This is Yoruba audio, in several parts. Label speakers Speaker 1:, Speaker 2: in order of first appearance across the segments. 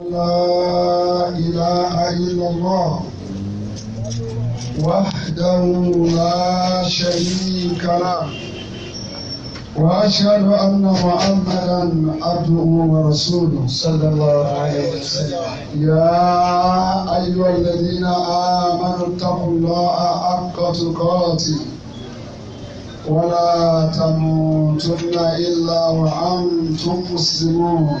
Speaker 1: لا إله إلا الله وحده لا شريك له وأشهد أن محمدا عبده ورسوله صلى الله عليه وسلم يا أيها الذين آمنوا اتقوا الله حق تقاته ولا تموتن إلا وأنتم مسلمون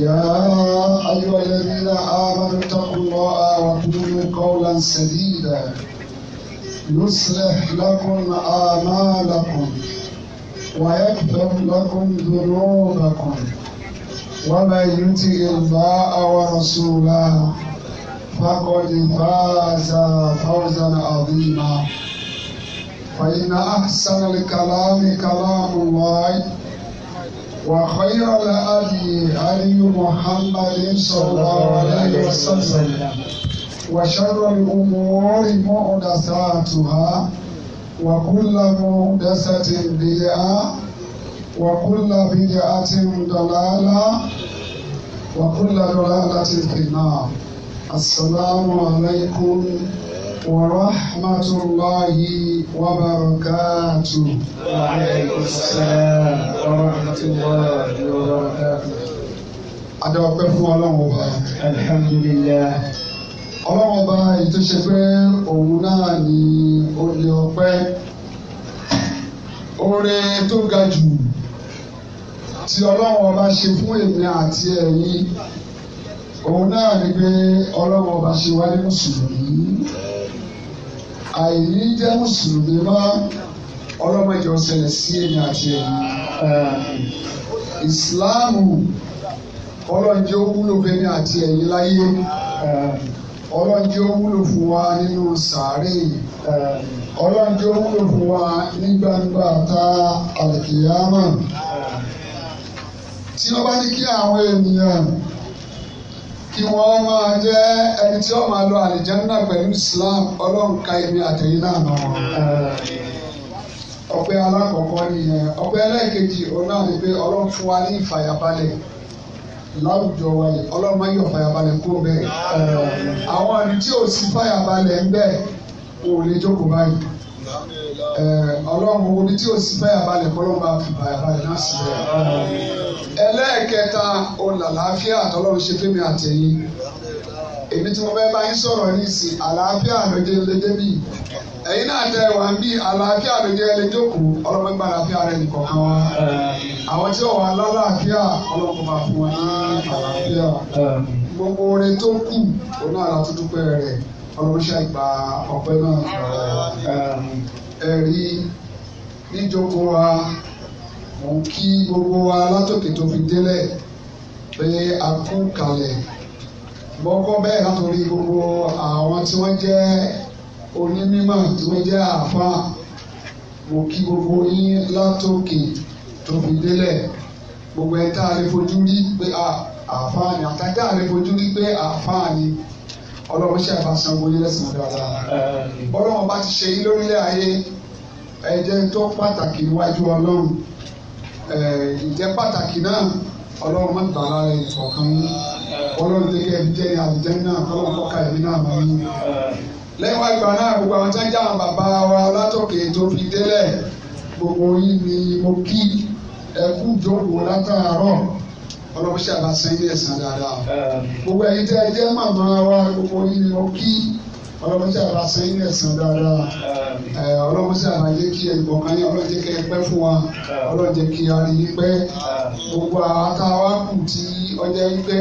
Speaker 1: يا أيها الذين آمنوا اتقوا الله وقولوا قولا سديدا يصلح لكم آمالكم ويكفر لكم ذنوبكم ومن يطع الله ورسوله فقد فاز فوزا عظيما فإن أحسن الكلام كلام الله وخير الهدي هدي محمد صلى الله عليه وسلم وشر الأمور محدثاتها وكل محدثة بدعة وكل بدعة ضلالة وكل ضلالة في النار السلام عليكم ورحمة الله وبركاته وعليكم السلام ورحمة الله وبركاته adọ́pẹ́ fún ọlọ́run ọba. alhamdulillah. ọlọ́run ọba ìtúnṣe pé òun náà ni olè ọpẹ́ oore tó ga jù tí ọlọ́run ọba ṣe fún èmi àti ẹ̀yin òun náà ni pé ọlọ́run ọba ṣe wá ní mùsùlùmí àìní jẹ́ mùsùlùmí mọ́ ọlọ́mọdé ọ̀sẹ̀lẹ̀ sí èmi àti ẹ̀yìn ìsìláàmù ọlọ́njẹ́ ó wúlò fẹ́mi àti ẹ̀yìn láyé ọlọ́njẹ́ ó wúlò fún wa nínú sàárè ọlọ́njẹ́ ó wúlò fún wa ní gbangba ta àlùkìyámà tí wọ́n bá ní kí àwọn ènìyàn. kí wọ́n máa jẹ́ ẹni tí wọ́n máa lọ àlìjánná pẹ̀lú Islam ọlọ́nka ka àtẹ̀yìn náà nà ọ́. ọpẹ́ alákọ̀ọ́kọ́ nìyẹn ọpẹ́ ẹlẹ́ẹ̀kejì òun ni pé ọlọ́run fún wa ní ìfàyàbalẹ̀ láwùjọ ọlọ́run máa yọ bẹ́ẹ̀ àwọn ẹlẹ́ẹ̀kẹta olàlàáfíà tọ́lọ́run ṣe fẹ́mi àtẹ̀yìn èmi tí mo fẹ́ bá yín sọ̀rọ̀ ní ìsìn àlàáfíà ló jẹ́ lédè ẹ̀yin náà tẹ wà bí àlàáfíà ló jẹ́ lédòkù ọlọ́mọ gba àlàáfíà rẹ̀ àwọn tí wọ́n wà lálàáfíà máa fún ní àlàáfíà gbogbo orin tó kù rẹ̀ ṣe àgbà ọ̀pẹ náà ẹ̀rí níjókòó wa. mò ń kí gbogbo wa látòkè tó fi délẹ̀ pé a kú kalẹ̀ mọ́kọ́ bẹ́ẹ̀ látòrí gbogbo àwọn tí wọ́n jẹ́ onímọ̀ tí wọ́n jẹ́ àáfàá mo kí gbogbo yín látòkè tó fi délẹ̀ gbogbo ẹ̀ tá a lè fojú rí pé àáfàá ni àtàtà a lè fojú rí pé àáfàá ni ọlọ́run ṣe àfàṣàn wọlé lẹ́sìn dáadáa ọlọ́run bá ti ṣe yín lórílẹ̀ ayé ẹ̀jẹ̀ tó pàtàkì níwájú ọlọ́run. ìjẹ́ pàtàkì náà ọlọ́run má gbà lára ọlọ́run jẹ́ kẹ́ náà kọ́lọ́run kọ́ka ẹ̀mí náà mọ́ lẹ́yìn wá ìgbà náà gbogbo àwọn sájà àwọn bàbá wa látọ̀kẹ́ tó gbogbo ni mo kí jókòó látàárọ̀ ọlọ́run ṣàbàṣẹ́ ilé dáadáa gbogbo tẹ́ màmá wa gbogbo ni mo ọlọ́mọṣẹ́ àbá ṣe ní ẹ̀sán dáadáa ọlọ́mọṣẹ́ àbá jẹ́ kí ẹ̀gbọ̀n yẹn ọlọ́jẹ́ kí ẹ pẹ́ fún wa ọlọ́jẹ́ kí a rí i pẹ́ gbogbo àtàwọn kù tí ọjọ́ yìí pé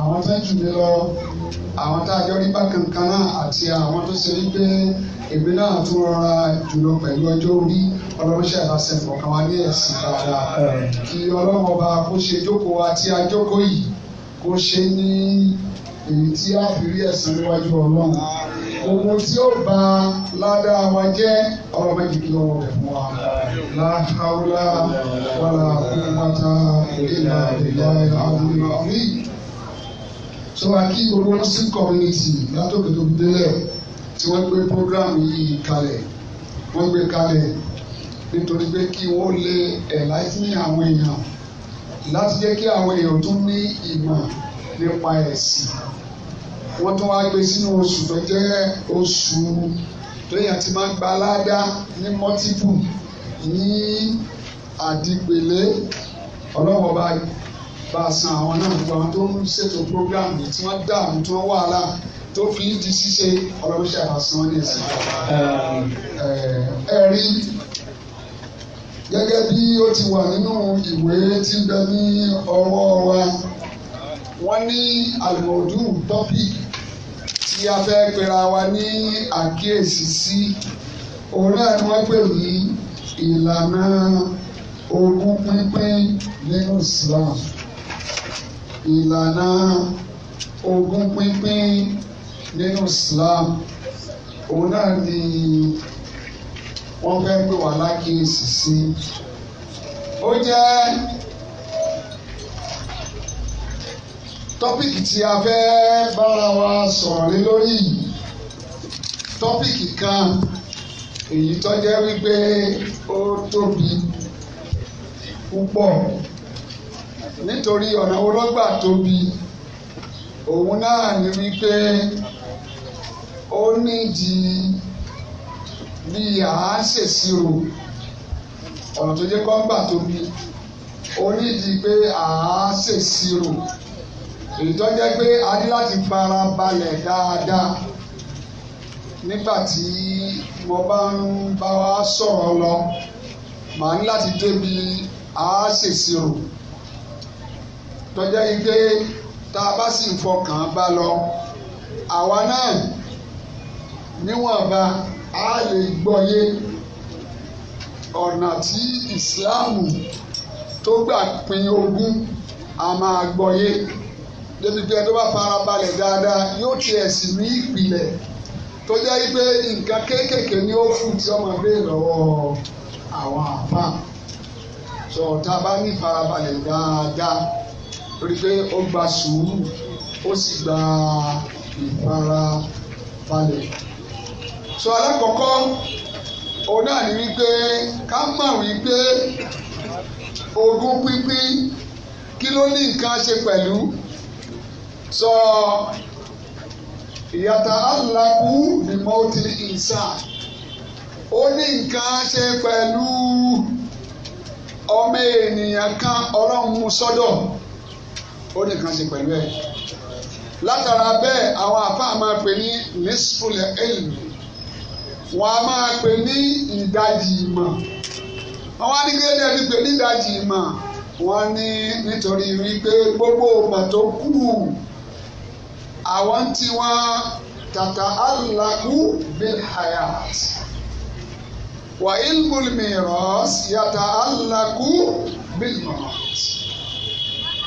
Speaker 1: àwọn fẹ́ jù mí lọ àwọn tá a jọ rí bákan kan náà àti àwọn tó ṣe rí pé èmi náà tún rọra jùlọ pẹ̀lú ọjọ́ orí ọlọ́mọṣẹ́ àbáṣẹ kọ̀ọ̀kan wa ní ẹ̀sìn dáadáa kí ọlọ́mọba kó ṣe jókòó wa tí yìí kó ṣe ní èyí tí a fi rí ẹ̀san níwájú ọlọ́run ohun tí ó bà ládàá wa jẹ́ ọ̀rọ̀ méjì kí lọ́wọ́ rẹ̀ fún wa láhàúlá wàlà kúmọ́tà ìlà ìlà àwùjọ àmì. tó a kí gbogbo nursing community látòkè tó fi délẹ̀ tí wọ́n gbé program yìí kalẹ̀ wọ́n gbé kalẹ̀ nítorí pé kí wọ́n lè enlighten àwọn èèyàn láti jẹ́ kí àwọn èèyàn tún ní ìmọ̀ nípa ẹ̀sìn wọ́n tún wá gbé sínú oṣù tó jẹ́ oṣù lẹ́yìn àti máa ń gba aládá ní mọ́tíbù ní àdìgbèlé ọlọ́wọ́ bá bá san àwọn náà gbogbo àwọn tó ń ṣètò program yìí tí wọ́n dààmú tí wọ́n wàhálà tó fi di ṣíṣe ọlọ́run ṣe àbàsàn ní ẹ̀sìn. ẹ̀rí gẹ́gẹ́ bí ó ti wà nínú ìwé tí ń bẹ ní ọwọ́ wa wọ́n ní àlùmọ̀dù tọ́pì tí a fẹ́ pera wa ní àkíyèsí sí òun náà ni wọ́n pè ní ìlànà ogún pínpín nínú Islam ìlànà ogún pínpín nínú Islam òun náà ni wọ́n fẹ́ pè wá lákíyèsí sí ó jẹ́. tọ́pìkì tí a fẹ́ bára wa sọ̀rọ̀ lé lórí tọ́pìkì kan èyí tó jẹ́ wípé ó tóbi púpọ̀ nítorí ọ̀nà ológbà tóbi òun náà ni wípé ó nídìí bí a ṣèṣirò ọ̀nà tó jẹ́ kọ́ńgbà tóbi ó nídìí pé a ṣèṣirò ìtọ́jẹ́ pé a ní láti fara balẹ̀ dáadáa nígbà tí wọ́n bá ń bá wa sọ̀rọ̀ lọ màá ní láti débi àásèsirò tọ́jẹ́ yìí pé tá a bá sì ń fọkàn bá lọ àwa náà níwọ̀nba a lè gbọ́yé ọ̀nà tí ìsìláàmù tó gbà pín ogún a máa gbọ́yé débi pé ẹni tó bá fara balẹ̀ dáadáa yóò tiẹ̀ sì rí ìpìlẹ̀ tó jẹ́ pé nǹkan kéékèèké ni ó fún tí ọmọ bẹ́ẹ̀ lọ́wọ́ àwọn àpá sọ tá a bá ní farabalẹ̀ dáadáa torí pé ó gba sùúrù ó sì gba ìfarabalẹ̀ sọ alákọ̀ọ́kọ́ òun náà ní wípé ká mọ̀ wípé ogún pínpín kí ló ní nǹkan ṣe pẹ̀lú so ìyàtọ̀ alákú ni mo ti ìsà ó ní nǹkan ṣe pẹ̀lú ọmọ ènìyàn kan ọlọ́run sọ́dọ̀ ó ní nǹkan ṣe pẹ̀lú ẹ̀ látara bẹ́ẹ̀ àwọn àfáà máa pè ní nisfulẹ̀ elmi wọ́n a máa pè ní ìdajì ìmọ̀ àwọn adigunlẹ̀ ti pè ní ìdajì ìmọ̀ wọ́n ní nítorí wípé gbogbo pàtó kù àwọn tí wọ́n tàtà alákú bil hayat wà ilmul miras yàtà alákú bil mamat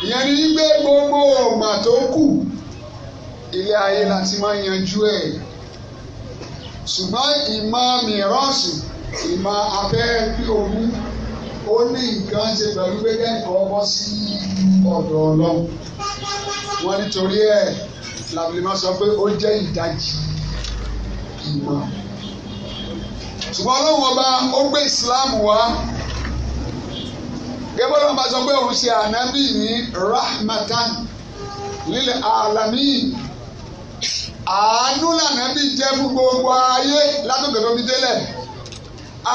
Speaker 1: ìyẹn ni wípé gbogbo ọ̀gbà tó kù ilé ayé láti máa yanjú ẹ̀ ṣùgbọ́n ìmọ̀ miras ìmọ̀ abẹ́ bí ogún ó ní nǹkan ṣe pẹ̀lú pé kẹ́kọ̀ọ́ bọ́ sí ọ̀dọ̀ ọlọ́run wọ́n nítorí ẹ̀ làbìlì máa sọ pé ó jẹ́ ìdajì ìmọ̀ ṣùgbọ́n ọlọ́run ọba ó gbé Islam wá gẹ́gẹ́ ló ń bá sọ pé òun ṣe ànábì ní rahmatan lil alamin àánú lànábì jẹ́ fún gbogbo ayé látòkè tó fi délẹ̀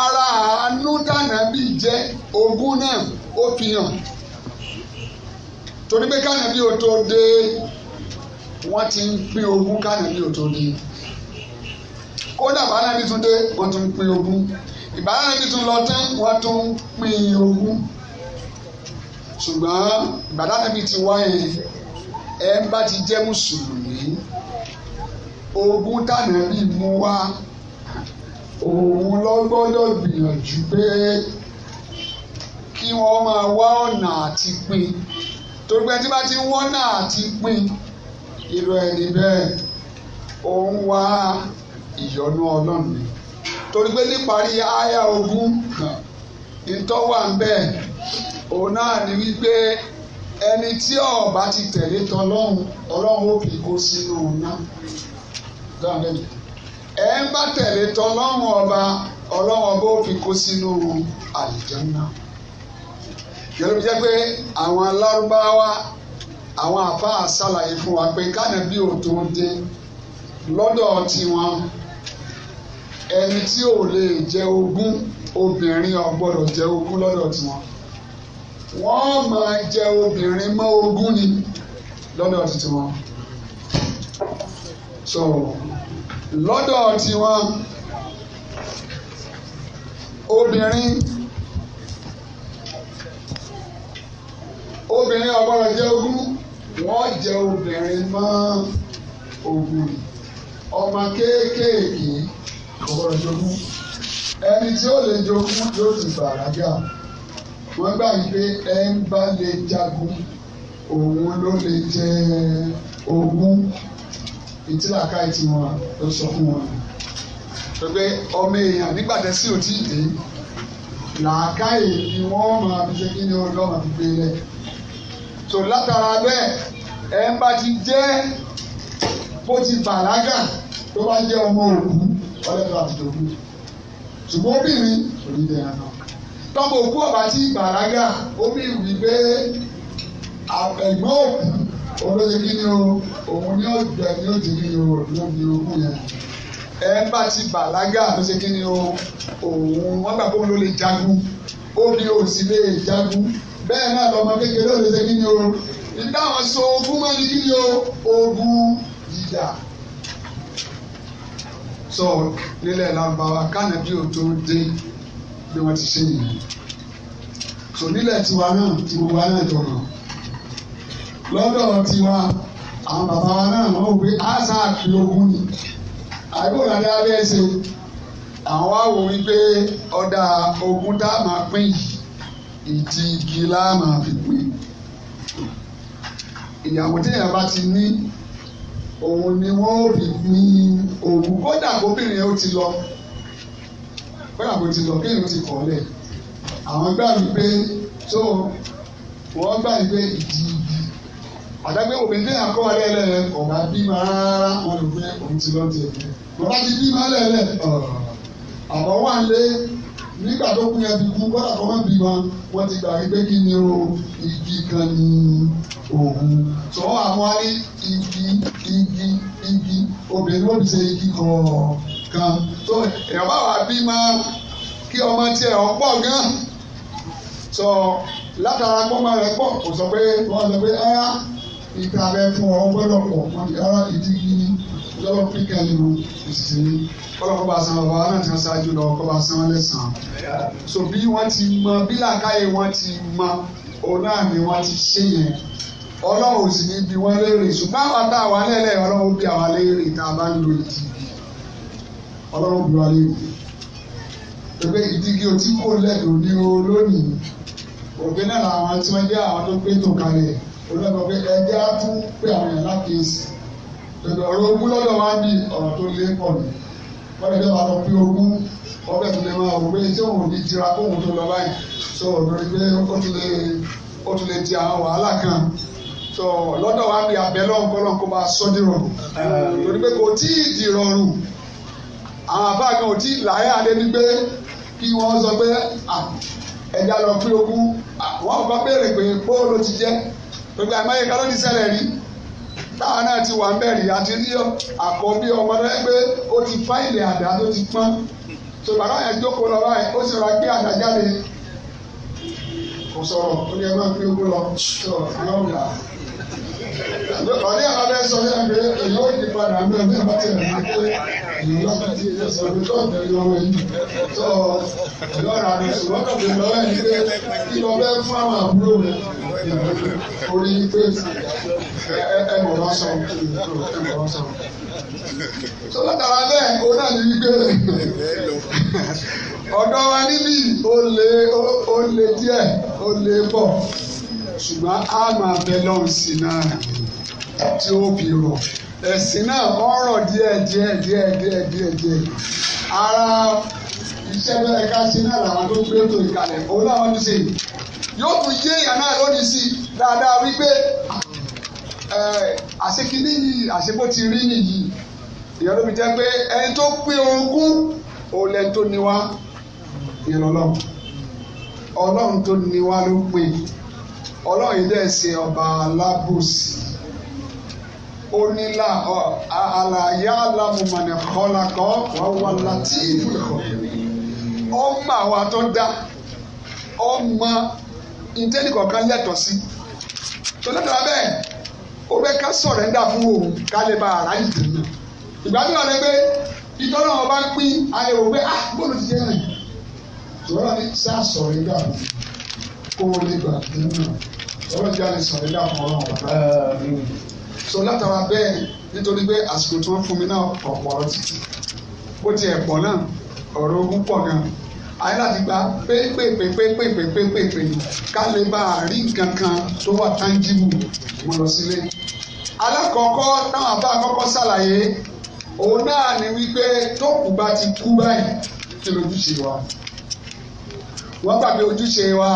Speaker 1: ara àánú tànábì jẹ́ ogún náà ó fi hàn torí pé kànábì ó tó dé wọ́n ti ń pín ogún kánàbí ò tó dé kódà bàánàbí tún dé wọ́n tún pín ogún ìbàánàbí tún lọ tán wọ́n tún pín ogún ṣùgbọ́n ìbàdánàbí ti wá yẹn ẹ ń bá ti jẹ́ mùsùlùmí ogún tànàbí mú wá òun lọ gbọ́dọ̀ gbìyànjú pé kí wọ́n máa wá ọ̀nà àti pín torí pé tí bá ti wọ́n náà àti pín irú ẹni bẹ́ẹ̀ ó ń wá ìyọ́nú ọlọ́run ni torí pé níparí àyà ogún ìtọ́wà ń bẹ̀ òun náà ni wípé ẹni tí ọba ti tẹ̀lé tọlọ́run ọlọ́run ó fi kó sínú iná ẹ ń bá tẹ̀lé tọlọ́run ọba ọlọ́run ọba ó fi kó sínú àlìjọ́nà yẹ́n ló jẹ́ pé àwọn alárúbáwá àwọn àfáà ṣàlàyé fún wa pé kánàbí ò tó dé lọ́dọ̀ tiwọn ẹni tí ò lè jẹ ogún obìnrin ò gbọ́dọ̀ jẹ ogún lọ́dọ̀ tiwọn wọ́n máa jẹ obìnrin mọ́ ogún ni lọ́dọ̀ tiwọn so lọ́dọ̀ tiwọn obìnrin obìnrin ò gbọ́dọ̀ ogún wọ́n jẹ obìnrin mọ́ ògùn ọmọ kéékèèké ọ̀gbọ́dọ̀ jogún ẹni tí ó lè jogún yóò ti bàrágà wọ́n gbà yí pé ẹ ń bá lè jagun òun ló lè jẹ ogún ìtìlákà ìtì wọn ló sọ fún wọn pẹpẹ ọmọ èèyàn nígbà tẹ sí òtí dé làákàyè ni wọ́n máa fi ṣe kí ni ọlọ́run àti gbé lẹ́yìn so látara bẹ́ẹ̀ ẹ̀ ń bá ti jẹ́ bó ti bàlágà tó bá jẹ́ ọmọ òkú ọlẹ́dọ̀ àti òkú ṣùgbọ́n obìnrin kò ní bẹ̀rẹ̀ náà tọ́mọ òkú ọ̀bá tí bàlágà obìnrin wí pé ẹ̀gbọ́n òkú olóye kí ni o òun ni ó gbẹ ni ó di kí ni o lóbi òkú yẹn ẹ bá ti bàlágà ló ṣe kí ni o òun wọn gbà pé òun ló lè jagun obìnrin ò sì lè jagun bẹ́ẹ̀ náà lọ́mọ kékeré òde ṣe kí ni o ìdáhùn so ogun máa ní kí ni o ogun ìdá so nílẹ̀ lárúbáwá kánàbí ò tó dé bí wọ́n ti ṣe yìí so nílẹ̀ tiwa náà ti gbogbo wa náà jọ̀nà lọ́dọ̀ tiwa àwọn bàbá wa náà wọ́n wí àṣà àfi ogun ni àyẹ̀wò làdá abẹ́ ṣe àwọn wá wò wípé ọ̀dà ogun tá a máa pín yìí ìdí igi láàmà fi pín ìyàwó téèyàn bá ti ní òun ni wọ́n ó fi pín òwú kódà kóbìnrin yẹn ó ti lọ kódà kó ti lọ kéèyàn ti kọ̀ lẹ̀ àwọn gbà mí pé tó wọ́n gbà mí pé ìdí igi àdágbé obìnrin téèyàn kọ́ wa lẹ́lẹ́ kọ̀ bá bímọ rárá wọn lò pé òun ti lọ́ọ́ tiẹ̀ lọ́ọ́ bá ti bímọ lẹ́lẹ́ ọ̀rọ̀ àbọ̀ wà lé nígbà tó kú yẹn ti kú kọ́dà kọ́ máa bí wọn wọ́n ti gbà wípé kí ni o igi kan ní òun sọ àwọn arí igi igi igi obìnrin ló fi ṣe igi kọ̀ọ̀kan tó èèyàn bá wà bí máa kí ọmọ tiẹ̀ ọ̀pọ̀ gan sọ látara pọ́nmọ́ rẹ̀ pọ̀ kò sọ pé wọ́n sọ pé ara ìta rẹ̀ fún ọ gbọ́dọ̀ pọ̀ rárá ìdí ìjọba fi kalẹ̀ mu ìsìn kọ́lọ́kọ́ bá san bàbá náà ti ṣáájú lọ kọ́ bá san lẹ́sàn-án. so bí wọ́n ti mọ bí làákàyè wọ́n ti mọ òun náà ni wọ́n ti ṣe yẹn ọlọ́run sì ní bí wọ́n léèrè ṣùgbọ́n àwọn tá a wà lẹ́lẹ̀ ọlọ́run bí àwa léèrè tá a bá ń lo ìdí ọlọ́run bí wa léèrè pẹ̀pẹ́ ìdígi otí kò lẹ́dùn ní o lónìí òbí náà làwọn tí wọ́n jẹ́ àwọn tó gbé tó kalẹ̀ olóògbé ẹjẹ́ á tún pé àwọn yẹn lákèésì tòtò ọ̀rọ̀ ogún lọ́dọ̀ wa bí ọ̀rọ̀ tó lé pọ̀ ní wọ́n lè máa lọ pé ogún ọbẹ̀ tó lè máa wò pé tí òun ní tira kóhun tó lọ báyìí sọ ọ̀dọ̀ rí pé ó tún lè ó tún lè di àwọn wàhálà kan sọ lọ́dọ̀ wa bí abẹ́ lọ́nkọ́lọ́n kó máa sọ́ dì rọrùn torí pé kò tí ì di rọrùn àwọn àbá kan ò tí ì láyà lé ní pé kí wọ́n sọ pé ẹ̀dá lọ pé ogún wọ́n bá béèrè pé bóòlù ti jẹ́ gbogbo àmọ́ yẹ táwa náà ti wà ń bẹ̀rẹ̀ àti rí àkọ́bí ọmọ rẹ pé ó ti fáìlì àdá tó ti pọ́n tó bàbá yẹn jókòó lọ báyìí ó sì rọra gbé àdá jáde kò sọ̀rọ̀ ó ní ẹ máa gbé ogún lọ tó lọ́ọ̀dà ọdẹ abẹ sọ ní abẹ èyí ó di padà mẹ ní abàtì rẹ ní pé èyí lọ́kàn tí èyí sọ ní tọ́jú ẹ̀yọ ọmọ yìí tó lọ́ra rẹ ṣùgbọ́n kàtó lọ́wọ́ ẹni pé kí lọ bẹ fún àwọn àbúrò rẹ orí pé ẹ mọ̀ wá sọ ẹ mọ̀ wá sọ. sọlá tàrà bẹ́ẹ̀ ó náà ní wípé ọ̀dọ́ wa níbí ó lé ó lé díẹ̀ ó lé pọ̀ ṣùgbọ́n a máa bẹ lọ́run sí náà tí ó fi rọ̀ ẹ̀sìn náà ọ̀rọ̀ díẹ̀ díẹ̀ díẹ̀ díẹ̀ díẹ̀ díẹ̀ ara iṣẹ́ bẹ́ẹ̀ ká sí náà làwọn tó gbé tó ìkàlẹ̀ òun náà wọ́n ti sè yóò tún yé ìyá náà lónìí sí dáadáa wípé àṣekínní yìí àṣebó ti rí nìyí ìyá ló fi jẹ́ pé ẹni tó pé ogún òun lẹ́ni tó ní wá ìrànlọ́wọ́ ọlọ́run tó ní wá ló pè é ọlọ́run yìí dẹ̀ ṣe ọba alábòsí onílà àlàyé alámùmọ̀nì kọ́lákọ́ wọ́n wà láti ìfúkọ́ ó mọ àwọn àtọ́dá ó mọ ìtẹ́nìkọ̀ọ̀kan lẹ́tọ̀ọ́ sí tó lẹ́tọ̀ọ́ bẹ́ẹ̀ ó fẹ́ ká sọ̀rẹ́ńdà fún òun ká lè ba ara ìdè náà ìgbà mi wà lẹ́ pé ìtọ́nà ọba pín ayẹwo pé ah bóòlù ti jẹ́ rìn ṣùgbọ́n ní sá sọ̀rẹ́ńdà fún òun kó o lè gbà dé nù ọlọ́run jẹ́ àlè sọ̀rọ̀ ìdá fún ọlọ́run bàbá so látara bẹ́ẹ̀ nítorí pé àsìkò tó ń fún mi náà ọ̀pọ̀ ọ̀rọ̀ títí bó tiẹ̀ pọ̀ náà ọ̀rọ̀ ogun pọ̀ náà ayé láti gba pépépépépépépépépé ká lè bá a rí nǹkan kan tó wà tánjíbù mo lọ sílé. alákọ̀ọ́kọ́ táwọn àbá àkọ́kọ́ ṣàlàyé òun náà ni wípé tó kù bá ti kú báyìí kí lójúṣe wa wọ́n gbàgbé ojúṣe wa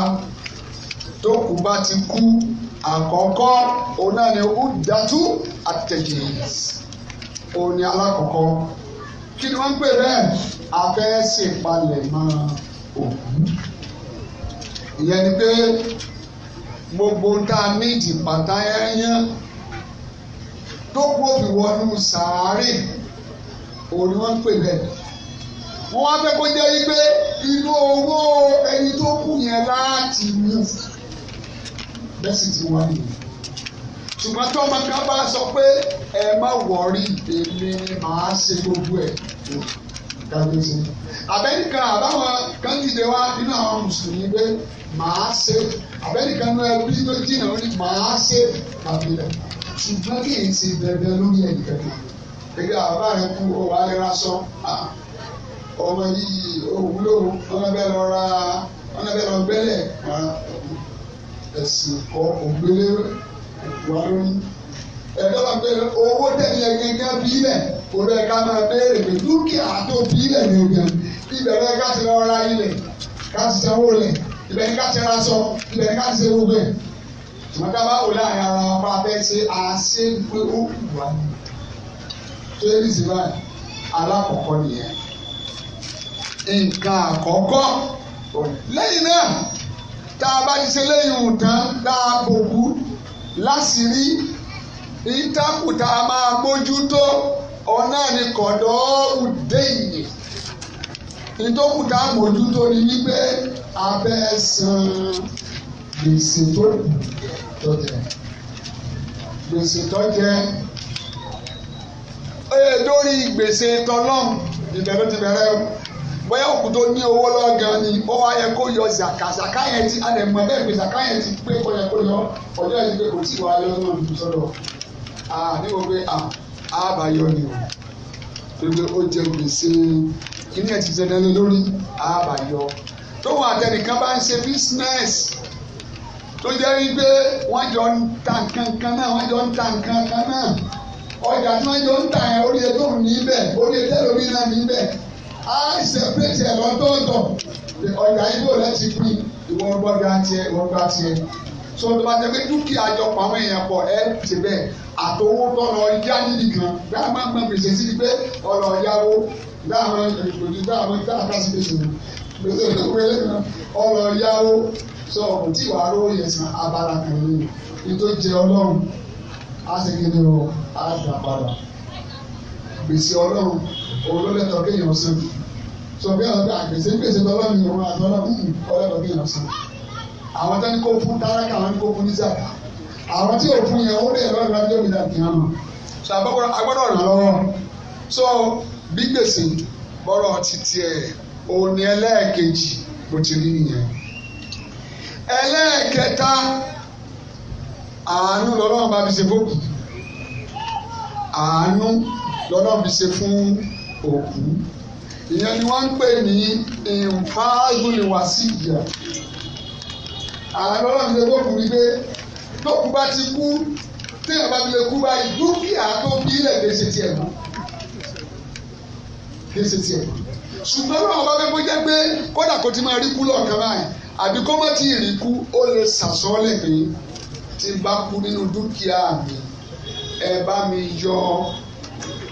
Speaker 1: tó kù bá ti kú àkọ́kọ́ òun ni ó dàtú àtẹ̀jìnì òun ni alákọ̀ọ́kọ́ kí ni wọ́n ń pè bẹ́ẹ̀ afẹ́sẹ̀palẹ̀mọ́ òkú ìyẹn ni pé gbogbo tá a nídìí pátá yẹn tó kú òbí wọnú sàárè òun ni wọ́n ń pè bẹ́ẹ̀ wọ́n wá fẹ́ kó jẹ́ wípé inú owó ẹni tó kù yẹn láti mú bẹ́sì tí wọ́n nìyẹn. ṣùgbọ́n tó ọmọ kan bá sọ pé ẹ má wọrí èmi ni màá ṣe gbogbo ẹ̀ kábíyèsí. àbẹ́nìkan àbáwọn kan dìde wá nínú àwọn mùsùlùmí pé màá ṣe àbẹ́nìkan náà ẹbí tó jìnnà ó ní màá ṣe kábíyèsí. ṣùgbọ́n kì í ṣe bẹ̀rẹ̀ lórí ẹnìkan kan. gẹ́gẹ́ àbá rẹ̀ kú ọwọ́ arẹ́ra sọ ọmọ yìí òwúlò ọmọ bẹ́ẹ̀ lọ ra ọmọ bẹ́ẹ̀ lọ gbẹ́lẹ̀ ẹ̀sìn kọ́ ògbélé wà lórí. ẹ̀dá wa pé owó tẹ̀lé gẹ́gẹ́ bí ilẹ̀ kò rẹ̀ ká máa béèrè pé dúkìá tó bí ilẹ̀ ní obìnrin ibẹ̀ rẹ̀ ká ti lọ ra ilẹ̀ ká ti sanwó lẹ̀ ibẹ̀ ní ká ti ra sọ ibẹ̀ ní ká ti ṣe gbogbo ẹ̀. màtá bá wò láàyè ara wa pa abẹ́ ṣe àṣẹ pé ó kù wá ní. tó yẹ kí sì alákọ̀ọ́kọ́ nìyẹn. nǹkan àkọ́kọ́ lẹ́yìn náà tá a bá ti ṣe lẹ́yìn òtán dáàbò kú láṣìírí ìtàkù tá a máa mójútó ọ̀nà ni kọ̀dọ̀ òde ìyè ìtòkù a mójútó ni wípé abẹ́ san gbèsè tó tó jẹ gbèsè tó jẹ ẹ lórí gbèsè tọ́lọ́m ìbẹ̀rù ti bẹ̀rẹ̀ o bóyá òkú ní owó lọ́wọ́ ni ó wá yẹ kó yọ zaka zaka yẹn ti alẹ́ mọ bẹ́ẹ̀ pé zaka yẹn ti pé kó yẹ kó yọ ọjọ́ yẹn ti pé kò tí ì lọ́wọ́ náà ní sọ́dọ̀ níbo pé àbáyọ ni o pépé ó jẹ gbèsè kíní ẹ̀ ti jẹ dáná lórí àbáyọ tó wà tẹnìkan bá ń ṣe bísínẹ́sì tó jẹ́ wípé wọ́n jọ ń ta nǹkan kan náà wọ́n jọ ń ta nǹkan kan náà ọjà tí wọ́n jọ ń ta yẹn orí ẹ̀ tó ní bẹ́ẹ̀ orí ẹ̀ tẹ́lómi I separate ẹ̀ lọ́tọ̀ọ̀tọ̀ ọjà ibo rẹ ti pín ìwọ gbọ́dọ̀ tiẹ̀ ìwọ gbọ́dọ̀ tiẹ̀ so tó bá jẹ́ pé dúkìá àjọ pàmò èèyàn pọ̀ ẹ ti bẹ́ẹ̀ àtòwó tọ̀nà ìyá nídìí kan bí a máa ń gbọ́n gbèsè sí pé ọ̀nà ìyàwó dáhùn ìgbòdì dáhùn dáhùn sí gbèsè gbèsè tó pé lẹ́nu ọ̀nà ìyàwó sọ kò tí wàá rówó yẹn san abala kan ní nítorí jẹ ọlọ́run á sì kéde o á dà padà gbèsè ọlọ́run olólẹ́tọ̀ kéèyàn sìn sọ bí àwọn àgbèsè gbèsè tọ́lá mi òun àtọ́lá mi ọlẹ́tọ̀ hmm, kéèyàn sìn àwọn tó ń kó fún tálákà àwọn kó fún níjà àwọn tí ò fún yẹn ó lè lọ́ọ́ lọ́ọ́ lọ́ọ́ ìdá kìí hàn so àgbọ̀gbọ̀n agbọ́dọ̀ ràn lọ́wọ́ so bí gbèsè bọ́rọ̀ títí ẹ̀ òun ni ẹlẹ́ẹ̀kejì bó ti rí nìyẹn ẹlẹ́ẹ̀kẹta àánú lọ́lọ́run bá fi ṣe fókù àánú lọ́lọ́run fi ṣe fún òkú ìyẹn ni wọ́n ń pè ní ìfáàgùnìwàsíyà àlọ́ náà ti lè gbókùn ní pé tókù bá ti kú téèyàn bá ti lè kú báyìí dúkìá tó bí lẹ̀ gbèsè tiẹ̀ mọ́ gbèsè tiẹ̀ mọ́ ṣùgbọ́n náà wọ́n fẹ́ kó jẹ́ pé kódà kó ti máa rí kú lọ́ọ̀kan báyìí àbí kó má ti rí kú ó lè ṣàsọ́ọ́lẹ̀ pé tí bá kú nínú dúkìá mi ẹ bá mi yọ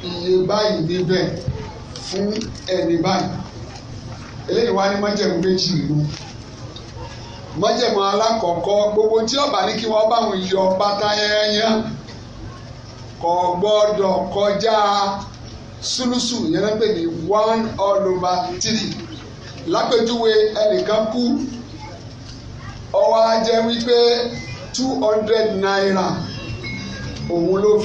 Speaker 1: iye báyìí níbẹ̀ fún ẹni báyìí eléyìí wá ní májẹ̀mú méjì nínú májẹ̀mú alákọ̀ọ́kọ́ gbogbo tí ọba ní kí wọ́n bá wọn yọ pátá yẹ́nyẹ́n kò gbọ́dọ̀ kọjá sulusu yẹn lọ́pẹ́ ní one all over three lápẹ́júwe ẹnìkan kú wípé two hundred naira òun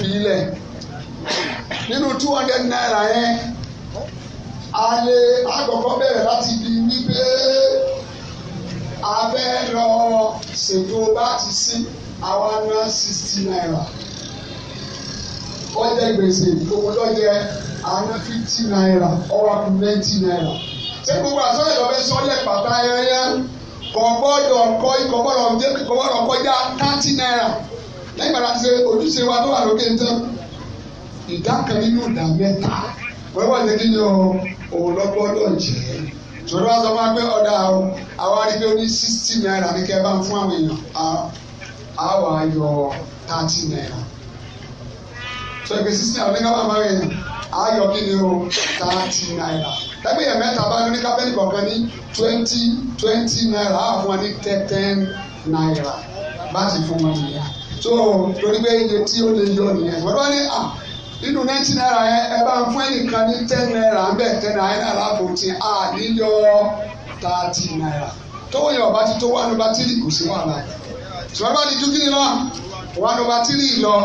Speaker 1: alẹ́ àkọ́kọ́ bẹ̀rẹ̀ láti di wípé a fẹ́ lọ ṣètò bá ti sí àwa ná sixty naira ọjẹ gbèsè gbogbo lọ́jẹ àná fifty naira ọwọ́ àkùn ninety naira ṣé gbogbo àtọ́yẹ̀ lọ́bẹ̀ sọ́lẹ̀ pàtà ẹ̀yẹ kọ̀gbọ́dọ̀ kọ́ ìkọ̀gbọ́dọ̀ jẹ́ kọ̀gbọ́dọ̀ kọjá thirty naira lẹ́yìn padà ṣe ojúṣe wa tó wà lókè ń tán ìdá kan nínú ìdá mẹ́ta wẹ́wọ́ ṣe kí ni o òun lọ gbọ́dọ̀ jẹ́ torí sọ o àwa rí pé sixty naira ní kẹ́ bá ń fún àwọn èèyàn awa yọ thirty naira so ìpè sixty naira ní ká bá ń fún àwọn ni o thirty naira tẹ́gbẹ́ mẹ́ta bá ní kábẹ́lì kọ̀ọ̀kan ní twenty naira á fún wa naira bá ti fún wọn nìyẹn pé iye tí lè inú ninety náírà yẹn ẹ bá ń fún ẹnìkan ní ten naira ń bẹ̀ ten naira lápò tí a níyọ thirty naira tówó yẹn ọba ti tó one over three kò sí wàhálà ṣùgbọ́n bá ti ju kí ni lọ one over three lọ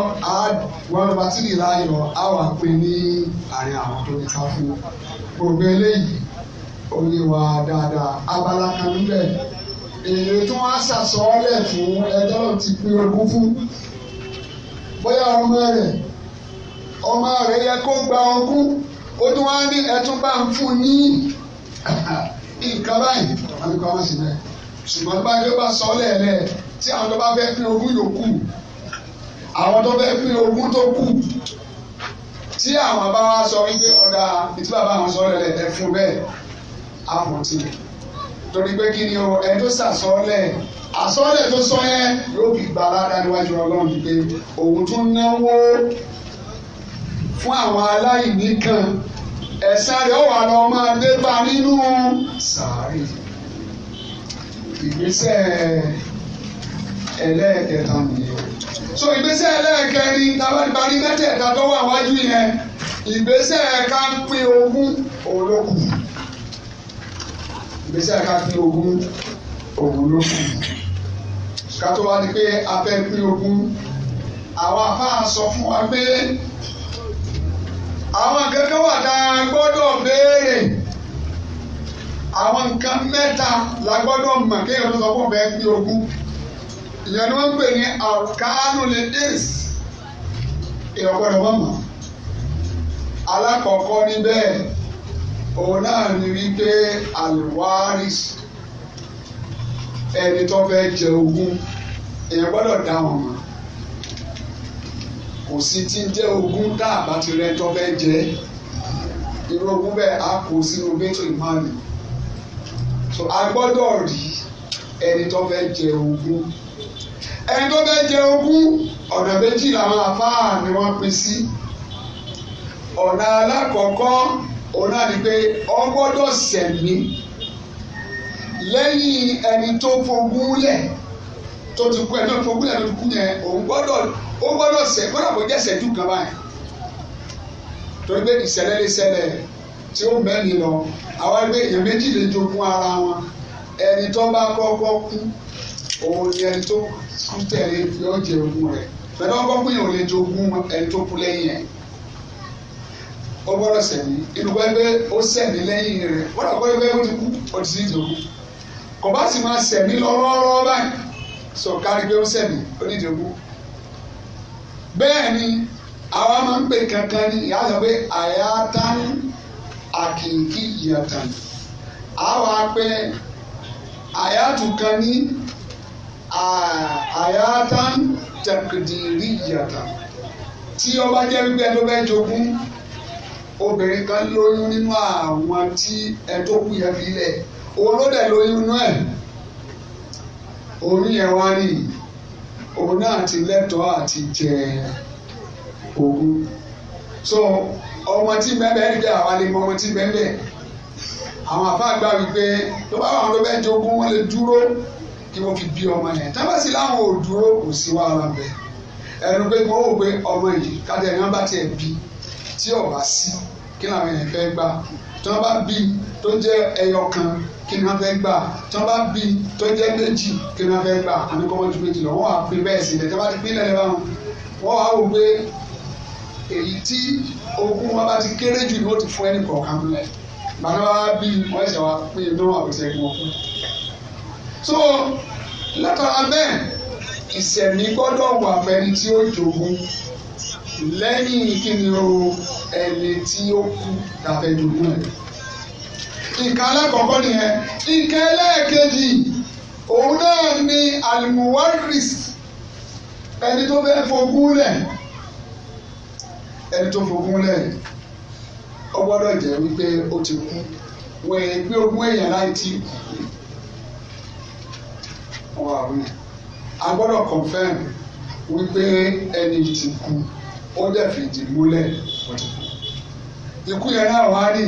Speaker 1: one over three láyọ̀ á wà pé ní àárín àwọn tó ń sá fún gbogbo eléyìí ó yé dáadáa abala kan níbẹ̀ èrè tó wá ṣàsọ́ọ́lẹ̀ fún ti ogún fún bóyá ọmọ ọmọ rẹ̀ yẹ kó gba ogún ó tún wá ní ẹtún bá ń fún ní nǹkan báyìí àbí kọ́ wọn sì bẹ́ẹ̀ ṣùgbọ́n bá yóò bá sọ lẹ́ẹ̀lẹ́ tí àwọn tó bá fẹ́ pín ogún yòókù àwọn tó fẹ́ pín ogún tó kù tí àwọn bá wá sọ wípé ọ̀dà ìtí bàbá àwọn sọ lẹ́ẹ̀lẹ́ ẹ fún bẹ́ẹ̀ àfọ̀tì torí pé kí ni o ẹ tó sàsọ́lẹ̀ àsọ́lẹ̀ tó sọ yẹn yóò fi gbà ládàá níwájú ọlọ́run pé òun tún náwó fún àwọn aláìní kan ẹ̀san rẹ̀ ó wà lọ máa dé bá nínú sàárè ìgbésẹ̀ ẹlẹ́ẹ̀kẹta nìyẹn so ìgbésẹ̀ ẹlẹ́ẹ̀kẹrin tabalibali mẹ́tẹ̀ẹ̀ta tó wà wájú yẹn ìgbésẹ̀ ká pín ogún olókù ìgbésẹ̀ ká pín ogún òun ló kù ká tó wá ní pé a fẹ́ pín ogún àwa afáà sọ fún wa pé àwọn nǹkan kan wà tá a gbọ́dọ̀ béèrè àwọn nǹkan mẹ́ta la gbọ́dọ̀ mọ̀ kéèyàn tó sọ fún ọ̀bẹ pé ogún ìyẹn ni wọ́n ń pè ní àrùkánù lè dẹ́s èèyàn gbọ́dọ̀ wọ́n mọ̀ alákọ̀ọ́kọ́ níbẹ̀ òun náà ni wípé àlùwáris ẹni tó fẹ́ jẹ ogún èèyàn gbọ́dọ̀ dá wọn mọ̀ kò sí tí ń jẹ́ ogún tá a bá ti rẹ tó fẹ́ jẹ́ irú ogún bẹ́ẹ̀ á kó sínú bẹ́tò ìmáàlì so a gbọ́dọ̀ rí ẹni tó fẹ́ jẹ ogún ẹni tó fẹ́ jẹ ogún ọ̀nà méjì làwọn afáà ni wọ́n pín sí ọ̀nà alákọ̀ọ́kọ́ òun náà ni pé ó gbọ́dọ̀ sẹ̀mí lẹ́yìn ẹni tó fogún lẹ̀ tó ti kú ẹ tó ti fokú lẹ tó ti kú yẹn òun gbọ́dọ̀ ó gbọ́dọ̀ ṣe gbọ́dọ̀ kó jẹ ṣẹjú kan báyìí torí pé ìṣẹ̀lẹ̀ lè ṣẹlẹ̀ tí ó mẹ́rin lọ àwọn ẹgbẹ́ èèyàn méjì lè jogún ara wọn ẹni tó bá kọ́kọ́ kú òun ni ẹni tó kú tẹ̀lé yóò jẹ ogún rẹ̀ pẹ̀lú ọkọ̀ kú yẹn ò lè jogún ẹni tó kú lẹ́yìn ẹ̀ ó gbọ́dọ̀ sẹ̀mí ìdùkọ́ ẹgbẹ́ ó sẹ̀mí lẹ́yìn rẹ̀ wọ́n dàgbọ́ ẹgbẹ́ ó ti kú ó ti sí ìjogún kò bá sì máa sẹ̀mí lọ́rọ́ọ́rọ́ báyìí sọ kárí pé ó sẹ̀mí onídìí ogún bẹ́ẹ̀ ni àwa máa ń pè kankan ní ìyá sọ pé àyà tán àkìkí ìyá tán àwa pé àyà tún kan ní àyà tán tẹkìdìrí ìyá tán tí ọba jẹ́ wípé ẹni tó bẹ́ẹ̀ jogún obìnrin kan lóyún nínú àwọn tí ẹni tó kú yẹn fi lẹ̀ òun ló dẹ̀ lóyún orí yẹn wá rí òun náà ti lẹ́tọ̀ọ́ àti jẹ ogún so ọmọ tí bẹ́ẹ̀ jẹ́ àwa lè mọ ọmọ tí bẹ́ẹ̀ bẹ́ẹ̀ àwọn àfáà gbà wípé tó bá wà wọn ló bẹ́ẹ̀ jogún wọn lè dúró kí wọ́n fi bí ọmọ yẹn tábàsí láwọn ò dúró kò sí wàhálà bẹ́ẹ̀ ẹnu pé wọ́n wò pé ọmọ yìí kájẹ̀ yẹn bá tiẹ̀ bí tí ò bá sí kí làwọn èèyàn fẹ́ gbà tí wọ́n bá bí tó jẹ́ ẹyọ kan kí ni wọ́n fẹ́ gbà tí wọ́n bá bí tó jẹ́ méjì kí ni wọ́n fẹ́ gbà àní kọ́mọ́ ju méjì lọ wọ́n wà pín bẹ́ẹ̀ sílẹ̀ tí wọ́n bá ti pín lẹ́lẹ́ báwọn wọ́n wà wò pé èyí tí ogún wọn bá ti kéré jù ni ó ti fún ẹnì kọ̀ọ̀kan lẹ̀ bàtà wá bí wọ́n ṣẹ̀ wá pín in tó wà pèsè ìgbọ̀n fún. so látara bẹ́ẹ̀ ìsẹ̀mí gbọ́dọ̀ wà fẹ́ni tí ó jogún lẹ́yìn kíni o ẹni tí ó kú tàbí ẹdùnkún rẹ̀. nǹkan alákọ̀ọ́kọ́ nìyẹn nǹkan ẹlẹ́ẹ̀kejì òun náà ni alimuwaris ẹni tó fẹ́ fogún lẹ̀ ẹni tó fogún lẹ̀ ó gbọ́dọ̀ jẹ́ wípé ó ti kú wẹ̀ẹ́ gbé ogún èèyàn láì tí kú. a gbọ́dọ̀ confirm wípé ẹni ti kú ó dẹ̀ fìdí múlẹ̀ ikú yẹn náà wá rí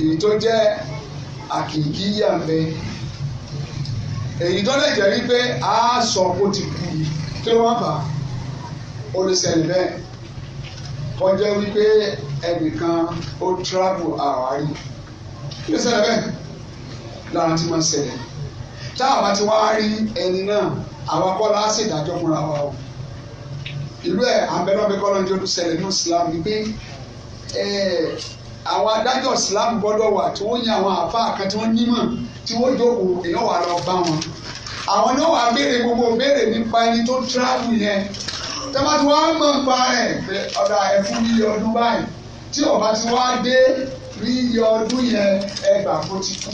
Speaker 1: èyí tó jẹ́ àkìkí yà mẹ èyí tó lè jẹ́ wípé a sọ kó ti kú kí ló wá fà ó lè ṣẹlẹ̀ bẹ́ẹ̀ kọjá wípé ẹnìkan ó travel àwárí kí ló ṣẹlẹ̀ bẹ́ẹ̀ lára tí máa ṣẹlẹ̀ tá ti wá rí ẹni náà àwa kọ́ la fúnra wa o ìlú ẹ̀ abẹ́rẹ́ ọ̀bẹ́kọ́ lọ́nà tí ó tún ṣẹlẹ̀ ní Islam wípé àwọn adájọ́ Islam gbọ́dọ̀ wà tí wọ́n yan àwọn àfáà kan tí wọ́n nímọ̀ tí wọ́n jókòó èèyàn wà lọ bá wọn àwọn náà wà béèrè gbogbo béèrè nípa ẹni tó tíráàbù yẹn tẹ́lá tí wọ́n á mọ̀ nípa rẹ̀ pé ọ̀dà ẹ̀fún yíyọ ọdún báyìí tí ọba tí wọ́n á dé yíyọ ọdún yẹn ẹgbà kó ti kú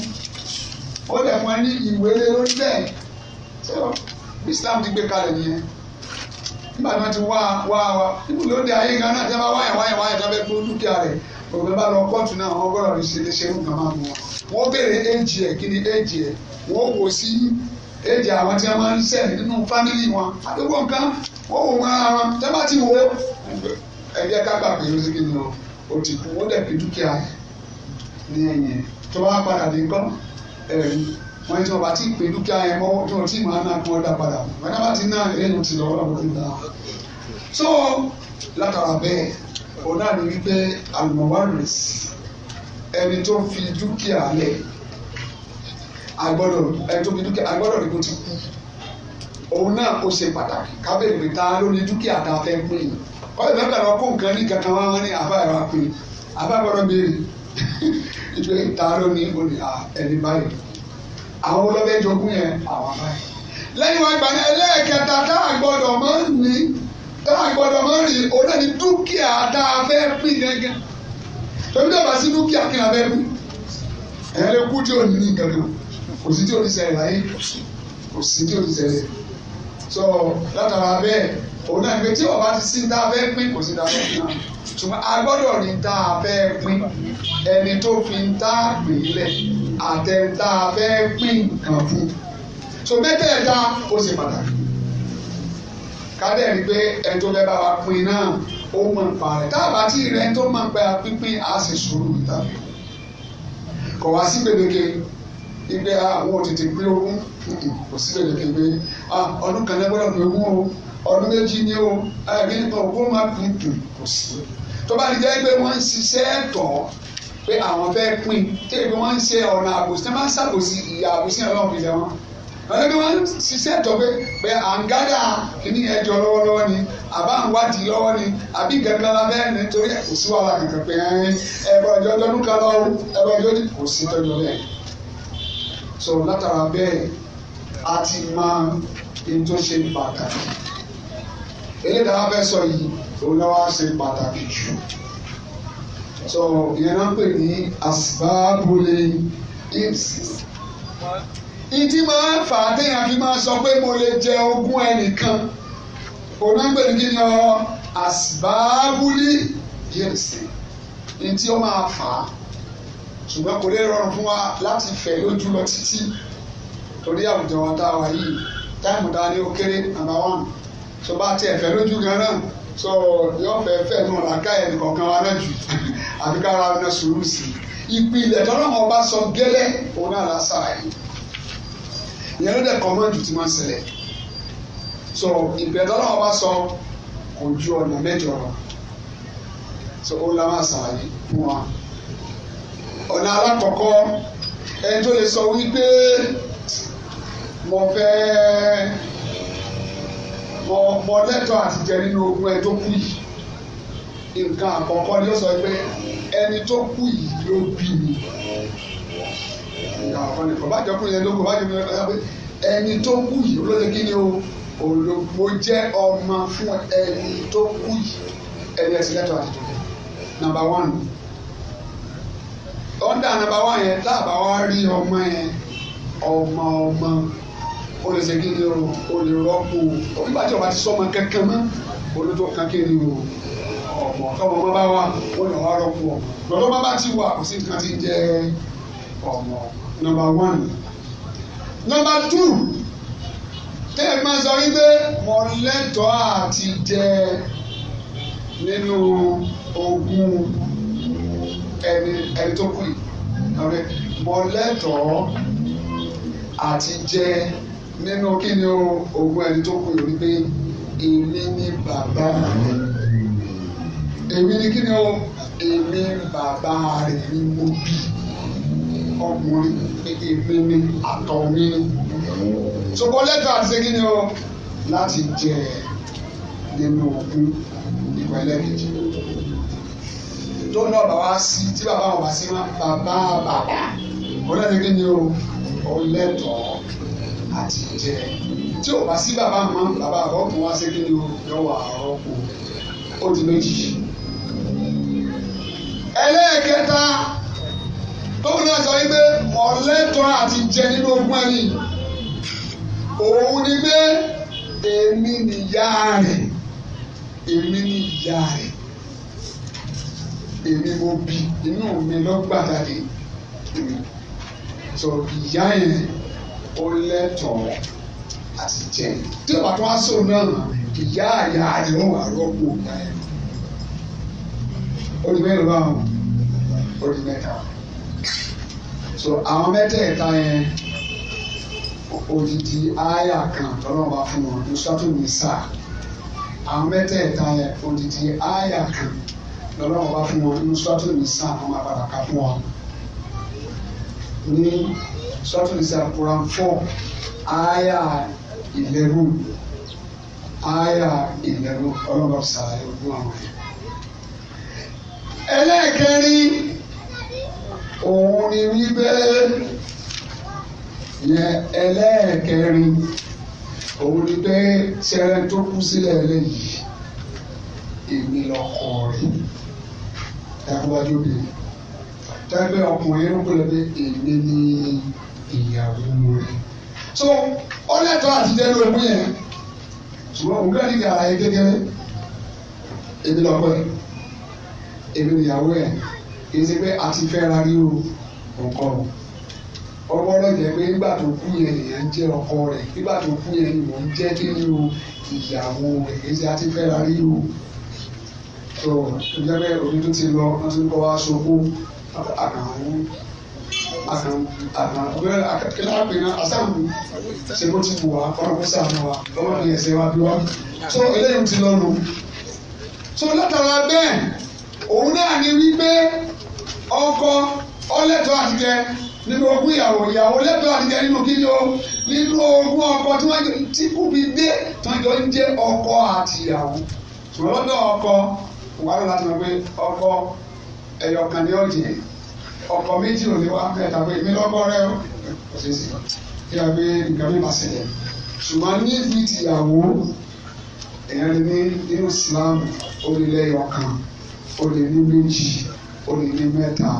Speaker 1: ó dẹ̀ fún ẹ ní ìwé lórí bẹ́ẹ̀ Islam ti gbé kalẹ̀ nìyẹn. nígbà tí ti wá wá wa níbùdó òde ayé gan náà tẹ́ bá wáyà wáyà wáyà tẹ́ bẹ́ gbó dúkìá rẹ̀ òbí bá lọ kóòtù náà wọ́n gbọ́dọ̀ rí ṣe léṣe máa mú wọn. wọ́n béèrè ẹ̀ kí ni ẹ̀ wọ́n wò sí àwọn tí wọ́n máa ń sẹ̀ nínú fámìlì wọn àdúgbò nǹkan wọ́n wò wọn ara ti wò ó wọ́n ti ọba tí ì pé dúkìá yẹn mọ́ tí wọ́n ti máa náà kí wọ́n dá padà wọ́n náà bá ti náà ẹnu ti lọ́wọ́ lọ́wọ́ tó dáa. so látara bẹ́ẹ̀ òun náà ní wípé alimowaris ẹni tó fi dúkìá lẹ̀ agbọ́dọ̀ ẹni tó fi dúkìá agbọ́dọ̀ rí kó ti kú òun náà kò ṣe pàtàkì kábẹ́ẹ̀rì pé ta ló ní dúkìá ta fẹ́ pín in wọ́n lè kó nǹkan ní kankan wá wọ́n ní àbá ẹ̀rọ àpè àbá gbọ́dọ̀ béèrè ìgbé ta ló ní olè ẹni báyìí àwọn olóbẹ́ jogún yẹn àwọn báyìí. lẹ́yìn wọn gbà ní ẹlẹ́ẹ̀kẹta tá a gbọ́dọ̀ máa ń ní tá a gbọ́dọ̀ máa ń rí òun náà ní dúkìá tá a fẹ́ pín gẹ́gẹ́ torí bẹ́ẹ̀ bá sí dúkìá kí a fẹ́ pín ẹ̀yẹ́ lè kú tí ò ní nǹkan kan kò sí tí ò ní ṣẹlẹ̀ láyé kò sí tí ò ní ṣẹlẹ̀ so látara bẹ́ẹ̀ òun náà pé tí ọba ti sí tá a fẹ́ pín kò sí tá a fẹ́ pín náà ṣùgbọ́n a gbọ́dọ̀ ní tá a fẹ́ pín ẹni tó fi ń tá a pè lẹ̀ àtẹ̀ntà fẹ́ pín nǹkan fún so mẹ́tẹ̀ẹ̀ta ó ṣe pàtàkì kádẹ́rì pé ẹni tó fẹ́ bá wa pín náà ó mọ̀ nípa rẹ̀ tá a bá tí rẹ̀ tó mọ̀ pé pínpín á sì sùúrù tàbí kọ̀ wá sí gbèdéke ìgbé àwọn òtítì pín ogún kò sí gbèdéke pé ọdún kan lẹ́gbẹ̀rún pín ogún o ọdún méjì ni o ẹ̀mí ogún máa pín kù kò sí tó bá ti jẹ́ pé wọ́n ń ṣiṣẹ́ tọ̀ pé àwọn fẹ́ pín tẹ́lẹ̀ pé wọ́n ń ṣe ọ̀nà àbòsí tẹ́lẹ̀ máa ń ṣàbòsí ìyá àbòsí náà lọ́wọ́ fi jẹ wọn. wọ́n tẹ́lẹ̀ wọ́n ń ṣiṣẹ́ tọ́ pé pé à ń gádà kíní ẹjọ́ lọ́wọ́lọ́wọ́ ni àbá ń wádìí lọ́wọ́ ni àbí gẹ̀gẹ́ la bẹ́ẹ̀ ni torí kò sí wàhálà kankan pé ẹ̀bọ̀ ọjọ́ ọdún kan lọ́wọ́ ẹ̀bọ̀ ọjọ́ kò sí tọ́jú bẹ́ẹ̀. sọ̀rọ̀ látara bẹ́ẹ̀ a ti máa ń tó ṣe pàtàkì eléyìí tá a fẹ́ sọ yìí òun náà wá ṣe pàtàkì jù so you know, pè ní asibábólé ipsis ìdí máa ń fà á téèyàn fi máa sọ pé mo lè jẹ ogún ẹnìkan òun náà pè ní kí ni ọ asibábólé ipsis ní tí ó máa fà á ṣùgbọ́n kò lè rọrùn fún wa láti fẹ̀ lójú lọ títí torí àwùjọ wa tá a wà yìí táìmù tá a ní ó kéré nàmbà wán tó bá tiẹ̀ lójú gan náà so yóò fẹ́ fẹ́ nù làákà yẹn nìkankan wa náà ju àbí ká ara náà sùúrù sí i ìpìlẹ̀ tọ́lọ́ wọn bá sọ gẹ́lẹ́ òun náà la sàlàyé ìyẹn ló dẹ̀ kọ́ mọ́ jù tí máa ń so ìpìlẹ̀ tọ́lọ́ wọn bá sọ kò ju ọ̀nà mẹ́jọ lọ so òun la máa sàlàyé fún wa ọ̀nà alákọ̀ọ́kọ́ ẹni tó lè sọ wípé mo fẹ́ẹ́ ọ̀pọ̀ lẹ́tọ̀ àti jẹ nínú ogún ẹ tó kú yìí nǹkan àkọ́kọ́ ni ó sọ pé ẹni tó kú yìí ló bí mi nǹkan àkọ́kọ́ ni bàbá àjọkùnrin yẹn ló kú bàbá àjọkùnrin yẹn ló kú ẹni tó kú yìí ló lè kí ni o olùkó jẹ́ ọmọ fún ẹni tó kú yìí ẹni ẹ̀sìn lẹ́tọ̀ àti jẹ nàmbà wán ọ̀ndà nàmbà wán yẹn tá a wá rí ọmọ yẹn ọmọ ọmọ ó lè ṣe ni o ó lè rọ́pò nígbà tí ọba ti sọmọ kankan mọ́ olótó kan kí ni o ọ̀pọ̀ tọ́mọ bá wà ó lè wá rọ́pò ọ̀pọ̀ lọ́dọ́ bá ti wà kò sí nǹkan ti jẹ́ ọ̀mọ̀ nọ́mbà one nọ́mbà two tẹ́ ẹ máa sọ wípé mo lẹ́tọ̀ọ́ àti jẹ nínú ogún ẹni ẹni tó kù yìí mo lẹ́tọ̀ọ́ àti jẹ nínú kí ni ogún ẹni tó kú yòó ni pé èmi ni bàbá rẹ èmi ni kí ni o èmi bàbá rẹ ni mo bí ọkùnrin èmi ni àtọ̀ mi ni sọkọ lẹ́tọ̀ àti ṣe kí ni o láti jẹ nínú ogún ìwà ẹlẹ́kejì tó náà bàbá sí tí bàbá wọn sí bàbá bàbá ọlẹ́ni kí ni o ọlẹ́tọ̀ọ́ àti jẹ tí o bá sí bàbá mọ bàbá àrọ́pò wá sí kíni o yọwọ àrọ́pò ó di méjì. ẹlẹ́ẹ̀kẹta tóun náà sọ wípé ọ̀lẹ́tọ̀ àti jẹ nínú ogún ẹni òun ni pé èmi nìyá rẹ̀ èmi nìyá rẹ̀ èmi mo bí inú mi lọ́gbàdàdé so ìyá yẹn ó lẹ́tọ̀ọ́ àti jẹ tí o bá tún aṣọ náà ìyá àyà àyẹ̀wò àrọ́pò ìyá ẹ̀ ó di mẹ́rin báwọn ó di mẹ́ta so àwọn mẹ́tẹ̀ẹ̀ta yẹn odidi aya kan tọ́lọ́wọ́ bá fún wọn lóṣàtò nìsa àwọn mẹ́tẹ̀ẹ̀ta yẹn odidi aya kan tọ́lọ́wọ́ bá fún wọn lóṣàtò nìsa àwọn àgbàdàkà fún wọn ní sọ́tún ìsà Quran four aya eleven aya eleven ọlọ́run ṣàlàyé ogún àwọn ẹ̀. ẹlẹ́ẹ̀kẹrin òun ni wípé yẹn ẹlẹ́ẹ̀kẹrin òun ni pé sẹ́rẹ̀ tó kú sílẹ̀ lẹ́yìn èmi lọ́kọ rẹ̀ dákúwájú bíi tẹ́gbẹ́ ọkùnrin ló gbọ́dọ̀ pé èmi ni ìyàwó rẹ̀ so ọlẹ́tọ̀ àti dẹnu ẹ̀mú yẹn ṣùgbọ́n òun gbẹ́ni ní àlàyé kékeré èmi lọ́pẹ́ èmi níyàwó ẹ̀ kì í ṣe pé a ti fẹ́ ra ríro nǹkan ọmọ náà jẹ́ pé nígbà tó kú yẹn nìyẹn ń jẹ́ ọkọ rẹ̀ nígbà tó kú yẹn ni mò ń jẹ́ nínú ìyàwó rẹ̀ kì í ṣe a ti fẹ́ ra ríro so ìjọba òbí tó ti lọ wọ́n ti kọ́ wa ṣokú àkàwọn kílá pè náà asáwùdù ṣe kó ti wù wá kọ́nà kó sàánú wa ọmọ mi ẹ̀sẹ̀ wa bí wá so eléyìí ti lọ nù so látara bẹ́ẹ̀ òun náà ni wípé ọkọ ọlẹ́tọ̀ àtijẹ nínú ogún ìyàwó ìyàwó lẹ́tọ̀ àtijẹ nínú kí ni o nínú ogún ọkọ tí wọ́n ti kú bí dé tí wọ́n jọ ń jẹ́ ọkọ àti ìyàwó ṣùgbọ́n lọ́dọ̀ ọkọ wàhálà láti mọ̀ pé ọkọ ẹ̀yọ̀kan ni ó jẹ́ ọkọ méjì ò ní wá mẹ́ta pé èmi lọ́kọ rẹ ó ṣe sí kí a gbé nǹkan mi máa ṣẹlẹ̀ ṣùgbọ́n ní ibi ìyàwó èèyàn lè ní nínú Islam ó lè lẹ́yìn ọkàn ó lè ní méjì ó lè ní mẹ́ta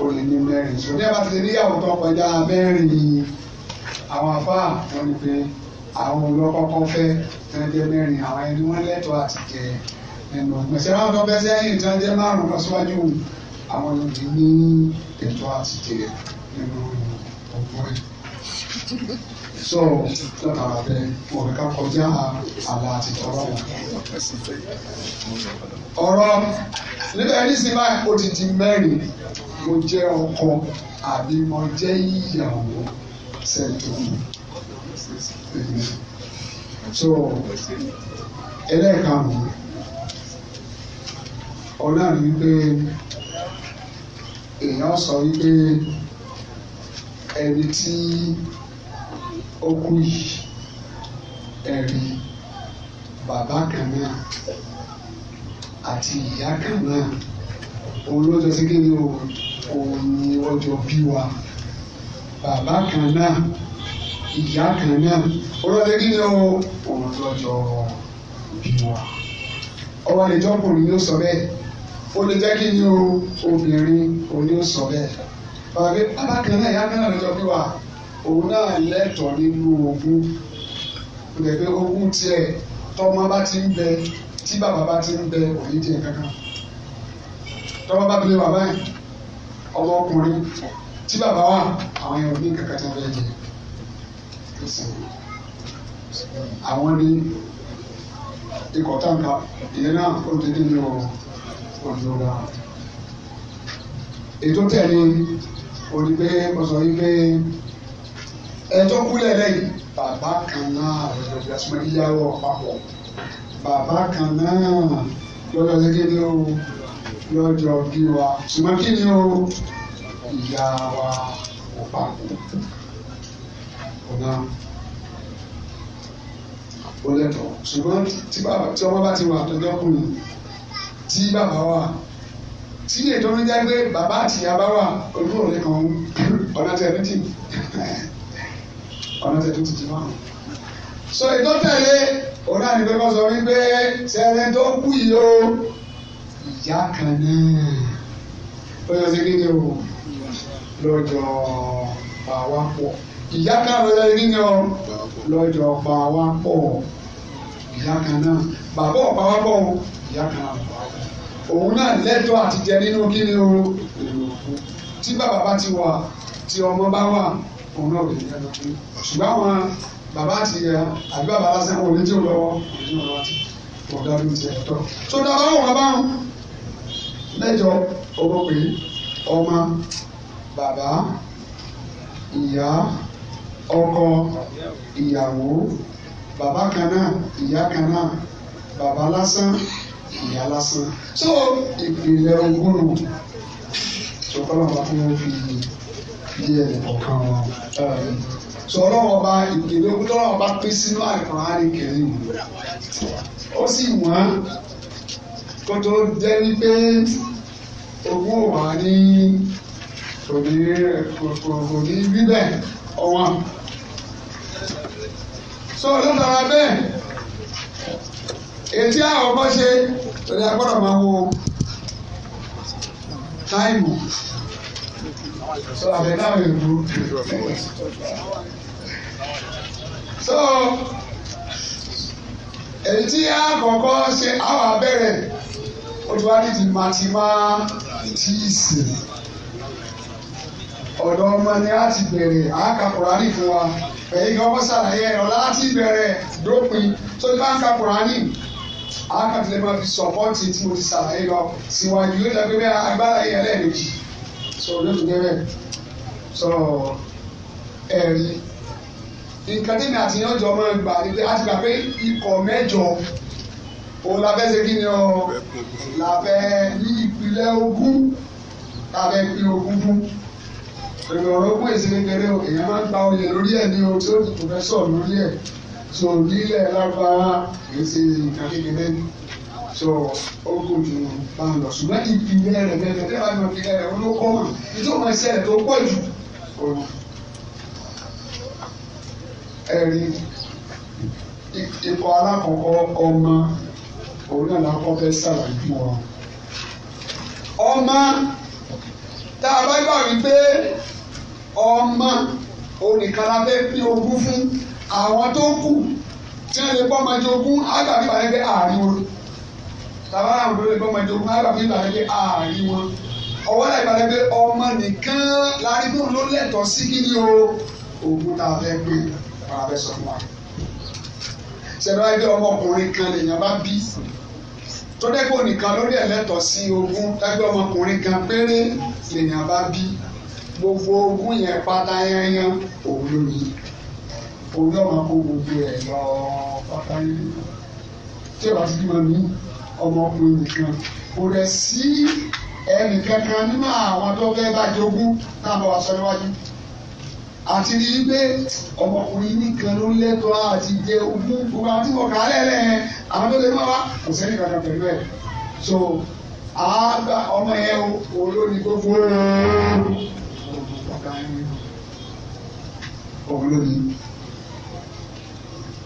Speaker 1: ó lè ní mẹ́rin ṣùgbọ́n ní a bá ti lè níyàwó tó kọjá mẹ́rin àwọn afáà wọn ni pé àwọn olùkọ́kọ́ fẹ́ tẹ́lẹ̀ mẹ́rin àwọn ẹni wọ́n lẹ́tọ̀ọ́ àti jẹ ẹnu ọ̀gbẹ̀sẹ̀ ráwọn tó bẹ́ sẹ́yìn tẹ́lẹ̀ márùn-ún lọ àwọn yóò ti ní ẹ̀tọ́ àti jẹ nínú ọgbọ́n ẹ̀. so látara bẹ òwe ká kọjá àlà àti tọrọ wọn. ọ̀rọ̀ níbẹ̀ ní sinimá ó ti di mẹ́rin mo jẹ́ ọkọ àbí mo jẹ́ ìyàwó sẹ́tò so ẹlẹ́ẹ̀kan ọ̀nà ni pé èèyàn sọ wípé ẹni tí ó kú yìí ẹ̀rí bàbá kan náà àti ìyá kan náà òun ló jọ sí kí ni òun ni wọ́n jọ bí wa bàbá kan náà ìyá kan náà olóòtú kí ni òun ló jọ bí wa ọwọ́ àlejò ọkùnrin ló sọ bẹ́ẹ̀ ó lè jẹ́ kí ni o obìnrin òní ó sọ bẹ́ẹ̀. bàbá pé alákan náà yára náà lọ́jọ́ pé wà òun náà lẹ́tọ̀ọ́ nínú ogún ó lè pé ogún tiẹ̀ tọ́mọ bá ti ń bẹ tí bàbá bá ti ń bẹ òní tiẹ̀ kankan tọ́mọ bá bilé bàbá yìí ọmọkùnrin tí bàbá wà àwọn yẹn ò ní kankan tí wọ́n fẹ́ àwọn ní ikọ̀ táǹkà ìyẹn náà ó ti dín ní ọ̀rọ̀ ètò tẹ̀lé òní pé mo sọ yí pé ẹjọ́ kúlẹ̀ lẹ́yìn bàbá kan náà lọ́jọ́ ìgbàsímọ́ yíyáwó papọ̀ bàbá kan náà lọ́jọ́ gẹ́gẹ́ ní o lọ́jọ́ bí wa ṣùgbọ́n kí ni o ìyá wa ò papọ̀ ọ̀nà ó lẹ́tọ̀ọ́ ṣùgbọ́n tí ọmọ bá ti wà tọ́jọ́ kùnú tí bàbá wà tí ètò ń jẹ́ pé bàbá àti ìyá bá wà olúwo rẹ̀ kàn ń ọ̀nà tẹ̀ ní tì ọ̀nà tẹ̀ tó ti ti wà. so ètò tẹ̀lé òun náà ní pé wọ́n sọ wípé sẹ́rẹ́ tó kú yìí o ìyá kan náà ó yọ sí kíni o lọ́jọ́ pàwá pọ̀ ìyá kan lọ́jọ́ kíni o lọ́jọ́ pàwá pọ̀ ìyá kan náà bàbá ọ̀pá wá pọ̀ ìyá kan náà òun náà lẹ́tọ̀ọ́ àti jẹ nínú kí ni o tí bàbá bá ti wà tí ọmọ bá wà òun náà lè yẹ lọ fún ṣùgbọ́n àwọn bàbá àti ìyá eh, àbí bàbá lásán kò ní tí ò lọ́wọ́ kò ní ọ̀rọ̀ àti ọ̀gá ló ti ẹ̀ tó dábàá wọn bá wọn lẹ́jọ́ owó pé ọmọ bàbá ìyá ọkọ ìyàwó bàbá kan náà ìyá kan náà bàbá lásán ìyá lásán so ìpìlẹ̀ ogúnù so kọ́lọ́n bá fún fi yẹ ọ̀kan wọn so ọlọ́run ọba ìpìlẹ̀ ogún tọ́lọ́run ọba pín sínú àìkàn àríkẹ́yìn ó sì wọ́n kó tó jẹ́ wípé ogún wà ní kò ní kò ní bíbẹ̀ ọ̀wọ́n so lọ́tara bẹ́ẹ̀ etí àwọn ọkọ ṣe lórí agbọ́dọ̀ máa wo táìmù so àbẹ náà lè bu so etí àkọ́kọ́ ṣe àwọn abẹ́rẹ́ ó ti wá ní ti màtímátíìsì ọ̀dọ̀ ọmọ ni a ti bẹ̀rẹ̀ àákàkùránì fún wa èyí kan wọ́n ṣàlàyé ọ̀la láti bẹ̀rẹ̀ dópin tó ní bá ń ka kùránì àkàtúntì máa fi sọ̀pọ́tì tí mo ti sàlàyé lọ síwájú yóò dàgbé bẹ́ẹ̀ agbára yẹn lẹ́ẹ̀mejì sọ̀rọ̀ ló tún gẹ́gẹ́ sọ̀rọ̀ ẹ̀rí nǹkan tí mi àti yànjọ máa gbà ni pé a gbà pé ikọ̀ mẹ́jọ òun la kí ni ọ la ní ìpínlẹ̀ Ògùn la fẹ́ pín fún èrò ọ̀rọ̀ èsì kékeré o èèyàn máa gba oyè lórí ẹ̀ ní o tí ó ti pòfẹ́sọ̀ lórí ẹ̀ so lílẹ̀ lárúbáwá kì í ṣe nǹkan kékeré so ó kò ju máa lọ ṣùgbọ́n ìpìlẹ̀ rẹ̀ bẹ́ẹ̀ bẹ́ẹ̀ bá yọ ìpìlẹ̀ rẹ̀ olókọ́ mọ̀ ìjọ máa ṣe ẹ̀ tó pọ̀ jù òun ẹ̀rí ipò alákọ̀ọ́kọ́ ọmọ òun náà lákọ́ fẹ́ ṣàlàyé fún ọ. ọmọ tá a bá gbà wípé ọmọ onìkan la fẹ́ fi ogún fún àwọn tó kù tí wọ́n lè bọ́ ọmọ jogún ágbàbí bàyẹ̀ pé ààrin wọn tàbá àwọn tó lè bọ́ ọmọ jogún ágbàbí bàyẹ̀ pé ààrin wọn ọwọ́ láì bàyẹ̀ pé ọmọ nìkan lárígbó ló lẹ́tọ̀ọ́ sí kí ni o ògùn tá a fẹ́ gbé a fẹ́ sọ fún wa ṣẹlẹ̀ wáyé pé ọmọkùnrin kan lèèyàn bá bí tọ́dẹ́kọ̀ nìkan lórí ẹ̀lẹ́tọ̀ sí ogún lágbẹ́ ọmọkùnrin kan péré lèèyàn bá bí gbogbo ogún yẹn pátá yányán òun ló ní òun yóò máa kó gbogbo ẹ̀ lọ pátá yìí tí ìwà sí máa ní ọmọkùnrin nìkan kò rẹ̀ sí ẹnì kankan nínú àwọn tó fẹ́ bá jogún náà bọ̀ wá sọ níwájú àti rí i pé ọmọkùnrin nìkan ló lẹ́tọ̀ọ́ àti jẹ ogún gbogbo àwọn tí mo kà á lẹ́lẹ́ yẹn àwọn tó lè má wá kò sẹ́ni kankan pẹ̀lú ẹ̀ so àgbà ọmọ yẹn olórí tó fún un olórí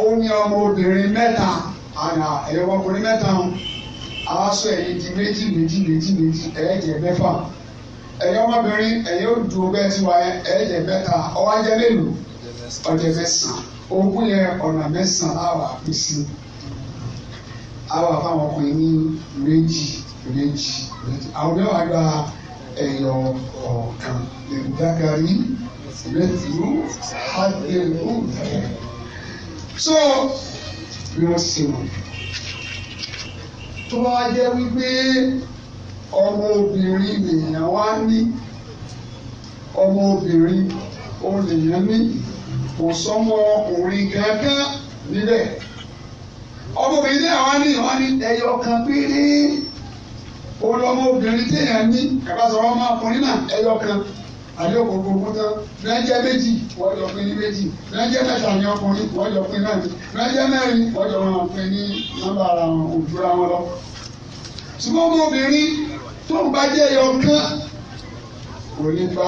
Speaker 1: ó ní ọmọ obìnrin mẹta àná ẹ̀yọ́ ọmọkùnrin mẹta wọn àwa sọ di méjì méjì méjì méjì ẹ̀ẹ́jẹ̀ mẹ́fà ẹ̀yọ́ ọmọbìnrin ẹ̀yẹ́ òdu ọbẹ̀ tiwa wáyé mẹta mẹ́ta mélòó ọjẹ mẹ́sàn-án ogún ọ̀nà mẹ́sàn-án àwà àwà fáwọn ọkùnrin ní méjì méjì méjì àwọn so wọ́n tó bá jẹ́ wípé ọmọ obìnrin lèèyàn wá ní ọmọ obìnrin ó lèèyàn ní kò sọmọ ọkùnrin kankan níbẹ̀ ọmọ obìnrin wá ní ní ẹyọ kan péré ó obìnrin téèyàn ní kàbá sọ̀rọ̀ ọmọ ọkùnrin náà ẹyọ kan. àbí òkò gbogbo tán ránjẹ́ méjì wọ́n jọ pín ní méjì ránjẹ́ mẹ́ta ní ọkùnrin wọ́n jọ pín mẹ́rin ránjẹ́ mẹ́rin wọ́n jọ máa ní nọ́mbà ara wọn òjúra wọn lọ. ṣùgbọ́n ọmọbìnrin tó ń bá jẹ́ ẹyọ kán kò ní bá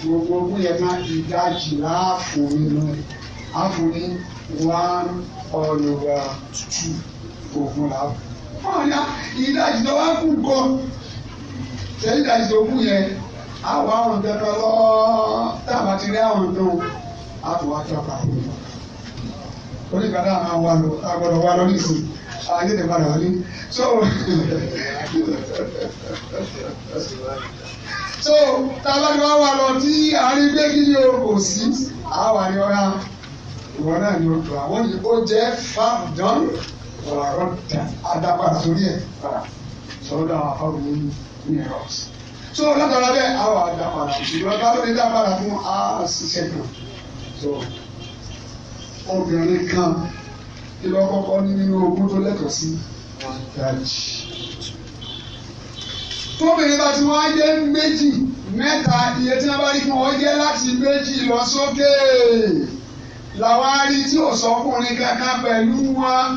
Speaker 1: gbogbo ogún yẹn máa ìdajì láàfún nínú àfún ní one over two ogún láàfún. ìdajì tó wá kú gan sẹ́yìn dájú tó kú yẹn àwọn àrùn tẹ́tọ́ lọ́ọ́ táwọn àti rí àrùn tó àtúwà tó pa fún mi. orí ìgbà náà máa wà lọ agbọ́dọ̀ wà lọ nísìn ayé lè padà wálé so so tábàdì wà wà lọ tí àárín gbé kí ni o kò sí àwọn àríwá ìwọ náà ni o tó àwọn yìí ó jẹ fáwọn ọ̀rọ̀ àdàpadà sórí ẹ̀ padà sọ̀rọ̀ dáhùn àfáwọn yìí near us. so látara bẹ́ẹ̀ a wà dá padà ṣùgbọ́n bá lóde dá padà fún a kan. so obìnrin kan kí lọ kọ́kọ́ nínú ogún tó lẹ́tọ̀ọ́ sí wọn dájì. tóbìnrin bá ti wọ́n á jẹ́ méjì mẹ́ta iye tí wọ́n bá rí fún wọn jẹ́ láti méjì lọ sókè làwọn á rí tí ò sọ́kùnrin kankan pẹ̀lú wọn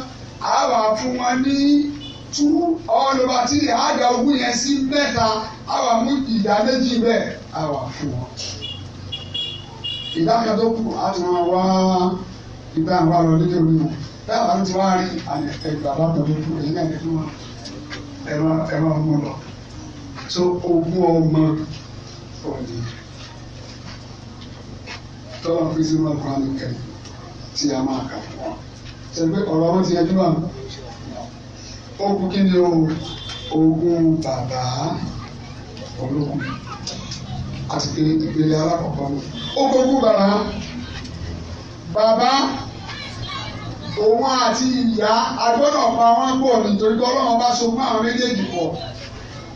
Speaker 1: á fún wọn ní tú ọwọ́ ló bá tí àádá ogún yẹn sí mẹ́ta àwa mú ìdá méjì bẹ́ẹ̀ àwa fún wọn. ìdá kan tó kù á ti máa wá ìgbà àwọn àlọ́ nílé orí wọn bẹ́ẹ̀ bá ti wá rí ẹgbàá bá tọ́ lójú èyí náà ní fún ẹ̀rọ ọmọ lọ. so ogún ọmọ òní tọ́lá fi sínú ọkùnrin kẹ́yìn tí a máa kà fún ọ. ṣe pé ọ̀rọ̀ wọn ti yẹjú wà mọ́ ogun kí ni o ogun bàbá ológun àti ìpele alákọ̀ọ́kọ́ mi ogun ogun bàbá bàbá òun àti ìyá agbọ́dọ̀ pa wọ́n pọ̀ nítorí pé ọlọ́run bá so fún àwọn méjèèjì pọ̀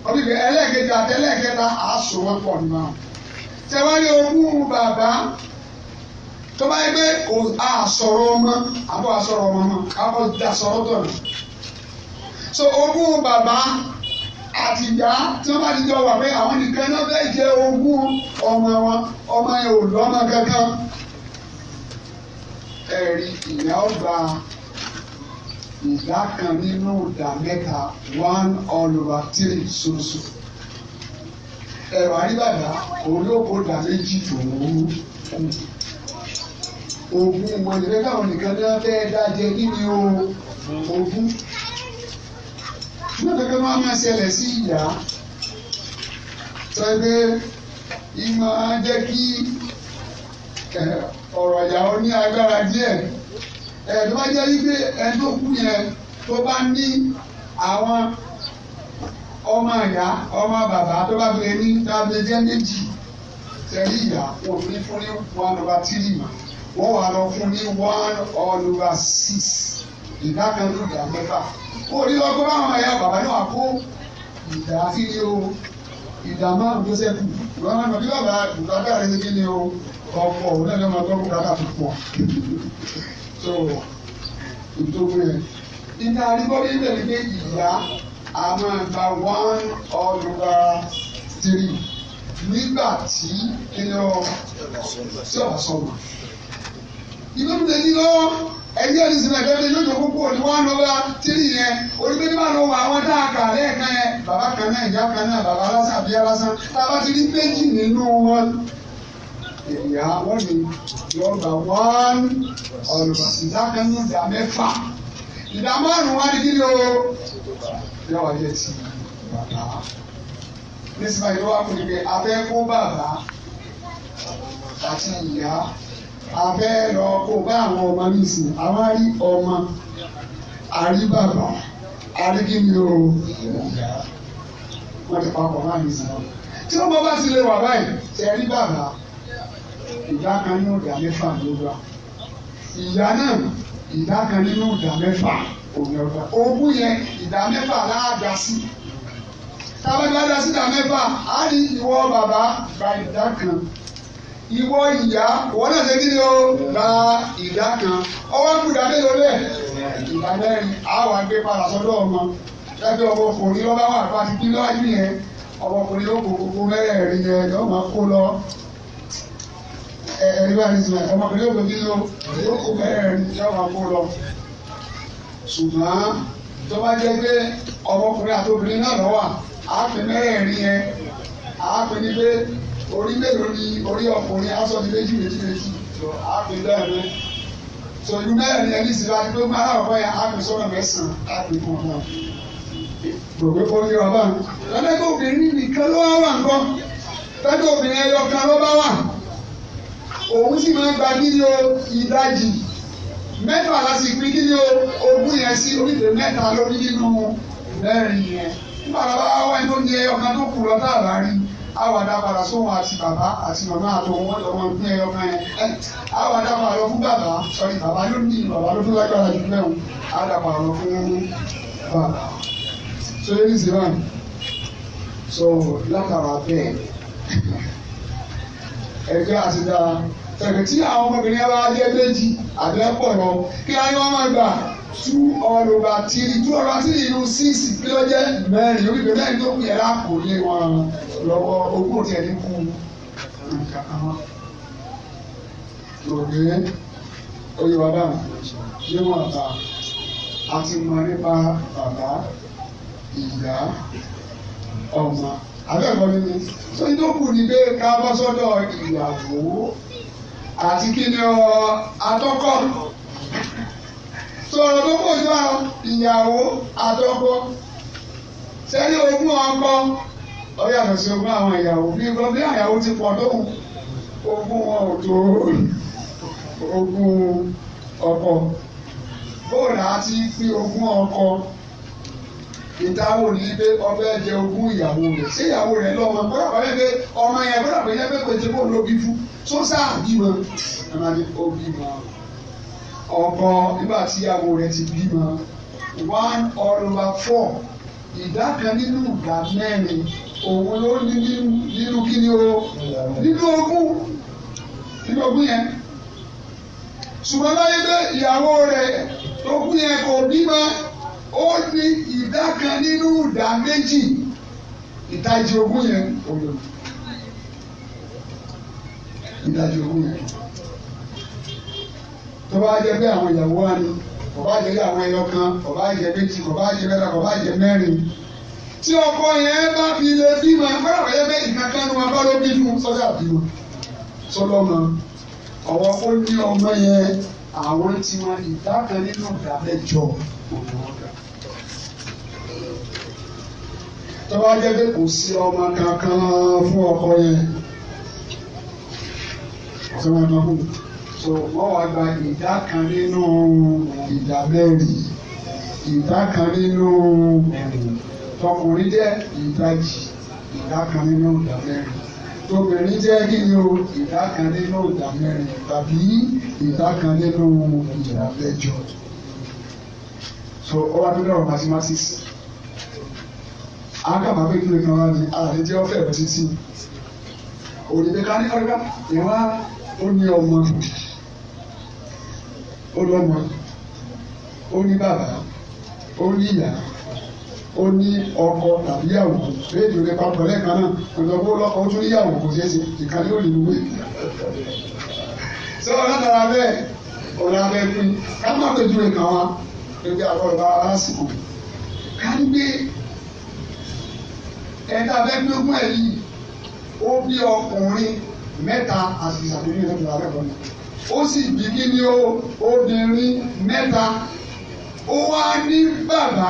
Speaker 1: ọdún ẹlẹ́ẹ̀kejì àti ẹlẹ́ẹ̀kẹta àásù wọn pọ̀ nínú àwọn. tẹ́wárí ogún bàbá tó bá àsọ̀rọ̀ ọmọ àbọ̀ àsọ̀rọ̀ ọmọ náà àbọ̀ dàsọ̀rọ̀ tọ̀nà so ogún bàbá àtìyá tí wọ́n bá ti jọ wà pé àwọn nìkan náà fẹ́ jẹ ogún ọmọ wọn ọmọ yẹn ò lọ́mọ kankan ẹ̀rí ìyá ọgbà ìdá kan nínú ìdá mẹ́ta one all over three ṣoṣo ẹ̀rọ àríbàdà òun yóò kó ìdá méjì tòun kú ogún wọn ìrẹ́káwọn nìkan náà fẹ́ dájẹ́ kí ni o ogún fún kankan máa máa ṣẹlẹ̀ sí ìyá sọ pé ìmọ̀ á jẹ́ kí ọ̀rọ̀ ìyàwó ní agbára díẹ̀ ẹ̀ẹ́dọ́ bá jẹ́ wípé ẹni òkú yẹn tó bá ní àwọn ọmọ ìyá ọmọ bàbá tó bá fi ní tábìlì jẹ́ méjì tẹ̀lé ìyá wọn ní fún ní one over three mà wà lọ fún ní one over ìdá kan ní ìdá mẹ́fà ó rí lọ́gbọ́n àwọn ẹ̀yà bàbá náà kó ìdá sí ni o ìdá márùn tó sẹ́kù ìwọ́n máa ń lọ bí bàbá bùkátà rẹ̀ ṣe ni o ọkọ̀ òun náà máa tọ́ bùkátà tó pọ̀ so ìtòkù yẹn ìdá àrígbọ́dé ibẹ̀ ni pé ìdá a máa gba one over three nígbà tí kí ni ọ sí ọ̀bà sọ̀rọ̀ ìdókòtò yìí lọ́wọ́ ẹgbẹ́ ẹni sinmi ẹgbẹ́ ẹni yóò jókòó kúrò ní wọn lọ bá tìrì yẹn olùgbé ní báwọn wà àwọn tá a kà lẹ́ẹ̀kan yẹn bàbá kan náà ìyá kan náà bàbá lásán àbí alásán tá a bá ti rí méjì nínú wọn ìyá wọn ni yóò gba wọn ọlùbọ̀sì dákan ní ìdá mẹ́fà ìdá márùn-ún wá ní kí ni o yóò wáyé ti bàbá nísìnyí wá kúrò pé abẹ́ kó bàbá àti ìyá afẹ́ lọ kó bá àwọn ọmọ mi sìn àwọn àrí ọmọ àrí bàbá àrí kí ni o wọ́n ti pa ọkọ̀ máa mi sìn wọn. tí ọmọ bá ti lè wà báyìí ṣe rí bàbá ìdá kan nínú ìdá mẹ́fà ló wà ìyá náà ìdá kan nínú ìdá mẹ́fà òun ọgbà ogún yẹn ìdá mẹ́fà láàdá sí tábàdá dá sí ìdá mẹ́fà á ní ìwọ bàbá gba ìdá kan ìwọ ìyá wọn náà ṣe kíni o gba ìdá kan ọwọ́ kú ìdá mélòó bẹ́ẹ̀ ìdá mẹ́rin àwọn àgbẹ̀ padà sọ́dọ̀ ọmọ ẹgbẹ́ ọmọkùnrin lọ́ba wà bá ti bílọ́ ayé yẹn ọmọkùnrin ló kó gbogbo mẹ́rẹ̀ẹ̀rin yẹn lọ́ máa kó lọ ẹ̀rí bá ní sinmi ọmọkùnrin ló kó bílọ́ ló kó mẹ́rẹ̀ẹ̀rin yẹn lọ́ máa kó lọ ṣùgbọ́n tó bá jẹ́ pé ọmọkùnrin àti obìnrin náà lọ́wọ́ àápè mẹ́rẹ̀ẹ̀rin yẹn àápè ní pé orí mélòó ni orí ọkùnrin aṣọ ti méjì méjì méjì tó á pè bẹ́ẹ̀ náà tó ìlú mẹ́rin ẹni sì láti pé máa ọ̀pọ̀ yẹn á pè sọ́nà mẹ́sàn-án á pè fún ọ̀nà gbogbo orí ọba lọ́dẹ́gbẹ́ obìnrin nìkan ló wá wà nǹkan lọ́dẹ́ obìnrin ẹyọ kan ló bá wà òun sì máa ń gba kí ni o ìdajì mẹ́fà láti pín kí ni o ogún yẹn sí orílẹ̀ mẹ́ta lórí nínú mẹ́rin yẹn nígbà tó bá wá wá inú ni ẹyọ kan tó kù lọ́tà àbárí àwàdà padà sóhun àti bàbá àti màmá àtòun wọn lọ́wọ́ ní ẹyọ kan yẹn àwàdà padà lọ fún bàbá sọrí bàbá ló ní bàbá ló fún lágbára jù lẹ́hùn àwàdà padà lọ fún bàbá so lórí zivan so látara bẹ́ẹ̀ ẹgbẹ́ àti dáa tẹ̀kẹ̀ tí àwọn ọmọbìnrin yẹn bá jẹ́ méjì àbí ẹ̀pọ̀ lọ kí á ní wọ́n máa gbà two all over three two all over three kí ló jẹ́ mẹ́rin orí ìgbẹ́ mẹ́rin tó kù yẹn lápò lé wọn lọ́wọ́ ogún òtí ẹni kú òkè oyè bàbá yé wọn mọ nípa bàbá ìyá ọmọ abẹ́ẹ̀kọ́ nínú so ìdókù ni pé ká bọ́ sọ́dọ̀ ìyàwó àti kí ni ọ atọ́kọ̀ sọ̀rọ̀ tó kò sọ ìyàwó atọ́kọ̀ sẹ́ni ogún ọkọ ó yàtọ̀ sí ogún àwọn ìyàwó bí gbọ́n bí àyàwó ti pọ̀ tó kù ogún wọn ò tó ogún ọkọ bóòlù àti pín ogún ọkọ ìtawọ̀ ní pé ọbẹ̀ jẹ ogún ìyàwó rẹ̀ ṣé ìyàwó rẹ̀ lọ́mọ bọ́dà bá yẹ pé ọmọ yẹn bọ́dà bá yẹ pé pété ló bí fún tó sáà bímọ ẹ máa ó bímọ ọkọ nígbà tí ìyàwó rẹ̀ ti bímọ one over four ìdá kan nínú ìdá mẹ́rin òun ló ní nínú kí o nínú ogún nínú ogún yẹn ṣùgbọ́n láyé pé ìyàwó rẹ̀ ogún yẹn kò bímọ ó ní ìdá kan nínú ìdá méjì ìdajì ogún yẹn òun ìdajì ogún yẹn tó bá jẹ́ pé àwọn ìyàwó wa ni ọba jẹ́ pé àwọn ẹyọ kan ọba jẹ́ méjì ọba jẹ́ mẹ́ta ọba jẹ́ mẹ́rin tí ọkọ yẹn bá fi lè bímọ fẹ́ràn ọ̀yẹ́ bẹ́ẹ̀ ìkankan ni wọn bá ló bínú sọ́jà bímọ sọlọ́mọ ọ̀wọ́ ó ní ọmọ yẹn àwọn tí wọn ìdá kan nínú ìdá mẹ́jọ òun. tọ́wá jẹ́ pé kò sí ọmọ kankan fún ọkọ yẹn ọ̀sẹ̀ wọn náà kù so wọ́n wá gba ìdá kan nínú ìdá mẹ́rin ìdá kan nínú tọkùnrin jẹ́ ìdajì ìdá kan nínú ìdá mẹ́rin obìnrin jẹ́ kí ni o ìdá kan nínú ìdá mẹ́rin tàbí ìdá kan nínú ìdá mẹ́jọ so ọba tó dọ̀rọ̀ mathematics akàmà pé kíni kan wá ní àárín jẹ́ ọ̀fẹ́ ẹ̀rọ títí òdìdí ká ní kọ́ríkà ìwá ó ní ọmọ ó lọ́mọ ó ní bàbá ó ní ìyá ó ní ọkọ tàbí ìyàwó rédíò lè papọ̀ lẹ́ẹ̀kan náà ọ̀dọ́gbó lọ́kọ ó tún níyàwó kò ṣeé ṣe ìkàlẹ́ ò lè wúwé. sọ wọn látara bẹ́ẹ̀ ọ̀rọ̀ abẹ́ pín ká má pèjú rẹ̀ kàn wá pé bí abọ́ rẹ̀ bá lásìkò ká ní gbé ẹ̀ta abẹ́gbẹ́gbọ́n ẹ̀ yìí ó bí ọkùnrin mẹ́ta àti ìsàbílẹ̀ ìlú ìlú abẹ́gbọ́n ó sì bí kí ni ó obìnrin mẹ́ta ó wá ní bàbá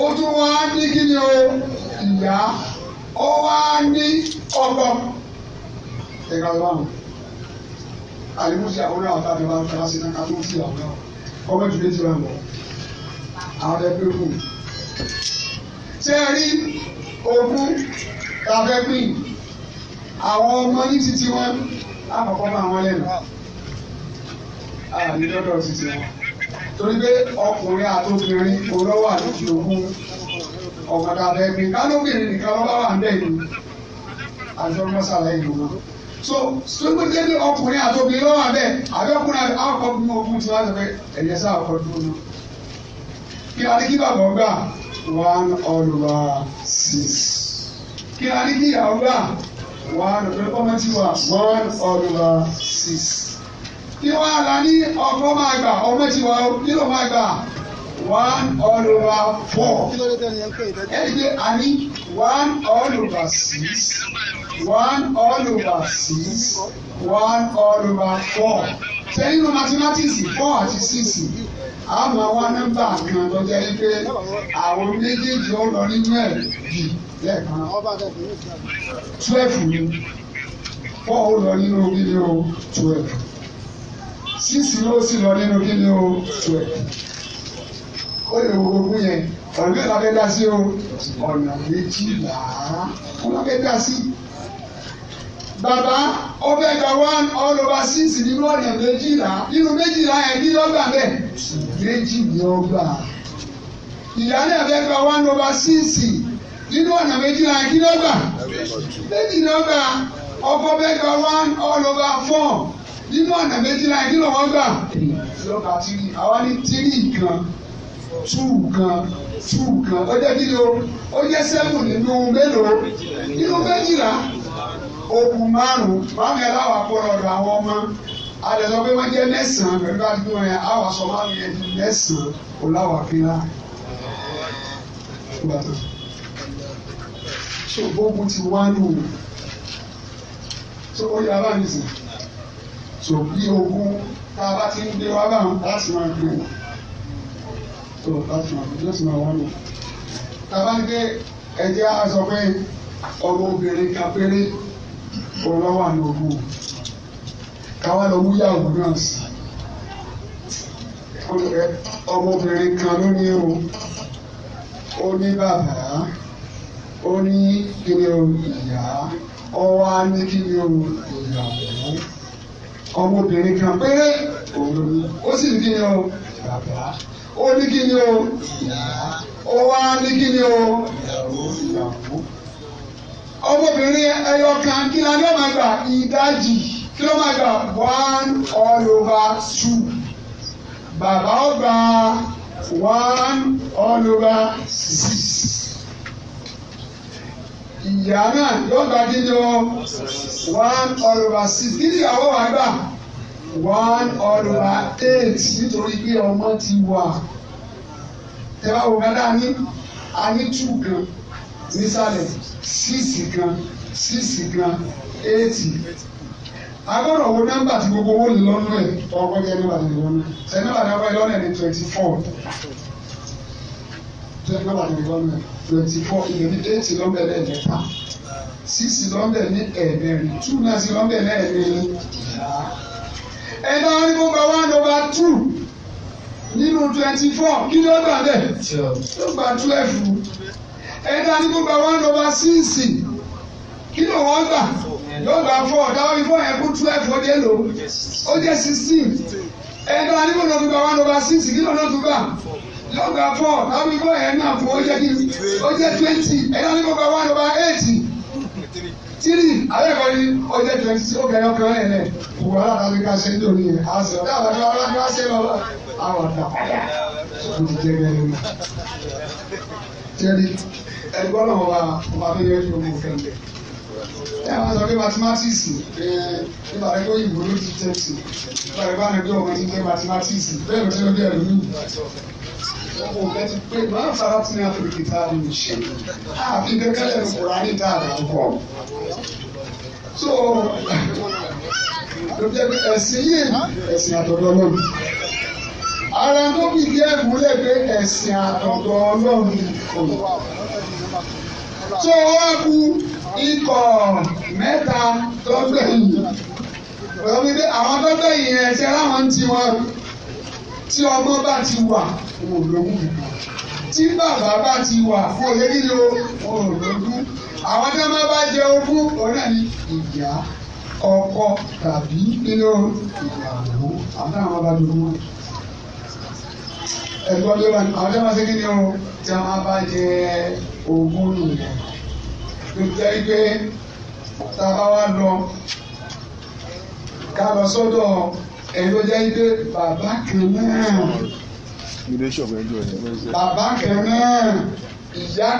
Speaker 1: ó tún wá ní kí ni ó ìyá ó wá ní ọkọ ẹ̀ka ọlọ́run àlùmọ́sí àwọn náà máa ń tẹ́lá sí náà ká tó àwọn náà ọmọ ìdílé ti rà mọ́ àwọn ẹgbẹ́ òkú. ṣé ogún tá a fẹ́ pín àwọn ọmọ ní títí wọn àkọ́kọ́ máa wọn lẹ́nu àní lọ́dọ̀ títí wọn torí pé ọkùnrin àtòkùnrin olówó àtòkù ogún ọ̀gá tá a fẹ́ pín kálóbìnrin nìkan ló bá wà ń bẹ̀ àjọ mọ́sálà ìlú wọn so sọgbẹ́sẹ́ ní ọkùnrin àtòkùnrin lọ́wọ́ abẹ́ àbẹ́ ọkùnrin àkọ́kọ́ bí mo kú tí wọ́n á sọ pé ẹ̀yẹ sáà ọkọ̀ dúró náà kí adé kí bàbá ọgbà one over six. kí la ní kí ìyàwó one ọ̀dọ́ ọmọ ti wà one over six. kí wọ́n á la ní ọkọ máa gbà ọmọ ti wà kí máa gbà one over four. ẹ ṣe àní one over six one over six one over four. sẹ́yìn ló mathematics four àti six a máa wá nọ́mbà kan tó jẹ́ pé àwọn méjèèjì ó lọ nínú ẹ̀ bì lẹ́ẹ̀kan twelve ni four ó lọ nínú kíni o twelve six ló sì lọ nínú kíni o twelve ó lè wo gbogbo yẹn ọ̀nà mẹ́ta fẹ́ dá sí o ọ̀nà méjìlá ọ̀nà fẹ́ dá sí bàbá ó fẹ́ gba one all over six nínú ọ̀nà méjìlá nínú méjìlá ẹ̀ ní lọ́gbà bẹ́ẹ̀ méjì ni ó gbà ìyá náà fẹ́ gba one over six nínú ọ̀nà méjìlá ẹ̀ ní lọ́gbà méjì ni ó gbà ọkọ fẹ́ gba one all over four nínú ọ̀nà méjìlá ẹ̀ ní lọ́wọ́ gbà lọ́gbà tìrì àwa ní tìrì kan two kan two kan ó jẹ́ kí ni o ó jẹ́ seven nínú mélòó nínú méjìlá okùn márùn-ún márùn-ún yẹn láwọn akọ́rọ̀dọ̀ àwọn ọmọ adẹ̀sọ pé wọ́n jẹ́ mẹ́sàn-án pẹ̀lú bá dúró yẹn àwọn aṣọ márùn-ún yẹn di mẹ́sàn-án ọ̀làwọ̀ àfihàn so gbogbo ti wá nù so ó yẹ abá nìsín so bí ogun tá a bá ti ń gbé wá báwọn láti máa gbé wọn so láti máa gbé láti máa wá nù tá a bá ń gbé ẹ̀jẹ̀ á pé ọmọ obìnrin kan péré olówó àlòkù káwá lọ wúyàwó náà sí ọmọbìnrin kan ló ní o ó ní bàbá ó ní kíni o ìyá ọwọ́ á ní kíni o ìyàwó ọmọbìnrin kan péré òun ló ní ó sì ní kíni o bàbá ó ní kíni o ìyá ọwọ́ á ní kíni o ìyàwó ìyàwó ọmọbìnrin ẹyọ kan kí la ní ọmọ àgbà ìdajì kí ló máa gbà one all over two bàbá ọgbà one all over six ìyá náà yóò gba kíni o one all over six kí ni ìyàwó wa one all over eight nítorí pé ọmọ ti wà ẹ bá wò ká dáa ní a ní two gan nísàlẹ̀ síìsì kan síìsì kan éètì agbọ́dọ̀ wo nọ́mbà tí gbogbo owó lè lọ́nú ẹ̀ ọkọ̀ jẹ́ nọ́mbà tí lọ́nú ṣe nọ́mbà tí wọ́n lọ́nà ní twenty four ṣe nọ́mbà tí lọ́nà twenty four ìyẹn ní eight lọ́nbẹ̀ lẹ́ẹ̀mẹ́ta six lọ́nbẹ̀ ní ẹ̀ẹ̀mẹ́rin two náà sí lọ́nbẹ̀ lẹ́ẹ̀mẹ́rin ẹ̀dá wọn ní gbogbo one over two nínú twenty four kí ló gbà bẹ́ẹ̀ ló gbà twelve. Eda àti gbogbo one over six kí ló wọ́n gbà yóò gbà twelve ó dé lò ó sixteen ẹni àti gbogbo gbogbo one over six kí ló náà tún gbà yóò gbà fọ́ twenty one eight twenty a ti ẹgbọ́n náà wà ọba tó yẹ kí gbogbo nǹkan bẹ̀. ẹ wá sọ pé mathematics nípa rẹ pé òyìnbó ló ti tẹ̀ sí nípa rẹ bá rẹ bí ọmọ ti jẹ mathematics bẹ́ẹ̀ ló ti lọ bí ẹ̀rọ ní ìlú. ọkọ̀ òkè ti pé máa fara tí ní àfẹ́kẹ́ tá a lè ṣe àfi kẹ́kẹ́lẹ́ kúrò á ní tá a lè kọ́. so ló jẹ́ pé ẹ̀sìn yìí ẹ̀sìn àtọ̀dọ́ lọ́dún ara tó fi díẹ̀ múlẹ̀ pé ẹ̀sìn àtọ̀dọ̀ ọlọ́run kò tó wá ku ikọ̀ mẹ́ta tó gbẹ̀yìn lórí pé àwọn tó gbẹ̀yìn yẹn ṣe láwọn ti wọn tí ọgbọ́n bá ti wà wò lóhùn tí bàbá bá ti wà wò lé nílò wò lóhùn àwọn tó máa bá jẹ ogún òun náà ní ìyá ọkọ tàbí nínú ìyàwó àwọn táwọn wọn ẹ̀gbọ́n tó bá àwọn tó máa ṣe kí ni o tí a máa bá jẹ ogún nù yẹn tó jẹ́ pé tá a bá wá lọ ká lọ sọ́dọ̀ ẹni tó jẹ́ pé bàbá kan náà bàbá kan náà ìyá kan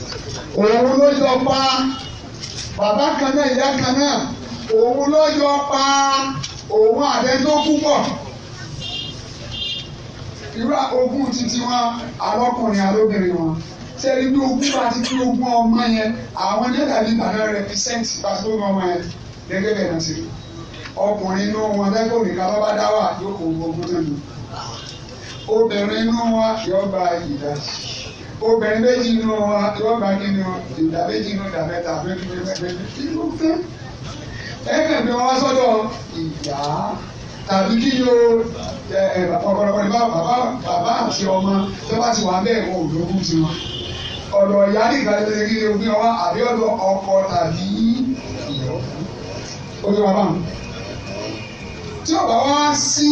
Speaker 1: náà òun ló yọ pa bàbá kan náà ìyá kan náà òun ló yọ pa òun àtẹ́tó púpọ̀ irú ogún títí wọn àwọn ọkùnrin alóbìnrin wọn sẹ́ni bí ogún bá ti kí ogún ọmọ yẹn àwọn nígbà bíi bàbá rẹ̀ fi sẹ́ǹtì pàṣẹ ogún ọmọ yẹn gẹ́gẹ́ bẹ́ẹ̀ náà ti rí ọkùnrin inú wọn lẹ́kọ̀ọ́ nìkan bá bá dá wà yóò kó ogún tó lù obìnrin inú wa yóò gba ìdajì obìnrin méjì inú wa yóò gba nínú ìdá méjì inú ìdá mẹ́ta méjì méjì méjì inú fún wọn sọ́dọ̀ ìyá tàbí kí ni o ọ̀pọ̀lọpọ̀ ní bàbá bàbá àti ọmọ tó bá ti wà bẹ́ẹ̀ wọn ò lókun ti wọn. ọ̀dọ̀ ìyá ní ìgbàlódé ṣe kí ni omi ọwá àbí ọ̀dọ̀ ọkọ tàbí ojú bàbá mi. tí ọ̀bà wá sí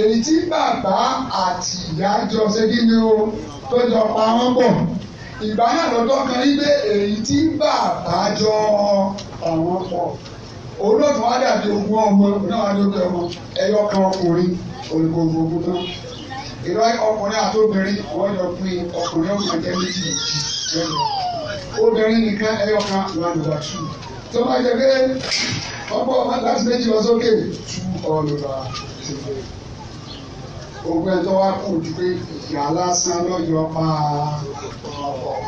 Speaker 1: èyí tí bàbá àti ìyá jọ ṣe kí ni o tó jọ pa wọ́n pọ̀ ìgbà náà lọ́dọ̀ kan ní pé èyí tí bàbá jọ àwọn pọ̀ òun náà tún wá dàbí ogún ọmọ òun náà wá dókè ọmọ ẹyọ kan ọkùnrin olùkóńgó ogún tán ìlọ ọkùnrin àti obìnrin wọn jọ pín ọkùnrin ọkùnrin jẹ méjì lẹ́nu obìnrin nìkan ẹyọ kan one over two tó máa jẹ pé ọ̀pọ̀ láti méjì lọ sókè two all over three ogun ẹ̀ tó wá kù ju pé ìyá lásán lọ́yọ̀ pa ọ̀pọ̀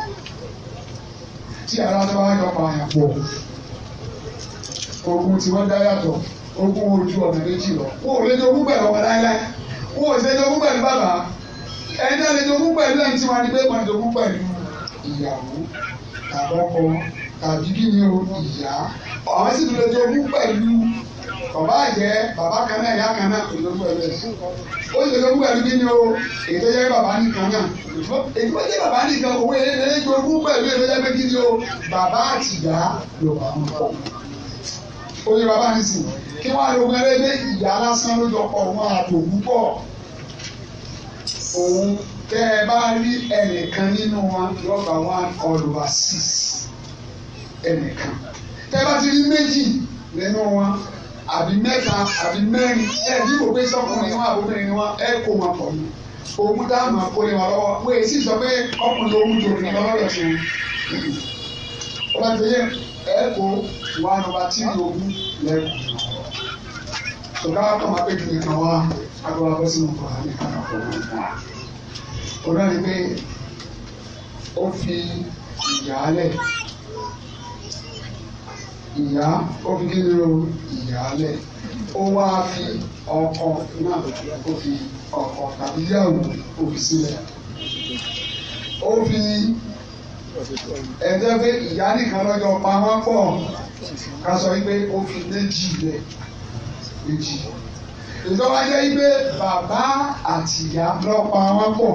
Speaker 1: tí ara tó wá yọ pa àyàpọ̀ ogun tí wọ́n dá yàtọ̀ ogun ojú ọ̀nà méjì lọ. wọn ò lè jogún pẹ̀lú ọmọ láéláé wọn ò sì lè jogún pẹ̀lú bàbá ẹni náà lè jogún pẹ̀lú ẹni tí wọ́n á ní pé wọ́n jogún pẹ̀lú ìyàwó tàbọ́kọ tàbí kí ni o ìyá àwọn sì lè jogún pẹ̀lú bàbá àjẹ́ bàbá kan náà ìyá kan náà kò jogún pẹ̀lú ẹ̀ ó sì lè pẹ̀lú kí ni o èyí tó jẹ́ bàbá nìkan náà o bàbá àtìyá
Speaker 2: lò wà ń pọ̀
Speaker 1: oye bàbá mi sì kí wọ́n á lo ogun ẹlẹ́gbẹ́ ìyá lásán lójú ọkọ̀ òun àtòkú pọ̀ òun tẹ́ ẹ bá rí ẹnìkan nínú wọn rọ́bà one all over six ẹnìkan tẹ́ ẹ bá ti rí méjì nínú wọn àbí mẹ́ta àbí mẹ́rin ẹ ní kò pé sọkùnrin wọn àbóbìnrin ni wọn ẹ kó wọn pọ̀ ní òun tá a máa kó lè wọn lọ́wọ́ wọ́n èsì sọ pé ọkùnrin lòun jòkè lọ́wọ́ rẹ̀ fún un. ọba ẹ̀ẹ́kọ́ one over three ogún lẹ́kọ̀ọ́. Ọ̀gá àkọ́mọ pé kìnìún kan wá agbára bọ́ sínú ọkọ̀ àmì kan O náà. Ọ̀gá pé ó fi ìyá lẹ̀. Ìyá ó fi kí nínú ìyá lẹ̀. wá fi ọkọ náà ó fi ọkọ tàbí yàwó ó ẹ̀jẹ̀ pé ìyá nìkan lọ́jọ́ pa wọ́n pọ̀ ká sọ wípé ó fi méjì rẹ̀ méjì. ìjọba jẹ́ wípé bàbá àtìyá lọ́pa wọ́n pọ̀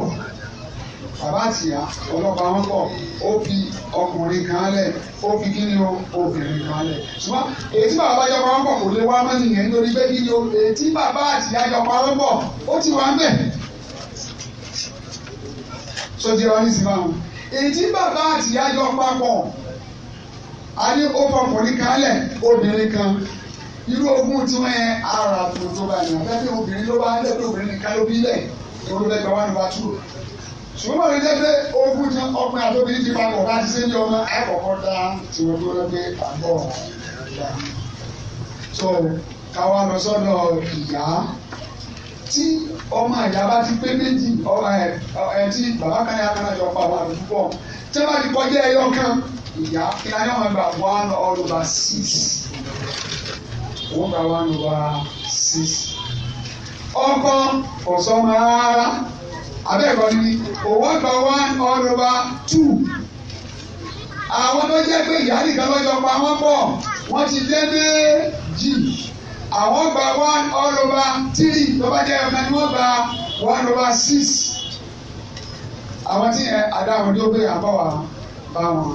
Speaker 1: bàbá àtìyá ọlọ́pàá wọn pọ̀ ó fi ọkùnrin kan lẹ̀ ó fi kí ni o obìnrin kan lẹ̀ ṣùgbọ́n ètí bàbá jọpa wọn pọ̀ kò lè wá mọ́ nìyẹn nítorí pé kí ni o ètí bàbá àtìyá jọpa wọn pọ̀ ó ti wá ń bẹ̀. sọ́jí ọ ní sinmi àwọn ìdí bàbá àtìyá jọ papọ̀ a ní ó fọkùnrin kan lẹ̀ obìnrin kan irú ogún tí wọ́n yẹn ara tó tó bá yẹn fẹ́ fi obìnrin ló bá ń lẹ́gbẹ̀ẹ́ obìnrin nìkan ló bí lẹ̀ olùdẹ́gbẹ̀ wà ní wàá tù ṣùgbọ́n ní dẹ́gbẹ́ ogún tí ọkùnrin àti obìnrin ti papọ̀ bá ti ṣe ní ọmọ àkọ́kọ́ dá tiwọn tó lẹ́gbẹ́ àbọ̀ so káwa lọ sọ́dọ̀ ìyá tí ọmọ ìyá bá ti pé méjì ẹ tí bàbá kan yà kan àjọ pa wà púpọ̀ tí wọ́n bá ti kọjá ẹyọ kan ìyá kí ni ayọ́ wọn gbà one all over six wọ́n gba one over six ọkọ ọ̀sán rárá abẹ́ẹ̀kọ́ ni òwò gba one all over two àwọn tó jẹ́ pé ìyá nìkan lọ́jọ́ pa wọ́n pọ̀ wọ́n ti dé méjì àwọn gba one all over three tó bá jẹ́ ọmọ ẹni wọ́n gba one over six àwọn tí yẹn adáwọn tó gbé àbáwá bá wọn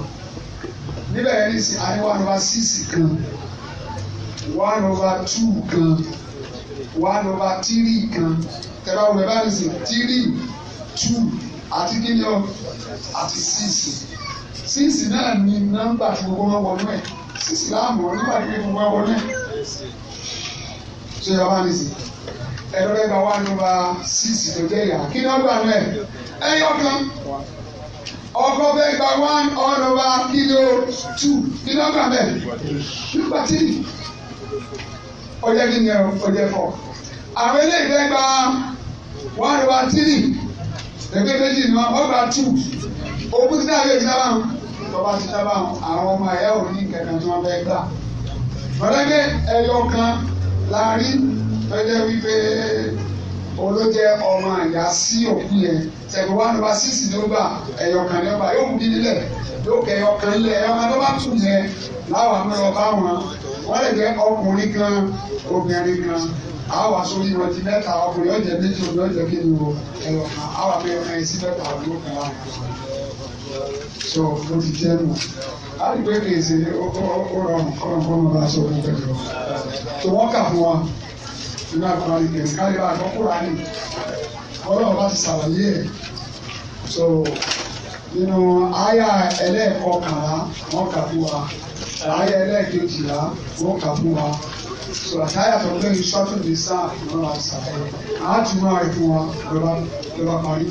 Speaker 1: níbẹ̀ yẹn ní sìn àní one over six kan one over two kan one over three kan tẹ̀lé àwọn ìbá ní sìn three two àti kíni ọ àti six six náà ní nọ́mbà tí gbogbo wọn wọnú ẹ̀ six láàmú nígbà tí gbogbo wọn wọnú ẹ̀ tí wọ́n bá ní sí ẹ̀rọ bẹ́ẹ̀ bá wà nọ́mbà six tó jẹ́ ìyá kí ni wọ́n gbà náà ẹ̀yìn ọ̀kan ọkọ bẹ́ẹ̀ gba one all over kilo two kí ni wọ́n gbà bẹ́ẹ̀ nígbà tí ọjọ́ kí ni ọjọ́ four àwọn eléyìí bẹ́ẹ̀ gba one over three ẹgbẹ́ méjì ni wọ́n gba two òkúti náà yóò ti náà bá wọn tọ́ba ti náà bá wọn àwọn ọmọ ẹ̀yà òní nǹkan kan tí wọ́n bẹ́ẹ̀ gbà. Bọ̀dẹ́gbẹ́ ẹyọ kan la rí lọ́jọ́ wípé olójẹ ọmọ àyà sí òkú yẹn sẹ̀kú wà lọ́ba sísì ló gbà ẹ̀yọkàn ní ọba yóò bí nílẹ̀ lókè ẹ̀yọkàn nílẹ̀ ẹ̀yọkàn tó bá tù yẹn láwọn àmì ọba wọn wọ́n lè jẹ́ ọkùnrin kan obìnrin kan àwa sórí wọn ti mẹ́ta ọkùnrin ọ̀jẹ̀ méjì ọ̀jẹ̀ kí ni o àwa àmì ọkàn yẹn sí mẹ́ta ọdún kan láwọn so ó ti jẹ́ mọ̀ àdìgbò kìí ṣe ó rọrùn kọ́nà kọ́nà bá sọ fún bẹ́ẹ̀ lọ tó wọ́n kà fún wa nínú àgbà ìgbẹ́ kárí bá àkọ́kùnrin àní ọlọ́run bá ti ṣàlàyé ẹ̀ so nínú àyà ẹlẹ́ẹ̀kọkànlá wọ́n kà fún wa àyà ẹlẹ́ẹ̀kejìlá wọ́n kà fún wa so àtàyà tó ń gbé ní sọ́tún ní sáà ìrọ̀lá ìsàlẹ̀ àá tún máa rẹ̀ fún wa lọ́ba parí.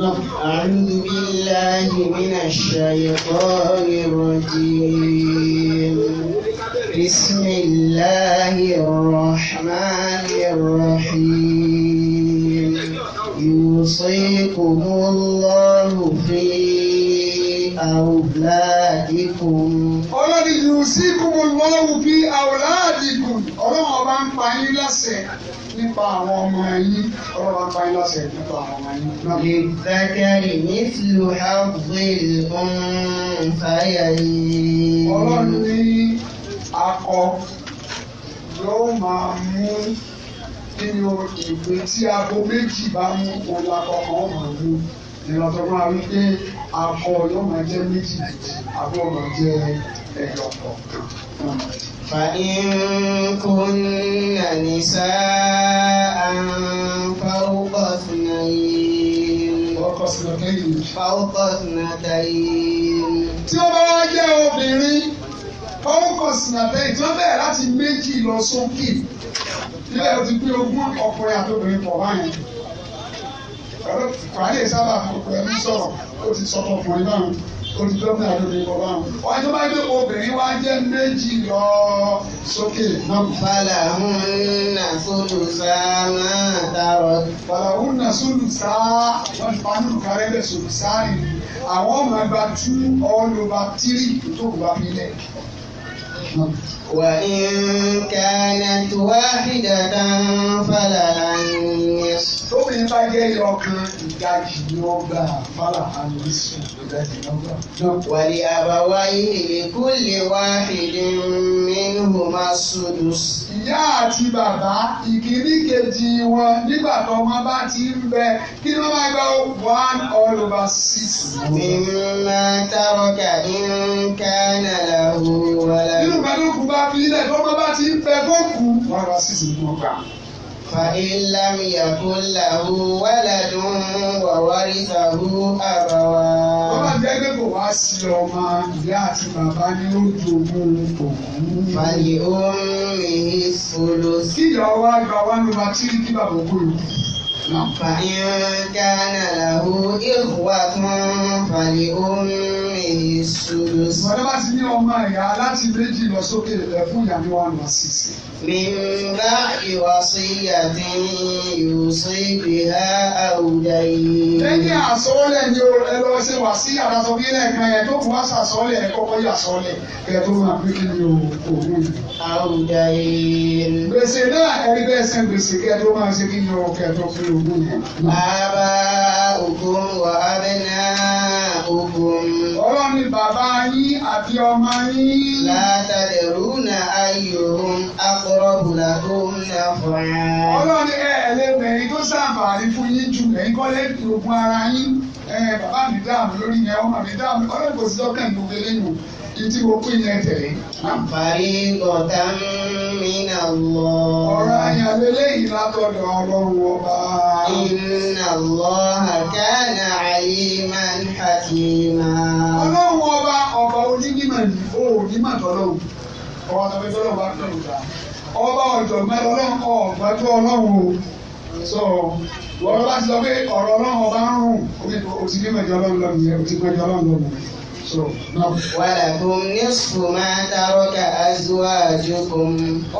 Speaker 1: أعوذ بالله من الشيطان الرجيم بسم الله الرحمن الرحيم يوصيكم الله في أولادكم قال يوصيكم الله في أولادكم الله أبان فاين لسه nípa àwọn ọmọ yín ọlọ́run bá parí lọ́sẹ̀ nípa àwọn ọmọ yín náà. ìbákẹ́rì ní tìlú hàbùwẹ̀lì ń fàyà yìí. ọlọ́run ní akọ yóò máa mú nínú ìwé tí abo méjì bá mú òun akọ kan ó ìlànà fún wa wípé akọ yóò máa jẹ méjì àbí ọmọ jẹ ẹyọ kọ̀ọ̀kan. فإن كن نساء فوق اثنين فوق اثنتين tí ó bá wá jẹ́ obìnrin fọwọ́kọ̀ sinatẹ́yìn tí wọ́n bẹ̀rẹ̀ láti méjì lọ sókè nílẹ̀ ó ti pé ogún ọkùnrin àtobìnrin pọ̀ báyìí kùránì sábà kòkò ẹni sọ̀rọ̀ ó ti sọ ọkùnrin náà ó ti dọ́kítà lóde kọ bá wọn. wọ́n tó bá gbé obìnrin wá jẹ́ méjì lọ sókè náà. fàlà húnna sólù sáà máa dárọ. fàlà húnna sólù sáà wọ́n ti pa nínú kárẹ́ lẹ̀ sólù sáà yìí àwọn ọmọ ẹgbàá tú ọ́ ló bá tírì tó bá fi lẹ̀. وإن كانت واحدة فلا النصف. tóbìnrin bá jẹ́ ìyọkan ìdajì ni ó gbà fàlà àníṣù ìdajì ni ó gbà. wàlẹ̀ àbáwá ilé kó lè wá èdè nínú máa sọdọ. ìyá àti bàbá ìkíní kejì wọn nígbà tó wọn bá ti ń bẹ kí ló máa gbọ́ one all over six. mímú máa tàwọn kàdí ń làwọn wọlé. nínú pẹ̀lú kúbá fi ilẹ̀ tó máa bá ti ń bẹ fóòkù wọn lọ sí ìsìnkú ọgbà. فَإِلَّمْ يَكُنْ لَهُ وَلَدٌ وَوَرِثَهُ أَبَوَاهُ. Wọ́n bá jẹ́ pé kò wá sí ọmọ ìyá àti bàbá ní ojoojú òkú. Fàlì ó ń rìn ìfòlòsí. Kí ìyá wa gba wánu wa tí kí bàbá òkú فإن كان له إخوة فلأمه السدس. wọ́n bá ti ní ọmọ ìyá láti méjì lọ sókè rẹ̀ fún ìyàwó àná sísè. mímbá ìwàsíyàtì yusibha àwùjá yìí. lẹ́yìn àsọ́ọ́lẹ̀ ni ẹ lọ ṣe wà sí àdàtọ̀ bí lẹ́ẹ̀kan yẹn tó fún àṣà àsọ́ọ́lẹ̀ ẹ kọ́kọ́ yà sọ́ọ́lẹ̀ ẹ tó máa bí kí ni o kò mú. àwùjá yìí. gbèsè náà ẹni bẹ́ẹ̀ sẹ́ gbèsè kẹ́ tó máa ṣe kí ni o kẹ́ tó fún Bàbá òkun wà abẹ́nà òkun. Ọlọ́run ni bàbá yín àti ọmọ yín. Látàdẹ̀rù na ayò akọ̀rọ̀bùlà tó ń nà fún. Ọlọ́run ni ẹ̀ẹ́dẹ́gbẹ̀rin tó ṣàǹfààní fún yín jù lẹ́yìn kọ́lé ìdúrógún ara yín. Baba bàbá mi dáàmú lórí yẹn ọmọ mi dáàmú ọlọ́run kò sí sọ́kàn ní gbogbo eléyìí ìtí wo pín yẹn tẹ̀lé. àǹfààní gọ̀dá mi nà lọ. ọ̀rọ̀ àyàn lélẹ́yìn látọ̀dọ̀ ọlọ́run ọba. kana aliman hakima. ọlọ́run ọba ọba onímọ̀ ni ó onímọ̀ tọ́lọ́run ọba tọ́lọ́run bá tọ́lọ́run ọba ọ̀jọ̀gbọ́n ọlọ́run ọlọ́run o. so wọ́n bá ti sọ pé ọ̀rọ̀ ọlọ́run ọba ń rùn o ti gbé mẹ́jọ ọlọ́run lọ́nu yẹn o ti gbẹ́jọ ọlọ́run lọ́nu yẹn. Wàlàkùn nísù máa tàrọ́kà azwajukum.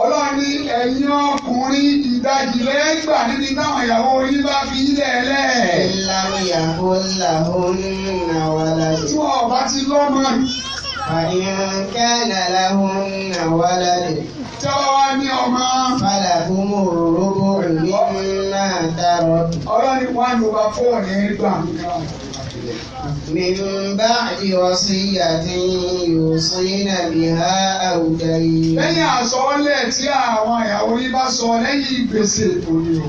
Speaker 1: Ọlọ́run ní ẹ̀yin ọkùnrin ìdajì lẹ́gbà níbi táwọn ìyàwó yín bá fi ilẹ̀ lẹ̀. Ìlànà ìyàwó làwọn nà wà láyé. Tí wọ́n bá ti lọ́mọ. Àyàn kánà làwọn nà wà láyé tí wọ́n wá ní ọmọ. Fàlà fún mò ń rògbò ìlú náà dárọ̀. Ọlọ́ni wá ní ọba fóònù nígbà mìíràn. من بعد وصية يوصين بها أو دين. lẹ́yìn àsọ̀ọ́lẹ̀ tí àwọn ìyàwó yìí bá sọ lẹ́yìn ìgbésẹ̀ ètò ni o.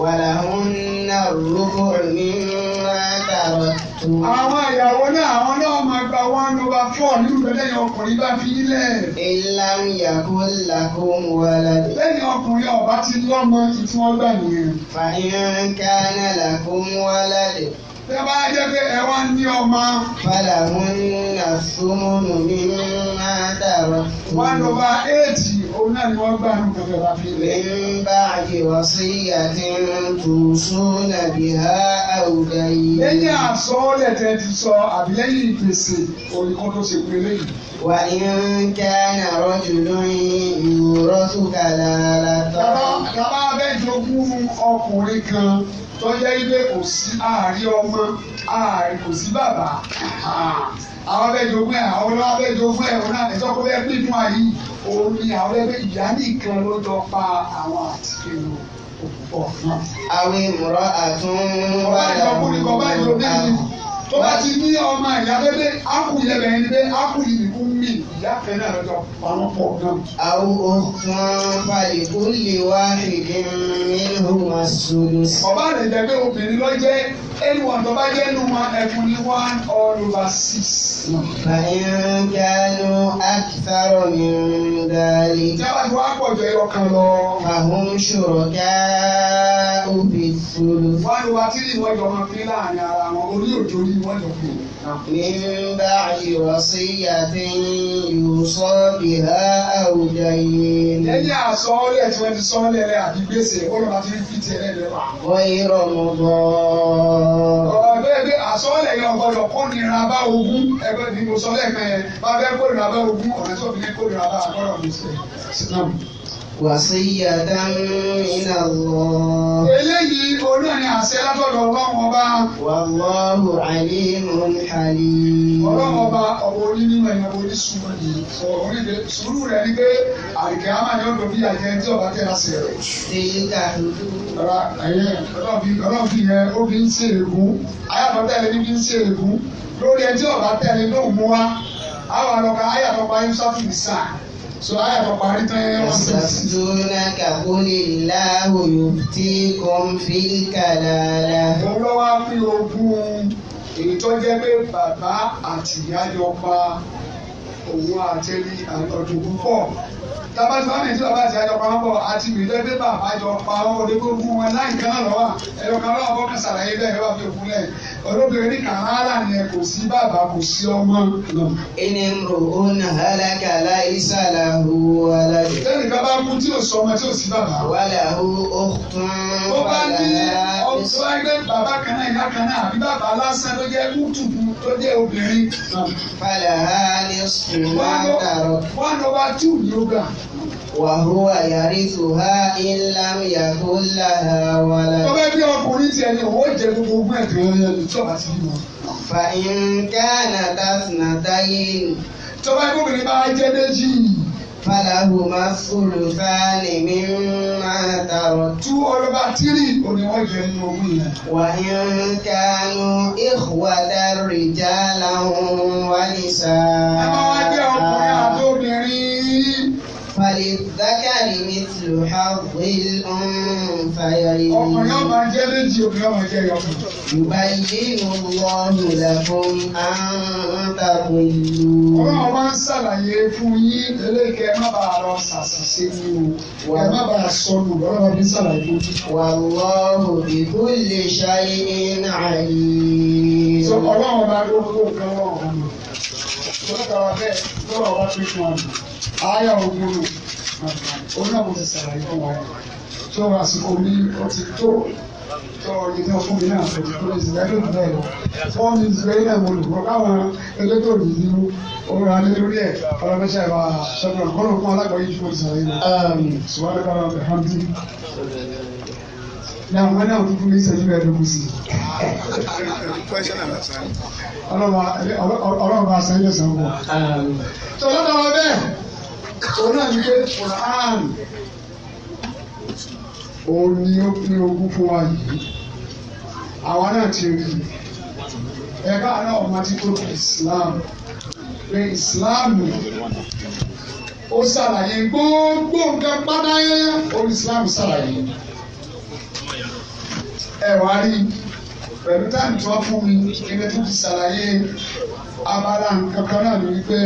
Speaker 1: ولهن الربع مما تركتم. àwọn ìyàwó náà àwọn náà máa gba one over four nínú lẹ́yìn ọkùnrin bá fi ilẹ̀. إِلَّمْ يَكُنْ لَكُمْ وَلَدٌ. lẹ́yìn ọkùnrin ọba ti lọ́mọ tuntun ọgbà nìyẹn. فَإِنْ كَانَ لَكُمْ وَلَدٌ tẹ bá jẹ́ pé ẹ wá ní ọmọ. padà mú nà súnmọ́nù mi máa dàrọ. one over eight òun náà ni wọ́n gbà nù kẹfẹ́ bá fi lè. ń bá àjẹwọ́ sí àti tùsùn nàbí ha àwùjá yìí. lẹ́yìn àsọ́ọ́lẹ̀ tẹ ti sọ àbílẹ́yìn ìpèsè òyìnbó tó ṣe pé lẹ́yìn. wà á ń kẹ́ nàró jùlọ ìwúrọ́ tó kàlà látọ̀. bàbá bàbá abẹ́jọ́gún ọkùnrin kan tó jẹ́ ilé kò sí àárín ọmọ ọmọ kò sí bàbá àwọn abẹ́jọ fún ẹ̀ àwọn ọlọ́wọ́ abẹ́jọ fún ẹ̀ ọ̀nà àtẹ̀jọ́ kó bẹ́ẹ̀ pín fún ayé òun ni àwọn ẹgbẹ́ ìyá nìkan ló jọ pa àwọn àtìkéwò òpùpọ̀ náà. àwọn ìmọ̀ràn àtún wà láwùjọ tó bá ti ní ọmọ ìyá bébé ákù yẹ bẹ́ẹ̀ ni pé nìkú mi ìyá fẹ́ náà lọ́jọ́ àwọn pọ̀ náà. àwọn ọ̀sán balẹ̀ kó lè wá ìdí nínú wọn sọ̀rọ̀. ọba rẹ̀ jẹ́ pé obìnrin lọ́jẹ́ ẹnu wọn tó bá jẹ́ ẹnu wọn ẹ̀fún ní one all over six. Fàyínkanu akitaro mi ń dalí. Ìjọba ti wá pọ̀ jọ ẹyọ kan lọ. Àwọn ṣòro ká òbí fúru. Wọ́n ní wá tí ìwọ́n jọ máa fi láàrin ara wọn, orí òjò orí wọ́n jọ kù. Nígbà ìwọ̀sí àti ìwòsàn ìhà àwùjọ yìí. Lẹ́yìn àsọ̀ọ́lẹ̀ tí wọ́n ti sọ́ọ́lẹ̀ rẹ̀ àbí gbèsè, ó lọ́ba fi fi tiẹ̀ lẹ́lẹ̀ wá. Wọ́n yí rọ̀ mọ́ bọ́ọ̀ ọ̀rọ̀ bẹ́ẹ̀ bí àsọ́lẹ̀ yẹn ọ̀gbọ́dọ̀ ẹgbẹ́ ni mo sọ lẹ́ẹ̀mẹ́ bá bẹ́ẹ̀ kórìíra bá ogún ọ̀rẹ́ kórìíra bá àgbọ̀rọ̀ mi sẹ́ sinamu wàsíyà dámínà lọ. eléyìí orí ẹni àṣẹ látọ̀dọ̀ ọlọ́run ọba. wàlláhu alimun halim. ọlọ́run ọba ọmọ orí ẹ̀yàn orí sùnmọ́ ni ọ̀rọ̀ rẹ̀ sùúrù rẹ̀ ni pé àríkè á máa yọ bí àjẹ tí ọba tẹ̀ láṣẹ rẹ̀. èyí ká lójú. ọlọ́run fi yẹn ó fi ń ṣe ègún ayàtọ̀ tẹ̀lé ní fi ń ṣe ègún lórí ẹjọ́ so àyà kan parí tán yẹn wọ́n sọ. ṣàṣùdúnà kàbólè láwòyò tí kò ń fi kàlàlà. mo lọ wá fi ogún èyí tó jẹ́ pé bàbá àti ìyá jọ pa òun àtẹ̀lé àtọ̀dún púpọ̀ tábà tí wọn ní ìtura bá ti àjọ pa wọn bọ àti ìgbìlẹ pé bàbá àjọ pa wọn kò dé kó fún wọn láì kan náà lọ wà ẹ̀rọ kan lọ́wọ́ bọ́ kásàlàyé bẹ́ẹ̀ wà fi òkú lẹ́yìn olóbìnrin ní kàhálà yẹn kò sí bàbá kò sí ọmọ náà. ẹni rò ó nà hálàkà láìsà làhù wàlà. lẹ́nu ká bá kú tí ò sọ ọmọ tí ò sí bàbá. wàlà ó ọ̀tún wàlà ọ̀tún. tó bá gbé bàbá kan náà ìyá kan náà àbí bàbá lásán tó jẹ́ kútùkù tó jẹ́ obìnrin. wàlà á ní sùn wá tààrọ. one over two yoga wàhú àyàrísù ha ìlàm yàhú làhà wàlà. ọbẹ̀ bí ọkùnrin tiẹ̀ ni òun ó jẹ gbogbo ogún ẹ̀fẹ̀ wọn lẹ́nu tí ọba ti bí fàyínká nàta sinata yéèni. tọ́ba ẹgbẹ́ obìnrin bá jẹ́ méjì. falahu masulu sani mi máa tààrọ̀. tú ọlọ́ba tírì òní wọ́n jẹ nínú ogún yẹn. wàyínká nu ìhùwàdà rìjálà wàlísà. ẹ máa wá jẹ́ ọkùnrin àti obìnrin. فللذكر مثل حظ الأنثيين يبين الله لكم أن تضلوا ọlọ́run wá ń ṣàlàyé fún yín eléyìíkẹ́ ẹ má bàa lọ ṣàṣìṣe ní o ẹ má bàa sọnù lọ́wọ́ bá fi ṣàlàyé fún yín. wàlọ́hù ìbú lè ṣayé ní àyè. sọ ọlọ́run bá ló ń kó kan ọ̀hún. lọ́kàwá bẹ́ẹ̀ lọ́wọ́ wá pé fún àná àyà ògbóró òun náà mo ti sàlàyé fún wa tó àsìkò mi ó ti tó tọ́ọ̀rọ̀ ní ọkùn mi náà fẹ̀yìn tó ìsìnkú ẹ̀dùn bẹ́ẹ̀ lọ. wọ́n ní ìsìnkú náà mo lùkọ́ káwọn elétò ìlú orin alẹ́ lórí ẹ̀ ọlọ́mẹṣẹ́ ìwà ṣọ́gbọ̀n kọ́ ló fún alágbọ̀yé ju ìsìnkú yìí lọ. ṣùgbọ́n nípa ọ̀rọ̀ rẹ̀ hàn bí. náà wọ́n náà fún mi ìṣẹ́jú bẹ́ẹ̀ lókun sí. ọlọ́run bá aṣẹ́yẹ̀ sanwó. tọ́lá òun náà ní pé Quran òun ni ó pín ogún fún wa yìí àwa náà ti rí i ẹ̀ka àná ọ̀ma tí tó kù Islam pé Islam ó ṣàlàyé gbogbo nǹkan pátáyẹ́yẹ́ orí Islam ṣàlàyé ẹ̀ wá rí i pẹ̀lú táàmì tí wọ́n fún mi ilé tó ti ṣàlàyé abala nǹkan kan náà ní wípé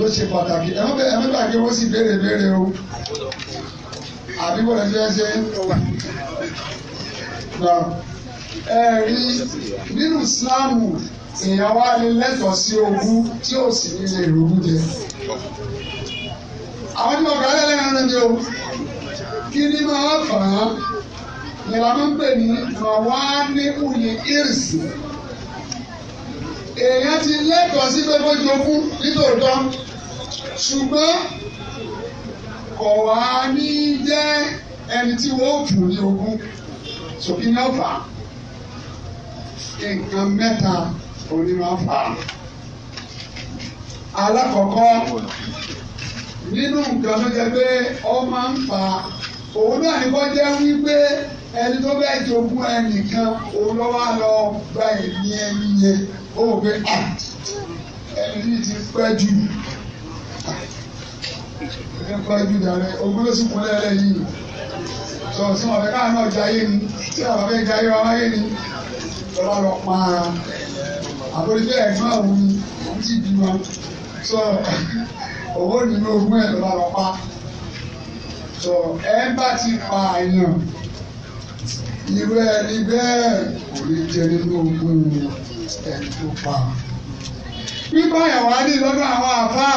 Speaker 1: ló ṣe pàtàkì ẹ má gbàgbé wọ́n sì béèrè béèrè o àbí bọ́lá ti fẹ́ ṣe ẹ rí nínú Ìsìláàmù èèyàn wá lè lẹ́tọ̀ọ́ sí ogún tí ò sì ní lè rògùn jẹ àwọn tí wọn kà lẹ́lẹ́ ẹran ni o kí ni máa fà á yàrá máa ń pè ní mà wá ní òye irisi èèyàn ti lẹ́tọ̀ọ́ sí pé kó jogún nítòótọ́ ṣùgbọ́n kọ̀ wá ní jẹ́ ẹni tí wọ́n fún ní ogún sókè ní ọ̀fà nǹkan mẹ́ta òní máa fà á. alákọ̀ọ́kọ́ nínú nǹkan tó jẹ́ pé ọ máa ń fà òun náà ní kọ́ jẹ́ wípé ẹni tó bẹ́ẹ̀ jogún ẹnìkan òun ló wá lọ gba ìní ẹni yẹn ó wò pé ah, ẹni yìí ti pẹ́ jù nípa ibi ìdàrẹ ogun ló sì kún lẹ́rẹ́ yìí sọ sí wọn fẹ́ káà náà jayé ni tí àwọn fẹ́ jayé wa wáyé ni lọ́wọ́ lọ pa ara àbóríkẹ́ ẹ̀gbọ́n òun ni òun ti bímọ sọ owó nínú ogún ẹ̀ lọ́wọ́ lọ pa sọ ẹ bá ti pa àyàn irú ẹni bẹ́ẹ̀ kò lè jẹ nínú ogún ẹni tó pa. pípa ẹ̀wá ní lọ́dọ̀ àwọn àfáà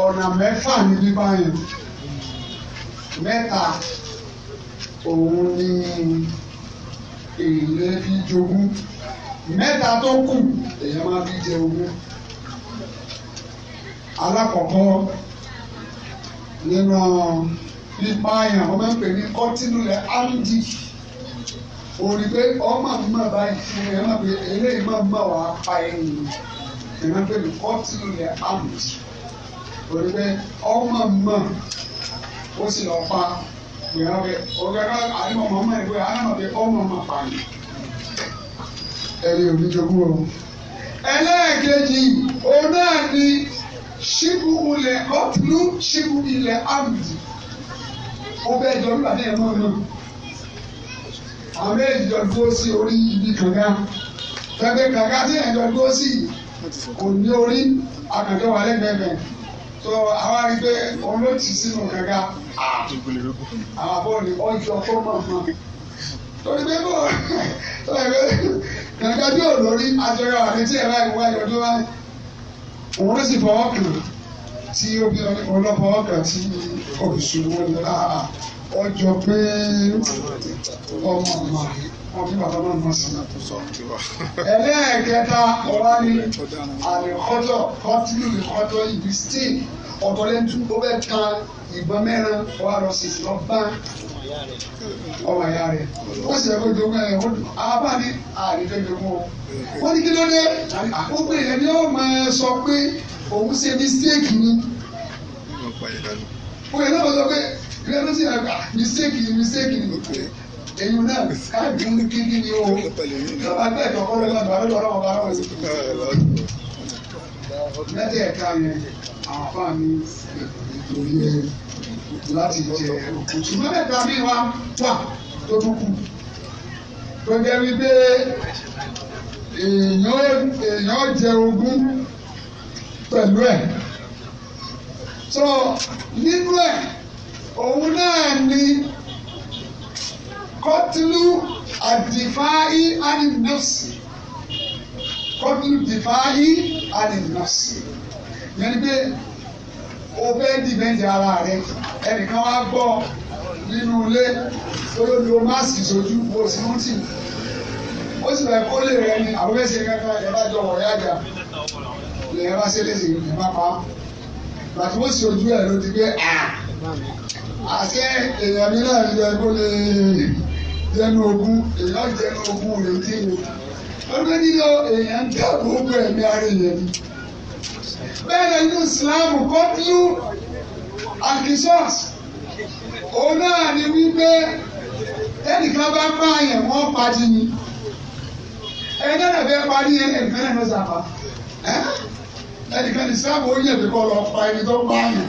Speaker 1: ọ̀nà mẹ́fà ní bíbá yẹn mẹ́ta òun ni èèyàn fi jogún mẹ́ta tó kù èèyàn máa fi jẹ ogún alákọ̀ọ́kọ́ nínú bíbá yẹn wọ́n máa ń pè ní kọ́tínúlẹ̀ áńdì orí pé ọmọ mọ̀ báyìí fún ẹ má pé eléyìí má mọ̀ wá pa ẹ̀yìn ẹ̀ má pè ní kọ́tínúlẹ̀ áńdì torí pé ọmọ mọ̀ ó sì lọ pa gbìyànjú pé ọ̀gá àdìmọ̀ mọ̀ mọ̀ ìgbé àdìmọ̀ pé ọmọ mọ̀ pààyàn ẹni oníjogún o. ẹlẹ́ẹ̀kejì òun náà ni ṣíbù ilẹ̀ ọ̀pùlù ṣíbù ilẹ̀ àbùdì ó bẹ́ẹ̀ jọ nígbà tí ẹ̀ mọ̀ náà àmì ìjọ dúró sí orí ibi kànga tẹ́gbẹ́ kànga tí ẹ̀ jọ dúró sí kò ní orí àkàndé wà lẹ́gbẹ̀ẹ́ bẹ́ẹ̀ so àwọn àrígbé òun ló ti sínú kẹ̀kẹ́ àwọn bọ́ọ̀lù ọjọ́ tó mọ̀ mọ́ torí pé bọ́ọ̀lù tó yẹ pé kẹ̀kẹ́ bí olórí àjọyọ̀ àdétí ẹ̀rọ ìwà ìyọ̀dún wa òun ló sì fọwọ́ kàn tí olófọwọ́ kàn tí òbí sùn wọlé ọjọ́ pé ọmọ ọmọ rẹ̀ wọn fi bàbá náà mọ̀ sí. ẹlẹ́ẹ̀kẹta ọ̀rá ni àlèkọ́tọ̀ kọ́tìlù ìkọ́tọ̀ ìbí stain ọ̀tọ̀lẹ́tù ó bẹ́ẹ̀ kan ìbọn mẹ́rin wà lọ sí lọ bá ọmọ ìyá rẹ̀ ó sì yẹ kó jogún ẹ̀ ó abá ní àrídé jogún o wọ́n ní kí ló dé àkókò yẹn ni ó máa sọ pé òun ṣe mistake ni ó yẹ náà sọ pé ìrẹ́lẹ́sì yẹn mistake ni mistake ni èyí náà káàdì ń kíkí ni o bàbá bẹ́ẹ̀ kọ́kọ́ lọ́wọ́ bàbá lọ́wọ́ ọlọ́wọ́ bàbá lọ́wọ́ sí kùkù. mẹ́tẹ̀ ẹ̀ka yẹn àwọn afá mi lórí ẹ láti jẹ òkú ṣùgbọ́n mẹ́ta mi wá wà tó tún kù tó jẹ́ wípé èèyàn jẹ ogún pẹ̀lú ẹ̀ so nínú ẹ̀ òun náà ni kọ́tìlú àdìfáì àdìnàfsì kọ́tìlú dìfáì àdìnàfsì yẹn pé o fẹ́ dìbẹ́ǹdì ara rẹ ẹnìkan wá gbọ́ nínú ilé olódò máàsì sojú bó o sì ń tì ó sì bẹ̀rẹ̀ kó lè rẹ ni àwọn fẹ́ ṣe kankan ẹ̀ bá jọ wọ̀ ẹ́ àjà lè ẹ bá ṣe léṣe ẹ bá pa bàtí wọ́n sì ojú ẹ̀ ló ti gbé à àṣẹ èèyàn mi náà ń yẹ kó lè jẹnu ogún èèyàn jẹnu ogún rẹ̀ tí yẹn ọdún nílò èèyàn dáàbò ogún ẹ̀mí ara èèyàn ni bẹ́ẹ̀ ni inú ìsìláàmù kọ́tìlú akisọ́s òun náà ni wípé ẹnìkan bá pààyàn wọ́n pàdé ni ẹni náà bẹ́ẹ̀ parí ẹnìkan náà ló sàpá ẹnìkan ìsìláàmù ó yẹ̀ bí kọ́ lọ pa ẹni tó pààyàn.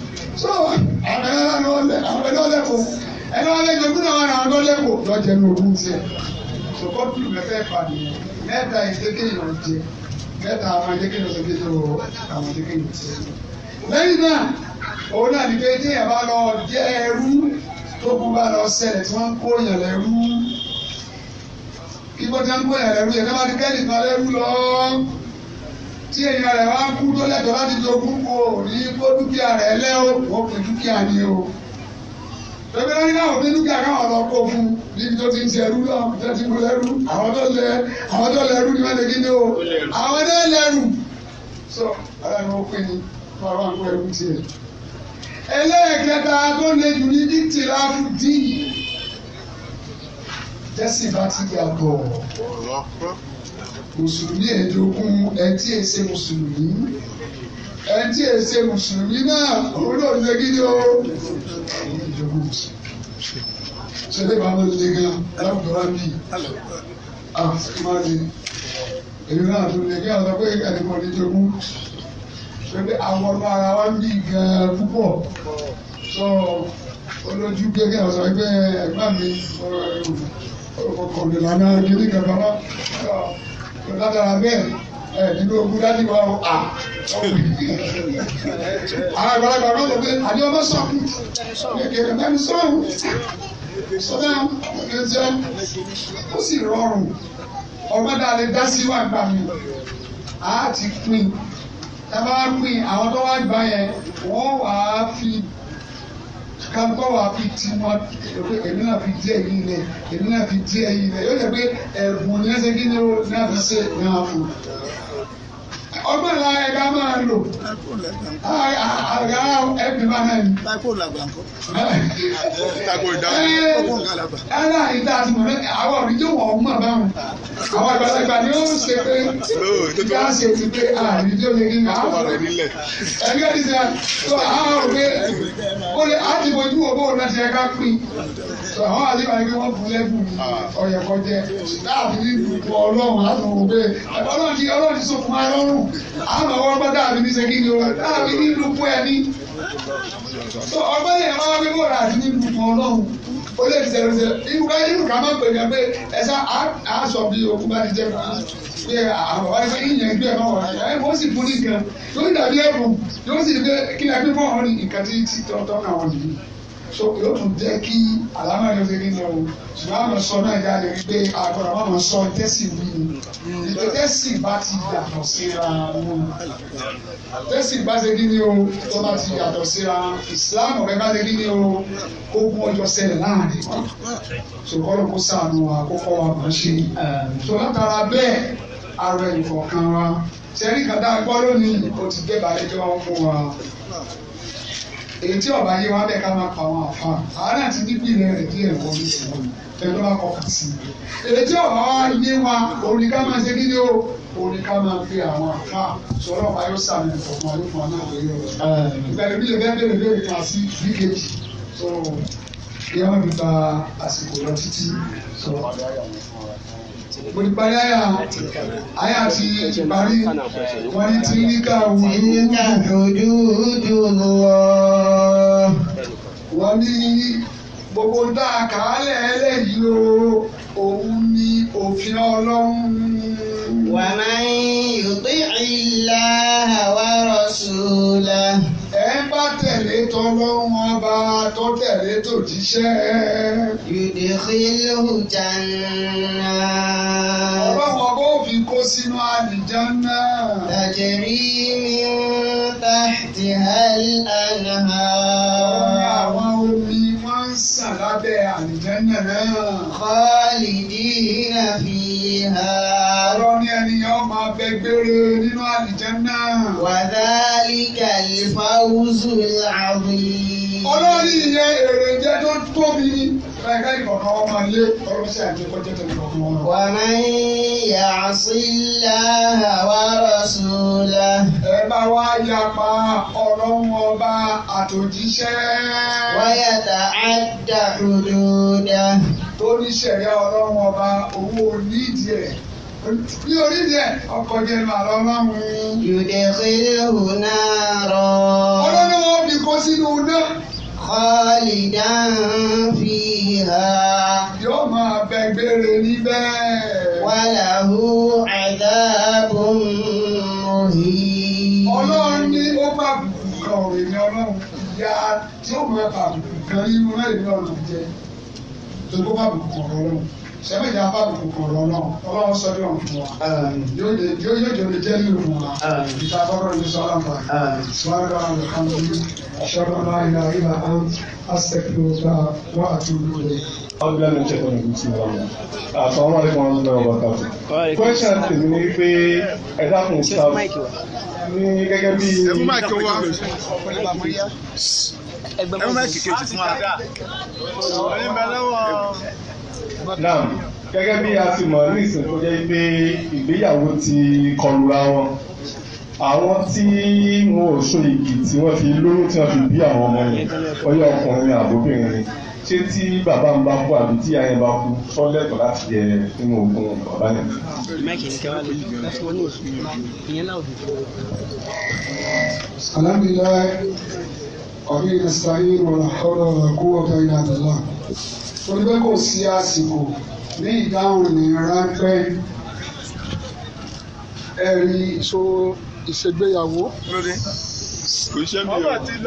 Speaker 1: so àwọn ẹ̀rọ náà lẹ́kọ̀ọ́ ẹ̀rọ náà lẹ́kọ̀ọ́ gómìnà wọn àwọn náà lẹ́kọ̀ọ́ lọ́jẹ̀ ní ogún tiẹ̀ so kọ́pì mẹ́fẹ́ pàdé mẹ́ta ìdíkẹ́ ìrìn jẹ mẹ́ta àwọn ìdíkẹ́ ìrìn jẹ àwọn ìdíkẹ́ ìrìn jẹ. lẹ́yìn náà òun náà ní pé tí ẹ̀ bá lọ jẹ́ ẹrú tó kú bá lọ ṣẹlẹ̀ tí wọ́n ń kó yàn lẹ́rú ìgbọ́ta ń kó yàn lẹ́rú yẹ tí èèyàn rẹ̀ wá kú tó lẹ́tọ̀ọ́ láti jogún kò ní kó dúkìá rẹ̀ lẹ́ o kò fi dúkìá ni o. Bébí lórí náà òbí dúkìá káwọn lọ kó fún níbi tó ti ń ṣerú náà tó ti mú lẹ́rú. Àwọn tó lẹ àwọn tó lẹ́rú ni wọ́n lè kíni o. Àwọn náà lẹ́rú. Sọ ara ni wọ́n pín ní bàbá ń kó ẹrú tiẹ̀. Ẹlẹ́ẹ̀kẹta tó lè jù ní ìtìlá fún díì. Jẹ́sì bá ti yàtọ̀ mùsùlùmí ẹ̀ẹ́dógún ẹtí èsè mùsùlùmí ẹtí èsè mùsùlùmí náà òun náà lè gidi o ẹ̀ẹ́dógún mùsùlùmí sẹ́dẹ̀ bá lọ lé gan alábùdọ́rà bí àfúnmáde èyí náà tó lè gan àtọ́ pé ẹ̀ẹ́dẹ́gbọ̀n ní jogún sẹ́dẹ̀ àwọn ọmọ ara wa ń bí gan púpọ̀ sọ olójú gẹ́gẹ́ ọ̀sán ẹgbẹ́ ẹ̀gbá mi ọ̀rọ̀ ẹ̀rù ọ̀rọ̀ kọ̀ọ̀lẹ̀ lánàá gidi kan bàbá látara bẹ́ẹ̀ ẹ nínú ogun dání wa o a. àwọn àgbàlagbà náà lọ pé àdé ọmọ sọkù kékeré bẹ́ẹ̀ ni sọ́ọ̀hún sọ́dá ọ̀gẹ́sẹ̀ ó sì rọrùn ọgbọ́dà lè dá sí wà gbà mí a ti pín tábà pín àwọn tó wá gbà yẹn wọ́n wàá fi kálukọ́ wa fi ti wọn pé èmi náà fi díẹ̀ yìí lẹ̀ èmi náà fi díẹ̀ yìí lẹ̀ yóò jẹ́ pé ẹ̀bùn ní ẹsẹ̀ kí ni ó náà fi ṣe náà fún ọgbọ́n la ẹ bá máa lò. àgbà ẹ bí máa náà ni. tako làgbà ńkọ. tako ìdáhùn. ẹ̀rọ ìta àti mọ̀lẹ́ àwọn òrìjọ́ wọ̀ ọ́ mọ̀ báwọn. àwọn àgbàlagbà ni ó ṣe pé ìdá ṣe ti pé àrìjọ́ lè ní náà. ẹgbẹ́ ti sẹ́ tó àwọn òwe ó lè á ti bojú owó náà ṣe ká pín. àwọn àdébà ni wọ́n fún lẹ́bùn ọ̀yẹ̀kọ́ jẹ láàbí ìlú ọlọ́run láti wọ́n pé ọlọ́run ti sọ fún wa lọ́rùn. àmọ́ wọ́n gbọ́ dàbí ní ṣe kí ni o dàbí ní lùkù ẹ̀ ní. ọgbẹ́ yẹn máa ń bọ̀ láti ní lùkù ọlọ́run ó lè ká ká máa pé òkú bá ti pé àwọn gbé máa wọ́n sì fún ní nǹkan yóò dàbí a gbé so yóò tún jẹ́ kí àlámà yóò ṣe nínú o ṣùgbọ́n àmọ̀ sọ náà jáde wípé àgbọ̀dọ̀ máa mọ̀ sọ tẹ́sì wí ni ìpè tẹ́sì bá ti yàtọ̀ síra wọn tẹ́sì bá ṣe kí ni o tó bá ti yàtọ̀ síra Islam ọ̀rẹ́ bá ṣe kí ni o kó gún ọjọ́ ṣẹlẹ̀ láàrin wa ṣùgbọ́n kó sànù wa kó kọ́ wa mọ̀ ṣe tó látara bẹ́ẹ̀ ara ẹnì kọ̀ọ̀kan wa ṣẹ́rí kàdá gbọ́ lónìí ó ti dé èyí tí ọba yé wa bẹ ká máa pa àwọn àfa àwọn náà ti dípò ilé rẹ díẹ̀ kọ ní ìsìn wọn ẹni bá kọkà sí i èyí tí ọba wa yé wa òní ká máa ṣe kíni o òní ká máa fi àwọn àfa sọ̀rọ̀ ọba yóò sàmì ọ̀pọ̀ àlùfọ̀ náà lórí ọ̀rọ̀ ìgbàlè bí lè bẹ́ẹ̀ bẹ́ẹ̀ bẹ́ẹ̀ bẹ́ẹ̀ máa sí bíkejì tó yẹ wọn fi ba àsìkò lọ títí sọ̀rọ̀ ọ̀dọ̀ ayọ̀ wọn mo ti parí àyà àyà ti parí wọ́n ní ti ní ká ojú ojú lọ. wọ́n ní gbogbo dá a ẹlẹ́yìí o òun ni òfin ọlọ́run. wàá máa ń yòókè ìlà wa tọ́lọ́run ọba tó tẹ̀lé tó jíṣẹ́. Yudkhiluhu jannah. Ọlọ́run ọba ó fi kó sínú àlìjánná. Tajri min tahtiha al-anhar ń sàn lábẹ́ àlìjẹ́nà náà. Khalidina fiha. Ọ̀rọ̀ ni ènìyàn máa bẹ gbére nínú àlìjẹ́nà. Wa dhalika al-fawzul azim. Ọlọ́run ìyẹn èrè jẹ́ tó tóbi fẹ́ẹ́kẹ́ ìkọ̀kan wọn máa lé ọlọ́sẹ̀ àti ọjọ́ tẹ̀lé kọ̀kan wọn. wà á máa ń yà sílá àwárọ̀ sùúlá. ẹ ọkọ̀ jẹ́ màlọ́ máa mú. yòdè kéré hùn náà rọ. ọlọ́run wọn fi kó sínú náà khalidan fiha. Yóò máa bẹ gbére níbẹ̀. Walahu Ọlọ́run ní ó bá bùkún ọ̀rọ̀ èmi ọlọ́run ìyá tí ó máa bàbùkún kan irú náà èmi ọ̀nà jẹ. Tó bá bùkún ọ̀rọ̀ ọlọ́run sẹ́mẹ̀jà bá bùkún kan lọ náà ọlọ́run sọ bí wọn fún wa yóò jẹ́ omi jẹ́ nínú fún wa ìta bọ́rọ̀ ní sọ́lá ń bá sọ́lá ń bá ṣọ́lá ń bá ìlà ìlà án àṣẹkùn gba wà á tún lù rẹ̀. ọgbẹ́ mi jẹ́ ọ̀nà ìlú tí wọ́n mú àtàwọn àlejò wọn lọ́wọ́ bàtà tó. question tèmi ni pé ẹ dákun sáà ní gẹ́gẹ́ bí. ẹ mú náà gẹ́gẹ́ bí a ti mọ̀ ní ìsìn tó jẹ́ pé ìgbéyàwó ti kọlura wọn àwọn tí wọn ò so igi tí wọ́n fi lóyún tí wọ́n fi bí àwọn ọmọ yẹn ọyọ ọkùnrin àbóbìnrin ni ṣé tí bàbá ń bá kú àbí tí ayé bá kú sọ́lẹ̀tọ̀ láti jẹ nínú ogún bàbá yẹn. alhamdulilayi ọ̀gbìn ìsirayil wàlá ọ̀rọ̀ kúwọ̀tà ìlànà náà torí pé kò sí àsìkò ní ìdáhùn ní ráńpẹ́ ẹ̀rí so ìṣègbéyàwó. kò ṣe mi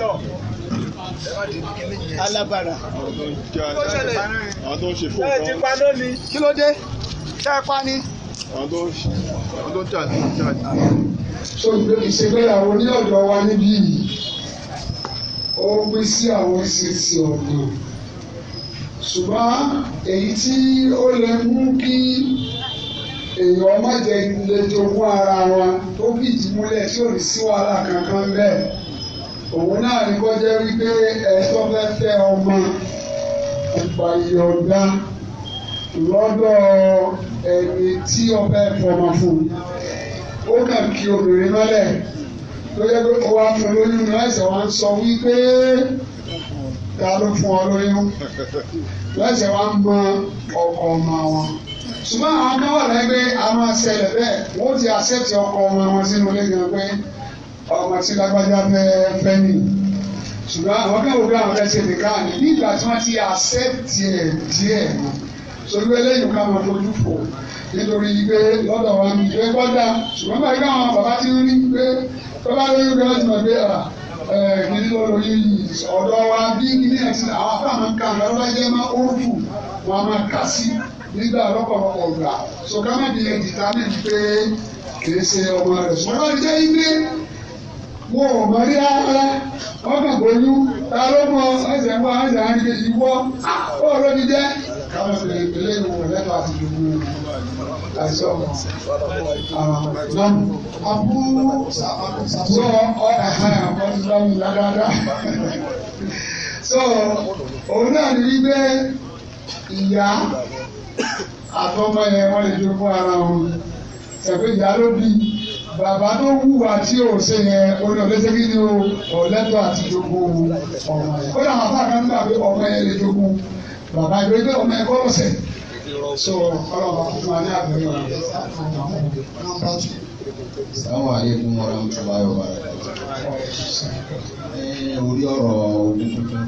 Speaker 1: o. alábàárà. àwọn tó ń ṣe fún un. kí ló dé ṣe é pa ni. àwọn tó ń tà ní ìjà ní. so ìṣègbéyàwó ní ọ̀dọ̀ wa níbí yìí ó pín sí àwọn oríṣiríṣi ọ̀gbìn ṣùgbọ́n èyí tí ó lè mú kí èèyàn ọmọ jẹ lè jogún ara wọn tó bí ìdímúlẹ̀ tí ò ní sí wàhálà kankan bẹ́ẹ̀ òun náà ní kó jẹ́ wípé ẹ̀tọ́ fẹ́ fẹ́ ọmọ ìgbà ìyọ̀ǹda lọ́dọ̀ ẹni tí ọbẹ̀ fọmọ fún ó kàn kí obìnrin mọ́lẹ̀ tó yẹ pé ó wá fún lóyún náà ẹ̀sẹ̀ wá sọ wípé ta ló fún ọ lóyún lẹ́sẹ̀ wa ń mọ ọkọ ọmọ wọn ṣùgbọ́n àwọn kan wà lẹ́gbẹ́ àwọn aṣẹlẹ̀ bẹ́ẹ̀ wọ́n ti accept ọkọ ọmọ wọn sínú ilé gan pé ọmọ tí lágbájá fẹ́ fẹ́ nì ṣùgbọ́n àwọn kan wò pé àwọn fẹ́ ṣe nìkan ní nígbà tí wọ́n ti accept ẹ̀ díẹ̀ sórí pé lẹ́yìn ká máa fojú fò nítorí pé lọ́dọ̀ wa ní ìgbẹ́ gbọ́dá ṣùgbọ́n báyìí kìí lóru yìí ọ̀dọ́ wa bí kíní ẹ̀sìn àwọn afáàmù ká lọ́dọ́ jẹ́ máa ó fù wọn máa kà sí nígbà lọ́pọ̀lọpọ̀ gbà so ká má bìí ẹ̀dìtà ní pé kìí ṣe ọmọ rẹ̀ sọ wọ́n jẹ́ ilé wọn ò mọ rí rárá wọ́n kàn gbóyún ta ló mọ ẹ̀sẹ̀ ń wá ẹ̀sẹ̀ ń rí ìwọ́ ó lóbi jẹ́ káwọn fi eléyìí wò lẹ́tọ̀ àti dùgbò àìsàn ọmọ àwọn àbú sọ ọ ẹ̀hán àwọn so òun náà ní wípé ìyá àtọmọ yẹn wọn lè fi fún ara wọn ṣẹpẹ ìyá ló bí bàbá tó wúwa tí ò ṣe yẹn orí ọlẹ́sẹ̀ kí ni o ọ̀lẹ́tọ̀ àti dùgbò ọmọ yẹn ó dàgbà fún àkàndínlá pé ọmọ yẹn lè bàbá ìgbé pé ọmọ ẹ̀kọ́ ọ̀sẹ̀ so ọlọ́wọ́ fún wa ní àgbẹ̀yìn wa. sáwọn àlékún ọ̀rọ̀ ń tún báyọ̀ bá rẹ̀ ẹ orí ọ̀rọ̀ ogun tuntun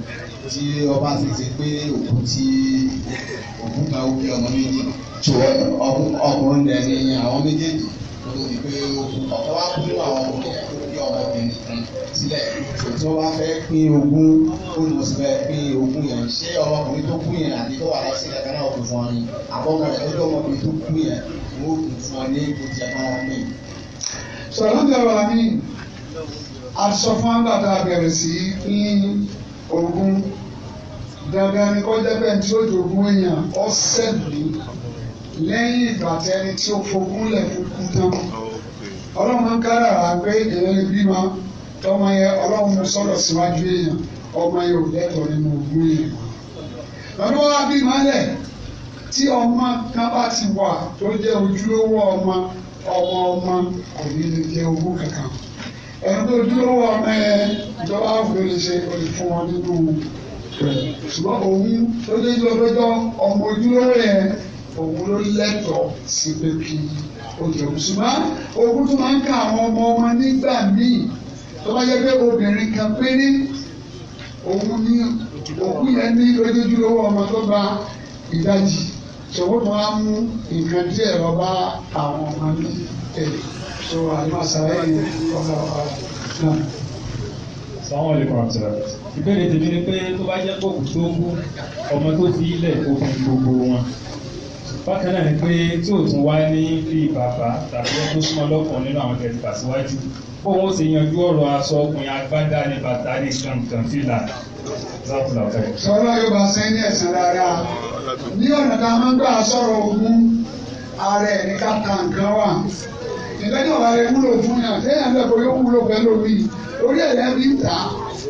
Speaker 1: tí ọba ti ti pé òkú tí òkú ta òkú ọmọ méjì tó ọkùnrin dẹ̀ ní àwọn méjèèjì tó ti pé ọkọ̀ wa kú àwọn ọkùnrin ọmọbìnrin kan sílẹ̀ tó wá fẹ́ pín ogún olùsọ̀fẹ́ pín ogún yẹn ṣé ọmọkùnrin tó kú yẹn àti tó wà láti ṣe kankan náà kò fún ọ ni àbọ̀mọ rẹ̀ tó ọmọkùnrin tó kú yẹn wọ́n kò fún ọ ní ojú ẹ̀ máa pín. sọ̀rọ̀dẹ̀ wà ní asọ̀fúnwá tá a bẹ̀rẹ̀ sí pín ogún dandan ni kọjá bẹ́ẹ̀ tí ó jogún èèyàn ọ̀sẹ̀ lẹ́yìn ìgbà tẹ́ni tí ó fogún lẹ̀ fún kú tán ọlọ́run máa ń kára rà pé èèyàn lè bímọ tọmọ yẹn ọlọ́run sọ̀rọ̀ síwájú èèyàn ọmọ yẹn ò lẹ́tọ̀ọ́ nínú ogún yẹn. lọ́dún wa bí mọ́lẹ̀ tí ọmọ kan bá ti wà tó jẹ́ ojúlówó ọmọ ọmọ ọmọ kò ní lè jẹ ogún kankan. ẹni tó dúró ọmọ yẹn ìjọba àwùjọ lè ṣe olè fún wọn nínú ṣùgbọ́n òun tó dé lọ́dọ́jọ́ ọmọ ojúlówó yẹn òun ló lẹ́tọ̀ọ́ sí pé kí ó ti ogun ṣùgbọ́n ogun tó máa ń ka àwọn ọmọ wọn nígbà míì tó bá yẹ pé obìnrin kan péré òun ní òkú yẹn ní lójoojúlówó ọmọ tó gba ìdajì ṣòwò tó máa ń mú nǹkan díẹ̀ lọ bá àwọn ọmọ ní èdè tó àlùmọ̀sáyé ọmọ ọba náà. Sáwọn olùkọ́ àtúrà. Ìbéèrè tèmi ni pé tó bá jẹ́ kókù tó kú, ọmọ tó ti ilẹ̀ kó fún gbogbo wọn bákan náà ni pé tí ò tún wá ní fi bàbá tàbí wọn tó súnmọ́ lọ́kàn nínú àwọn kẹtìkà síwájú kó wọn sì yanjú ọ̀rọ̀ aṣọ ọkùnrin agbádá ní bàtà ní kankan fìlà
Speaker 2: látìlá fẹ́. sọlá
Speaker 1: yóò bá sẹ́yìn ní ẹ̀sán dáadáa ní ọ̀nà tá a máa ń gbà sọ̀rọ̀ ogun ààrẹ ní ká ta nǹkan wà ìgbẹ́ náà wà lè wúlò fún yàn téèyàn lẹ́kọ̀ọ́ yóò wúlò pẹ̀lú orí orí ẹ̀rẹ́ bí ń ta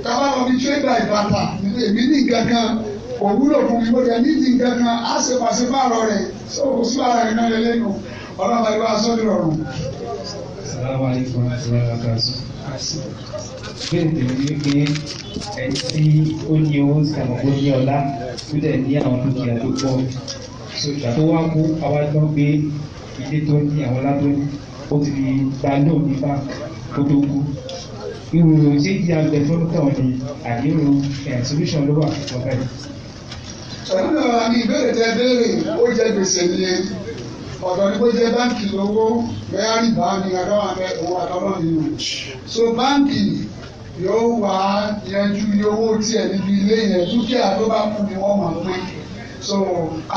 Speaker 1: tábà lọ bí tíwébà ìbàtà èmi ní nǹkan kan kò wúlò fún mi gbọ́dọ̀ nídìí nǹkan kan á ṣe pàṣípààrọ̀ rẹ̀ so kò sí ara rẹ̀ náà lẹ́nu ọlọ́run bá yọ aṣọ nírọ̀rùn. Bẹ́ẹ̀ tèmi ni pé ẹni tí ó ní owó sí àwọn tó ní ọlá tó dẹ̀ ní àwọn dúkìá tó pọ̀. Sọ̀tà tó wá kú àwa pé ilé tó ní àwọn ọlá ó ti gba lóò ní báńkì kó tó kú ìròyìn tí ìyá gbẹ fún tọ̀ àdéhùn ẹ̀ eh, solution ló wà fún ọ̀gá yìí. ṣàbí bàbá mi ìbéèrè tẹ béèrè ó jẹ gbèsè nìyẹn ọ̀dọ̀ ni kò jẹ báńkì lówó bẹ́ẹ̀ òun àtọ́lọ́ nínú so báńkì yóò wá yanjú owó níbi ilé yẹn dúkìá tó bá kú ni wọ́n máa so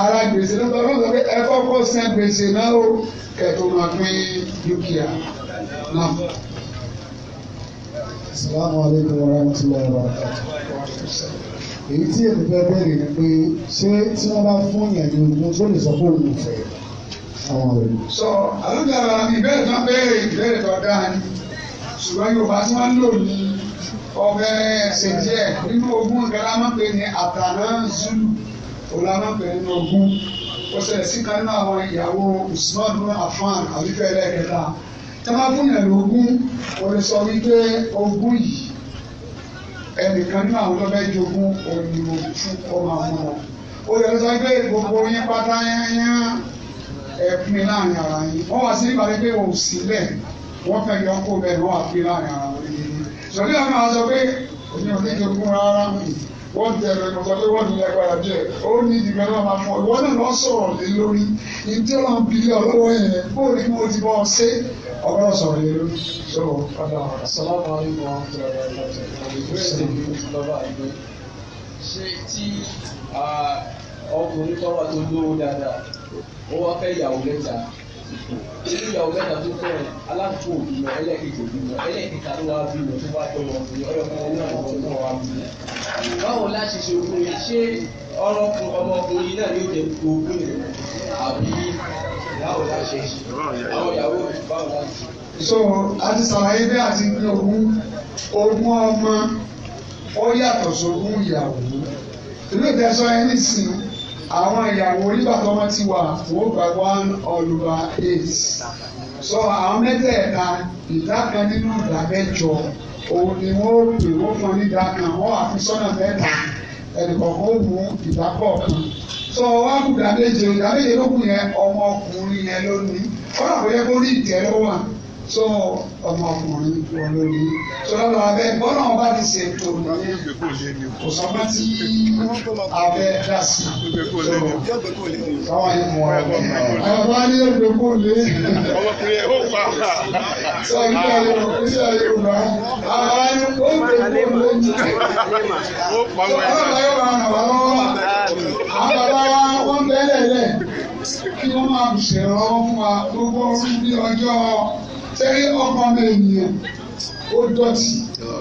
Speaker 1: ara gbèsè ló pé ẹ kọ́kọ́ gbèsè náà ó kẹ̀tọ́ máa pín èyí tí èmi fẹ́ bẹ̀rẹ̀ ni pé ṣé tí wọ́n bá fún yẹn ní ogun tó lè sọ pé òun fẹ́ àwọn rẹ̀. sọ àlùjá ara mi bẹ́ẹ̀ tán béèrè ìbéèrè tó dáa ni ṣùgbọ́n Yorùbá tí wọ́n ń lò ní ọbẹ̀ ẹ̀sẹ̀ díẹ̀ nínú ogun nǹkan máa ń pè ní àtàná zulu òun máa ń pè nínú ogun ó ṣẹlẹ̀ sí kan nínú àwọn ìyàwó Usman bin Affan ẹlẹ́kẹta tí wọ́n bá fún yẹn lógún òun sọ ẹnìkan nínú àwọn tó fẹ́ jogún òyìnbó fún ọmọ àwọn ọmọ ó yẹ lọ́sọ pé gbogbo yín pátá yányán ẹ̀pin láàrin ara yín wọ́n wá sí ìpàdé pé òun sílẹ̀ wọ́n fẹ́ yọ kó bẹ́ẹ̀ wọ́n wá pín láàrin ara wọn. sọ̀rọ̀ yàrá máa sọ pé òun ò ní jogún rárá mi wọ́n jẹ ẹ̀rọ ìmọ̀sọ́ pé wọ́n nílẹ̀ padà díẹ̀ ó ní ìdìbò náà máa fún ọ ìwọ náà lọ sọ̀rọ̀ lé lórí ìdí ọlọ́run bí ilé ọlọ́wọ́ yẹn bó o ní kí mo ti bọ́ ọ ṣe ọgbọ́n sọ̀rọ̀ lé lórí. so padà sàlámù alaykum wa rahmatulahi ṣe tí ah, ọkùnrin tó wà tó lówó dáadáa ó wá fẹ́ yàwó lẹ́ta tí ìyàwó mẹ́ta tó fẹ́ aláàtò òbímọ ẹlẹ́kẹ̀kẹ̀ òbímọ ẹlẹ́kẹ̀ta tó wá bímọ tó wá tọrọ ọmọbìnrin ọlọ́kùnrin náà ọmọ náà wá bímọ. báwo la ṣe ṣe òkú yẹn ṣé ọ̀rọ̀ ọmọkùnrin náà yóò jẹ gbogbo yẹn àbí báwo la ṣe ṣe àwọn ìyàwó báwo la ṣe. so a ti sàlàyé bí a ti gbé ogún ogún ọmọ ó yàtọ̀ sógún ìyàwó ìlú ìtẹ́sọ́ ẹni sìn àwọn ìyàwó oníbàtọ́mọ́ ti wà wọ́n gba one over eight so àwọn mẹ́tẹ̀ẹ̀ta ìdá kan nínú ìdá mẹ́jọ òun ni wọ́n pè wọ́n fún onídàá kan wọ́n àfi sọ́nà mẹ́ta ẹnìkọ̀ọ̀kan ó mú ìdá kọ̀ọ̀kan sọ wá kú ìdá méje ìdá méje ló kù yẹn ọmọ yẹn ló ní rà bóyá kó rí ìtẹ́ lọ́wọ́ àná so ọmọkùnrin olórí sọlọ́dọ̀ abẹ bọ́lá ọba ti ṣe tó kò sọ́mọ́ tí abẹ dá sí so àwọn ìmọ̀ ọ̀rẹ́ àwọn alẹ́ òdòkó lé
Speaker 2: sọ nígbà yóò nígbà yóò bá àwọn
Speaker 1: alẹ́ òdòkó lé ọlọ́dọ̀ yóò máa nà wá lọ́wọ́ àwọn bàbá wa wọ́n bẹ́ẹ̀ lẹ̀ lẹ̀ kí wọ́n máa ṣèrànwọ́ fún wa gbogbo orí bí ọjọ́ sẹ́rí ọmọ mi ènìyàn ó dọ̀tí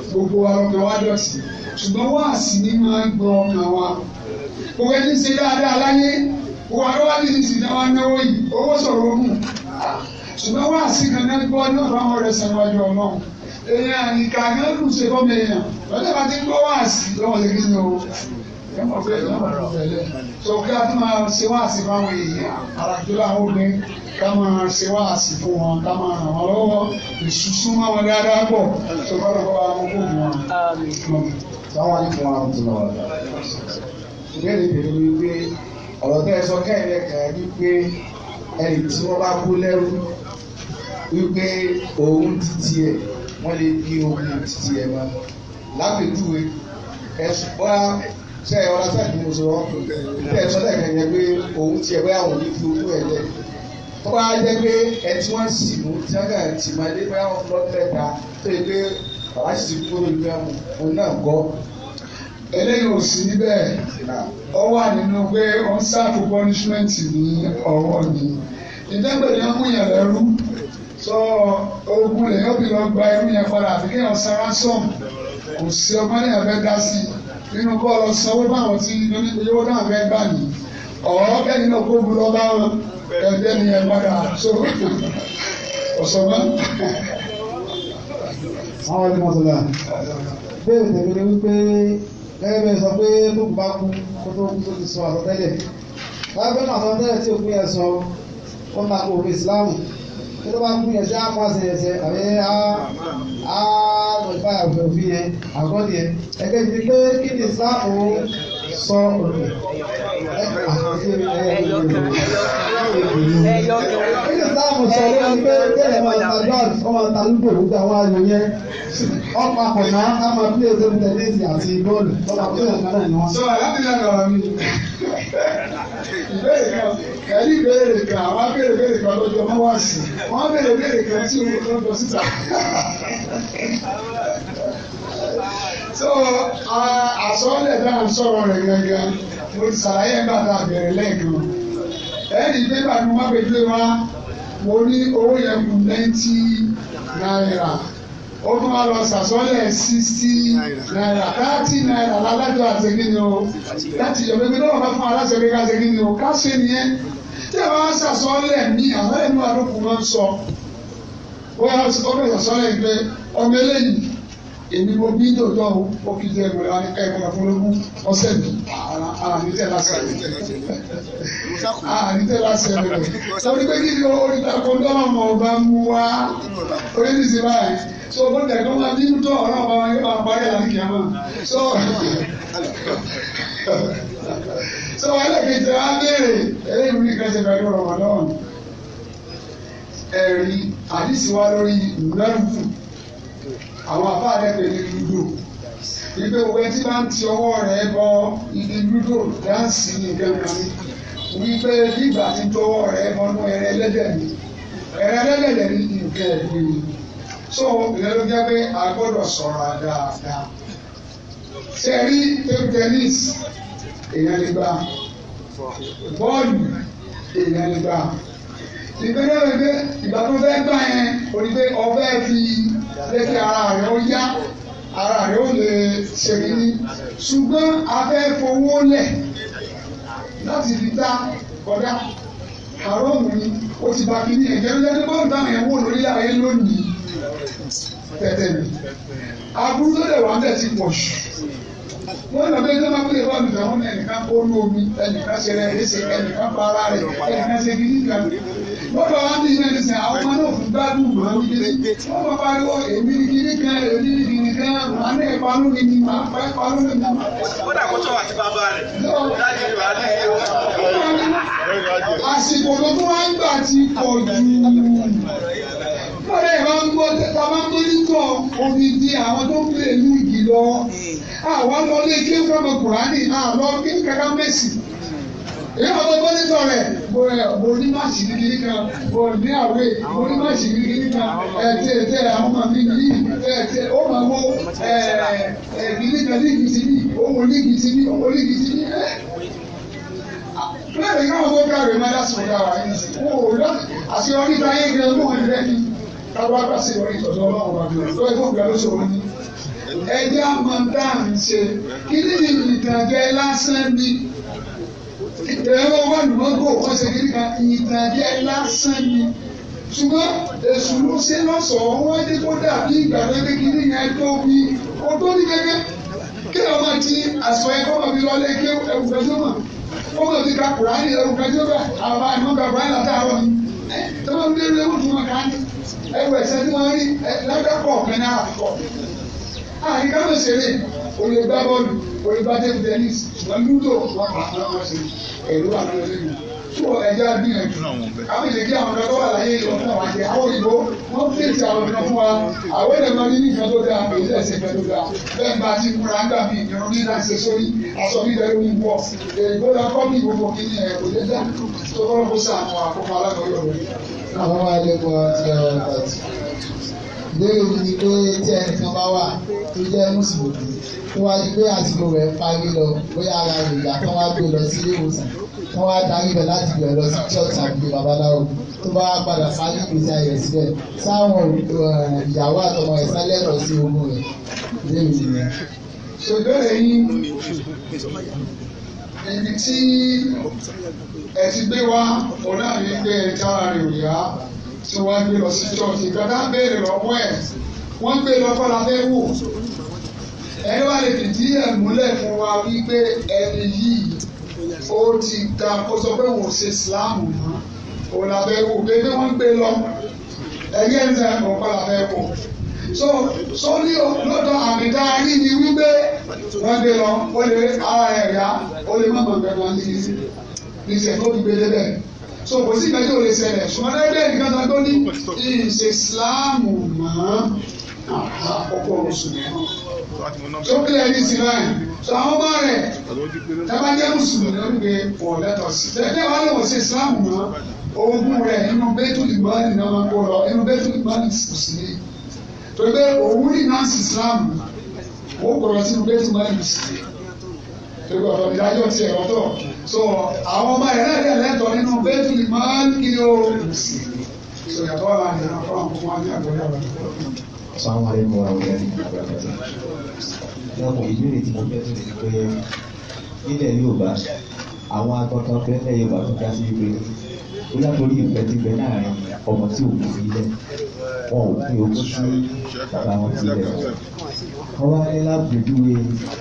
Speaker 1: gbogbo ọkàn wa dọ̀tí ṣùgbọ́n wáàsí ni máa ń gbọ́ ọkàn wa gbogbo ẹni ṣe dáadáa láyé gbogbo àwọn wá ní ìsìn náà wá náwó yìí owó sọ̀rọ̀ ogun ṣùgbọ́n wáàsí kan náà gbọ́ náà fáwọn ọ̀rẹ́ sẹ́wájú ọlọ́run èèyàn ìkà kan lù ṣe fọ́mọ èèyàn lọ́jọ́ bá ti gbọ́ wáàsí lọ́wọ́ ṣe kí ni o ẹ̀mọ́ pé ẹ̀mọ́ tẹ̀lé so kí a ti máa ṣe wáàsí fáwọn èèyàn àràjọlá àwọn obìnrin ká máa ṣe wáàsí fún wọn ká máa ràn wọn lọ́wọ́ ìṣúṣú máa wọn dáadáa pọ̀ tó bá lọ́wọ́ bá wọn kó wọn. sáwọn ní fún wa ń tún lọ. ìbéèrè ìbéèrè wípé ọ̀rọ̀ tẹ́ ẹ sọ kẹ́ẹ̀lẹ́ kan wípé ẹni tí wọ́n bá kú lẹ́rú wípé òun ti tiẹ̀ wọ́n lè bí ogun ti tiẹ̀ wọn lápèjúwe ẹ̀sùn ṣe ẹ ọlá sáà ní oṣù wọn sọ lẹ́ẹ̀kan yẹn pé òun tiẹ̀ bẹ́ẹ̀ àwọn òní fi ojú ẹ̀ lẹ̀ tó bá jẹ́ pé ẹ tí wọ́n sì mú tí wọ́n kàn tì máa dé bẹ́ẹ̀ àwọn lọ́tẹ̀ẹ̀ta tó yẹ pé bàbá sì ti kúrò ìlú ẹ̀mú òun náà gọ́ eléyìí ò sí níbẹ̀ ọ wà nínú pé ó ń punishment ní ọwọ́ ni ìdẹ́gbẹ̀rẹ̀ ń mú yàn lẹ́rú sọ ogun lèyàn bí lọ gba irú yẹn padà àfi kéèyàn sára sọ̀m kò sí ọgbọ́n yẹn fẹ́ dá sí i nínú kọ́ ọ sanwó báwọn tí owó náà fẹ́ gbà ní ọ̀rọ̀ bẹ́ẹ̀ nínú kó gbúdọ̀ bá wọn ẹgbẹ́ ni ẹ padà so ọ̀sọ̀gbọ́n. àwọn ẹni mọ̀tòlá bẹ́ẹ̀ tẹ̀lé ni wípé gẹ́gẹ́ bẹ́ẹ̀ sọ pé tó bá kú kó tó kú tó ti sọ àsọtẹ́lẹ̀ lábẹ́ náà tí òkú yẹn sọ ó ta kò fi ìsìláàmù ṣé ló bá fún yẹn ṣé á sọ ọ̀pọ̀ àpọ̀nà á máa bí ẹsẹ̀ tẹ̀lẹ́sì àti bọ́ọ̀lù ọ̀pọ̀ àpọ̀nà náà ni wọ́n. sọ alábìlẹ̀ ọ̀rọ̀ mi
Speaker 2: ìbéèrè
Speaker 1: kan ẹ̀rí ìbéèrè kan àwọn abéèrè béèrè kan lọ́jọ́ mọ́ wá sí wọ́n béèrè béèrè kan tí ó ń lọ síta so àsọlẹ̀ náà ń sọ̀rọ̀ rẹ̀ gangan mo ti ṣàlàyé ẹ̀ bàtà bẹ̀rẹ̀ lẹ́ẹ̀kan ẹ̀ẹ́dì pé bàbá má pè pé wá mo ní owó yẹn kù ninety náírà ó tún wá lọ sàsọ́lẹ̀ sixty náírà thirty náírà lálájọ àṣegínni o láti ìjọba ẹgbẹ́ náà bá fún aláṣẹ pé ká ṣegínni o ká ṣe nìyẹn tí a bá sàsọ́lẹ̀ mí àwọn ẹ̀mí àdókù máa ń sọ wọ́n á sọ́lẹ̀ pé ọmọ eléyìí èmi mo bí dòjọ́ o ó kí jẹ́ ìwé wa ní ẹ̀kọ́ fọlọ́gún ọ̀sẹ̀ mi àràníjẹ́ lásẹ̀ rẹ̀ àràníjẹ́ lásẹ̀ rẹ̀ sọ́ni pé kí ni orí takò lọ́mọ ọba mú wa orí ti sì báyìí so bó tẹ̀ kọ́ máa bínú tó ọ̀rọ̀ ọba yóò máa parí ẹ̀ láti kìámà so so ẹlẹ́kẹ̀jẹ̀ wa béèrè eléyìí ní kẹsẹ̀ pẹ̀lú ọ̀rọ̀ màdọ́ọ̀nù ẹ̀rí àdìsí wa lórí nẹ́ẹ̀fù àwọn àbá rẹ̀ pè ní lúdò ìgbé òwe tí bá ń ti ọwọ́ rẹ̀ bọ ibi lúdò dáǹsì ní gẹ́gẹ́ mi wípé nígbà tí tọwọ́ rẹ̀ bọnú ẹrẹ ẹlẹ́dẹ̀ mi ẹrẹ ẹlẹ́dẹ̀ ní nǹkan ẹ̀gbìn mi so ìyẹn ló jẹ́ pé a gbọ́dọ̀ sọ̀rọ̀ dáadáa ṣe rí table tennis èèyàn lè gbà bọ́ọ̀lù èèyàn lè gbà ìgbẹ́ náà ìgbà tó fẹ́ gbà yẹn onígbé ọbẹ̀ fi jẹ́ kí ara rẹ̀ ó yá ara rẹ̀ ó lè ṣe kíní ṣùgbọ́n afẹ́ fowó lẹ̀ láti fi dá kọjá haramu ni ó ti bá kíní ẹ̀jẹ̀ ló jẹ́ bọ́ọ̀lù táwọn èèyàn wò lórí ayé lónìí tẹ̀tẹ̀ mi aburú tó lè wà ń bẹ̀ ti pọ̀ jù wọ́n lọ bẹ́ẹ̀ tó bá pé ìwọ́n mi fẹ́ràn ẹnìkan kó ní omi ẹnìkan ṣe ẹ̀ṣẹ̀ ẹnìkan pa rẹ̀ ẹnìkan ṣe kìíní kan. wọ́n bá wá ní ìyẹn nísìnyí àwọn ọmọ náà fún gbádùn mọ́ wípé wọ́n bá pariwo èmi ní kìíní kan èmi ní kìíní kan màá ní ìpanú mi ni màá fẹ́ ìpanú mi ni. ó dà kó tó àti bàbá rẹ̀ láti ìlú àdéhùn. àsìkò tó tún wá ń gbà ti pọ̀ jù ọ̀rẹ́ ìwà máa ń mójútó àwa lọ lé kí n kọ́ mọ kùránì àlọ́ kí n kankan mẹ́sì èyí àwọn ọmọ ní sọ̀rọ̀ ẹ̀ mo ẹ̀ mo ní má sì kíkiri kan mo ní àwẹ̀ mo ní má sì kíkiri kan ẹ̀ tẹ̀ tẹ̀ àwọn ọmọ mi yìí ẹ̀ tẹ̀ ó máa wo ẹ̀ ẹ̀ kíkiri kan ní ìgbìsí mi òun ní ìgbìsí mi òun ní ìgbìsí mi ẹ̀ lẹ́yìn náà wọ́n káre máa lásìkò dára yìí sí wọ́n ò lọ àti orí táyé gan lóhùn rẹ̀ ní káwá bá sí orí ìtọ́jú ọlọ́run wájú rẹ̀ lọ́wọ́ ìfọ̀gbà ló ṣòro ní ẹjẹ́ àmọ́ tá à ń ṣe kí ni ìtànjẹ lásán ni ẹ̀rọ wàlúwọ́gbò ọ̀sẹ̀ kíkà ìtànjẹ lásán ni ṣùgbọ́n èṣù ló ṣe lọ́sọ̀ọ́ wọ́n dé kó dàbí ìgbà pẹ́pẹ́ kí ni yẹn tó bí o tó ní gẹ́gẹ́ kí ni ọmọ ti àṣọ ẹ̀kọ́ máa fi lọ́lé kí ẹ̀wù kẹjọ́ mọ̀ ó mọ̀ fi ka kùránì ẹ̀wù kẹjọ́ bẹ̀ àwọn àìmọ́ ka kùránì látàárọ̀ ni tọ́wọ́ ń lé lé wọ́n tún mọ̀ ká ní ẹ̀wù ẹ̀sẹ̀ tí wọ́n rí ládàkọ̀ ọ̀kẹ́ náà àkọ́ àyíká ah, ló ṣeré o lè gbá bọ́ọ̀lù o lè gbá tẹ́lẹ̀ tẹ́nísì ṣùgbọ́n lúdò wọn kà á wọn ṣe ẹ̀rú àwọn ọlọ́dún tó ẹja gbìyànjú àwọn ìdèkí àwọn ọ̀dọ́ wà láyé ìwọ̀n náà wà jẹ́ àwọn òyìnbó wọ́n fèsì àwọn ọ̀dọ́ fún wa àwọn èdè máa ní nìkan tó dáa èyí ẹ̀sìn kan tó dáa bẹ́ẹ̀ bá ti múra ńgbà bíi ìrún ní láti ṣe sórí aṣọ bíi ìdẹ́rù ń wọ̀ èyí bó la kọ́ bí gbogbo kí ni ẹ̀ kò lè dá tó kọ́ ló kó sàánú àkókò alágbọ̀ọ́yọ̀ rẹ̀. àwọn àlejò àti àwọn àti ìbéèrè mi ni pé tí ẹnìkan bá wà tó jẹ́ mùsùlùmí tó wá di pé àsìkò rẹ̀ parí lọ bóyá ara rẹ̀ ìyá kan wá gbé lọ sí ilé ìwòsàn kan wá darí rẹ̀ láti bẹ̀rẹ̀ lọ sí church àbí babaláwo tó bá padà sáré ìgbésí ayẹ̀ síbẹ̀ sáwọn eh, ìyàwó àtọmọ ẹ̀ sálẹ̀ lọ sí ogun rẹ̀ ìbéèrè mi nìyẹn. ṣèbéèrè yín ibi tí ẹ ti gbé wá òun náà pé ẹ tí wọ́n gbé lọ sí church ìgbàdá béèrè lọ́wọ́ ẹ̀ wọ́n gbé lọ kọ́lá fẹ́ wò ẹni wà lè fìdí ẹ̀ múlẹ̀ fún wa wípé ẹni yìí ó ti ga kó sọ pé òun ṣe Islam mọ́ òun la wò pé wọ́n gbé lọ ẹ̀yẹ́ ń sẹ́yìn kọ́ kọ́lá wò so sórí lọ́dọ̀ àmì tá a rí ni wípé wọ́n gbé lọ ó lè ara ẹ̀ yá ó lè má mọ̀ nǹkan kan ní ìṣẹ̀ tó fi gbé débẹ̀ so kò sí ìgbẹ́jọ́ ò lè ṣẹlẹ̀ ṣùgbọ́n lẹ́gbẹ́ nǹkan tó ní ìṣe ìsìláàmù mọ́ àkọ́kọ́ mùsùlùmí. tó kílẹ̀ ní sinmi ẹ̀ tó àwọn ọmọ rẹ̀
Speaker 2: tábà jẹ́ mùsùlùmí
Speaker 1: lórí pé ọ̀lẹ́tọ̀ sí. tẹ́tẹ́ wàá lọ́wọ́ sí ìsìláàmù mọ́ ogun rẹ̀ inú bẹ́tùlì gbọ́dì náà máa kó lọ inú bẹ́tùlì gbọ́dì kò sí ní. torí pé òun ní náà sí ìsìláàmù ó kọ̀rọ̀ sínú bẹ́tùlì gbọ́dì sí torí ọ̀tọ̀ ìdájọ́ ti ẹ̀ ọ̀tọ̀ so àwọn ọmọ ẹ̀rẹ́ rẹ̀ lẹ́tọ̀ọ́ nínú bẹ́ẹ̀tù ni máa ń kí o so yàtọ̀ wà láàrin àwọn fún àwọn ọmọ ní àgbọ̀dá rẹ̀. sáwọn ọmọ ẹni wọn ọmọ ẹni àgbàdo ìbéèrè tí mo fẹ́ tó ní pé nílẹ̀ Yorùbá àwọn akọ̀tàn fẹ́ẹ́ bóyá torí ìfẹ́ ti bẹ láàrin ọmọ tí òkú fi lẹ̀ wọn ò fi okú sí bàbá wọn ti lẹ̀ wọ́n wá ní lábùdúwe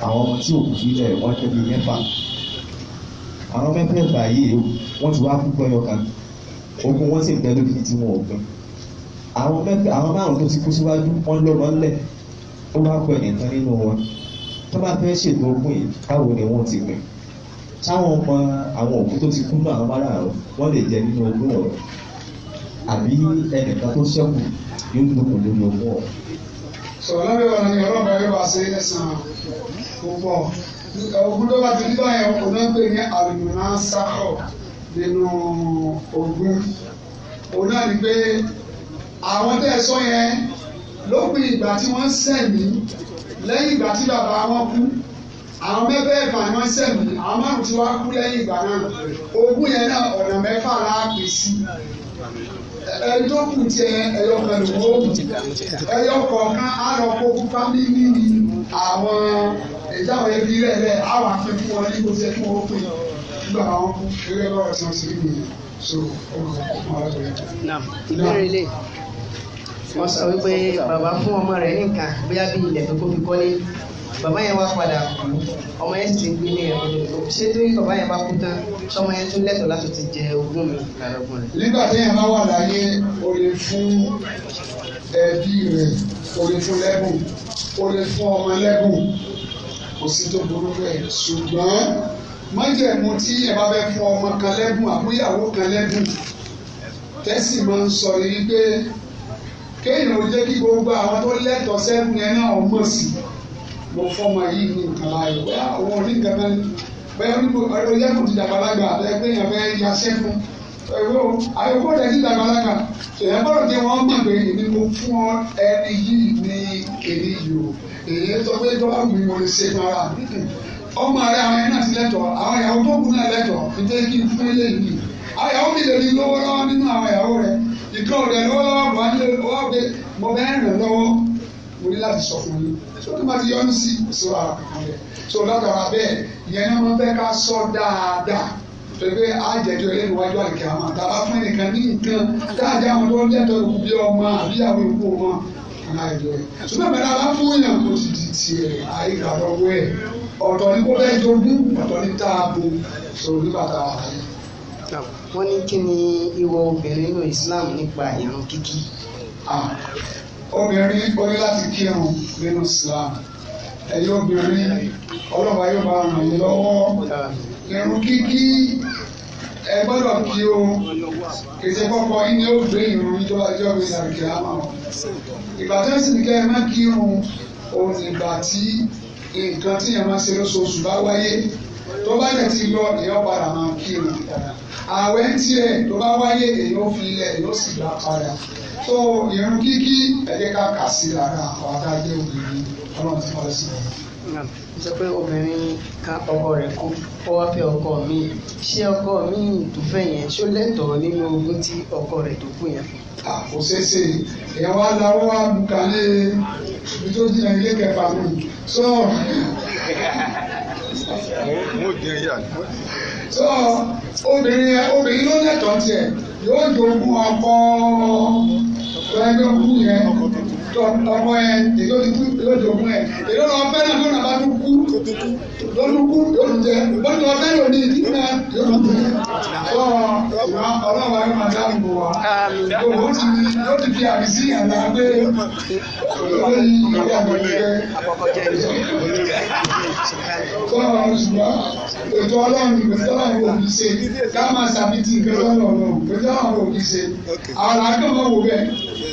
Speaker 1: àwọn ọmọ tí òkú fi lẹ̀ wọ́n tóbi mẹ́fà àwọn mẹ́fẹ̀ẹ̀fà yìí wọ́n ti wá kú pẹ́yọ kan ogun wọn sì ń bẹ lórí ti wọn ò àwọn mẹ́fẹ̀ẹ́ àwọn márùn-ún tó ti kú síwájú wọn lọ́mọ ó wá pẹ́ nìkan nínú wọn tó bá fẹ́ ṣètò ogun yìí táwọn ọmọ àwọn òkú tó ti kú náà àwọn márààrún wọ́n lè jẹ nínú ogún ọ̀rọ̀ àbí ẹnìkan tó ṣẹ́kù yóò dúkùn lórí ogún ọ̀rọ̀. sọ̀rọ̀ lábẹ́ wọn ni ọlọ́run ẹ̀rọ bá ṣe é san púpọ̀ ogún tó bá ti ní báyẹn kò náà pè ní àlùmọ́nà sáhọ̀ nínú ogún òun náà ni pé àwọn tẹ́ ẹ sọ yẹn lópin ìgbà tí wọ́n sẹ̀mí lẹ́yìn ìgbà tí bàbá wọn kú àwọn mẹ́fẹ́ fà ni àwọn márùn tí ìgbà náà ogún yẹn náà ọ̀nà mẹ́fà láàpè sí ẹdọkùn tiẹ ẹyọkọlùwọ ẹyọkọọkan alọkọkù fámìlì ni àwọn kò wọn kú so sọ wípé bàbá fún ọmọ bóyá ilẹ̀ bàbá yẹn wá padà kú ọmọ yẹn sì ti gbé ní ẹ̀rọ ṣé tó yí bàbá yẹn bá kú tán sọmọ yẹn tún lẹ́tọ̀ọ́ láti ti jẹ ogún mi lára ogún rẹ̀. nígbà tí yẹn bá wà láyé o lè fún ẹbí rẹ o lè fún lẹ́bùn o lè fún ọmọ lẹ́bùn kò sí tó burú bẹ́ẹ̀ ṣùgbọ́n májẹ̀mú tí yẹn bá fẹ́ fún ọmọ kan lẹ́bùn àbúyàwó kan lẹ́bùn tẹ́sí máa ń sọ yìí pé kéèyàn ò jẹ́ kí gbogbo àwọn tó lẹ́tọ̀ọ́ sẹ́kùn yẹn náà mọ̀ sí i mo fọ́mọ yìí ní nǹkan láàyò bẹ́ẹ̀ àwọn oníkan náà bẹ́ẹ̀ onígbò ọ̀yẹ́ kò ti dàgbàlagbà bẹ́ẹ̀ pé yẹn fẹ́ ya sẹ́kù ẹ̀rọ àyẹ̀wò rẹ̀ ti dàgbàlagbà ṣèyàn bọ́dọ̀ tí wọ́n gbà pé èmi mo fún ọ ẹni yìí ní èmi yìí o èyí tó pé dọ́là mi mo lè ṣe mara ọmọ rẹ àwọn ẹni náà ti lẹ́tọ̀ọ́ àwọn ìyàwó tó kù náà lẹ́tọ̀ọ́ ìjẹ́ kí n fún eléyìí àwọn ìyàwó mi lè rí lọ́wọ́lọ́wọ́ nínú àwọn ìyàwó rẹ ìkọ́ rẹ lọ́wọ́lọ́wọ́ bọ̀ wá pé mo bẹ́ẹ̀ rẹ̀ lọ́wọ́ mo ní láti sọ fún yín tó tó máa ti yọnu sí ìṣòro ara kankan rẹ̀ so látara bẹ́ẹ̀ ìyẹn ni wọ́n fẹ́ ká sọ dáadáa pẹ̀lú àjẹjọ ẹlẹ́nu wájú àlèkè àmọ́ tàbá fún ẹnìkan ní nǹkan dáadáa wọn tó ń dẹ́tọ̀ ìkú bí ọmọ àbíyàwó ìkú wọn àìjọ ẹ̀ ṣùgbọ́n mẹ́ta fún èèyàn kò sì di tiẹ̀ àìgbà lọ́wọ́ ẹ̀ ọ̀tọ̀ ní kó fẹ́ jogún ní táàbù sọ̀rọ̀ ní bàtà àlàyé. wọ́n ní kí ni ìwọ obìnrin nínú Islam nípa ìrun kíkí obìnrin ó ní láti kírun nínú Islam ẹ̀yin obìnrin ọlọ́ba yóò bá ràn yín lọ́wọ́ irun kíkí ẹ gbọ́dọ̀ kí o ètò ìkọ́kọ́ yín ni ó gbé irun tó bá jọ́ bí sàrìkì àmọ́ ìgbà tó ń sìn kẹ́ ẹ má kírun òun ìgbà tí nǹkan tí yẹn máa ṣe lóṣooṣù bá wáyé tó bá dẹ̀ ti lọ èèyàn padà máa kí ni ààwẹ̀ ń tiẹ̀ tó bá wáyé èèyàn fi ilẹ̀ yóò sì gbà padà tó ìrun kíkí ẹ̀jẹ̀ ká kà sí lára àwọn adájẹ́ obìnrin ọlọ́run ti fọ́lẹ́ sí wọn. sọ pé obìnrin ká ọkọ rẹ̀ kú ó wá fẹ́ ọkọ mi ṣé ọkọ mi tó fẹ́ yẹn ṣó lẹ́tọ̀ọ́ nínú ogún tí ọkọ rẹ̀ tó kú yẹn fún. kò ṣeé ṣe èèyàn wá lawọ́ wá bukalẹ̀ ibi tó jìnnà ilé kẹfà mi sọ
Speaker 2: mo jẹ ìyá ni.
Speaker 1: so obìnrin yẹn obìnrin ló lẹ́tọ̀ọ́ tiẹ̀ yóò jogún ọkọ ọ̀rẹ́dọ́gbù yẹn ọmọ ẹ èló ti kú èló ti ọmọ ẹ èló lọ fẹ́ náà lọ́nà bá tún kú lọ́nà kú yóò jẹ ìbọn lọ fẹ́ lò ní ìdí náà yóò tún jẹ ọ ọlọ́run yóò máa dá ìbò wa yóò ti yóò ti fi àmì sí àná pé olórí ìyàwó àgbọ̀jẹ sọ́nà ọ̀ṣùgbọ́n ètò ọlọ́run ìgbésẹ̀ ọlọ́run ò ní ṣe ká máa ṣàbítì ìgbésẹ̀ ọlọ́run ìgbésẹ̀ ọlọ́run ò ní ṣe àwọn akẹ́kọ̀ọ́ wò bẹ́ẹ̀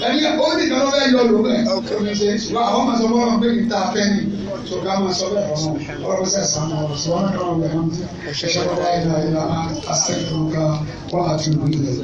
Speaker 1: ẹni ó nìkan ló fẹ́ yọ lò bẹ́ẹ̀ oníṣe ìṣúná àwọn máa sọ fọlọ́run pé ìta afẹ́ ni tó ká máa sọ bẹ́ẹ̀ fọlọ́run ọlọ́run sẹ́ sàn án ọ̀rọ̀ sọ́wọ́n náà lọ́wọ́ ẹ̀ṣẹ̀ ṣẹ́ṣẹ́ wọ́n láyé láyé láyé àṣẹ ìfọ̀nká wọ́n àti ìwé ilẹ̀.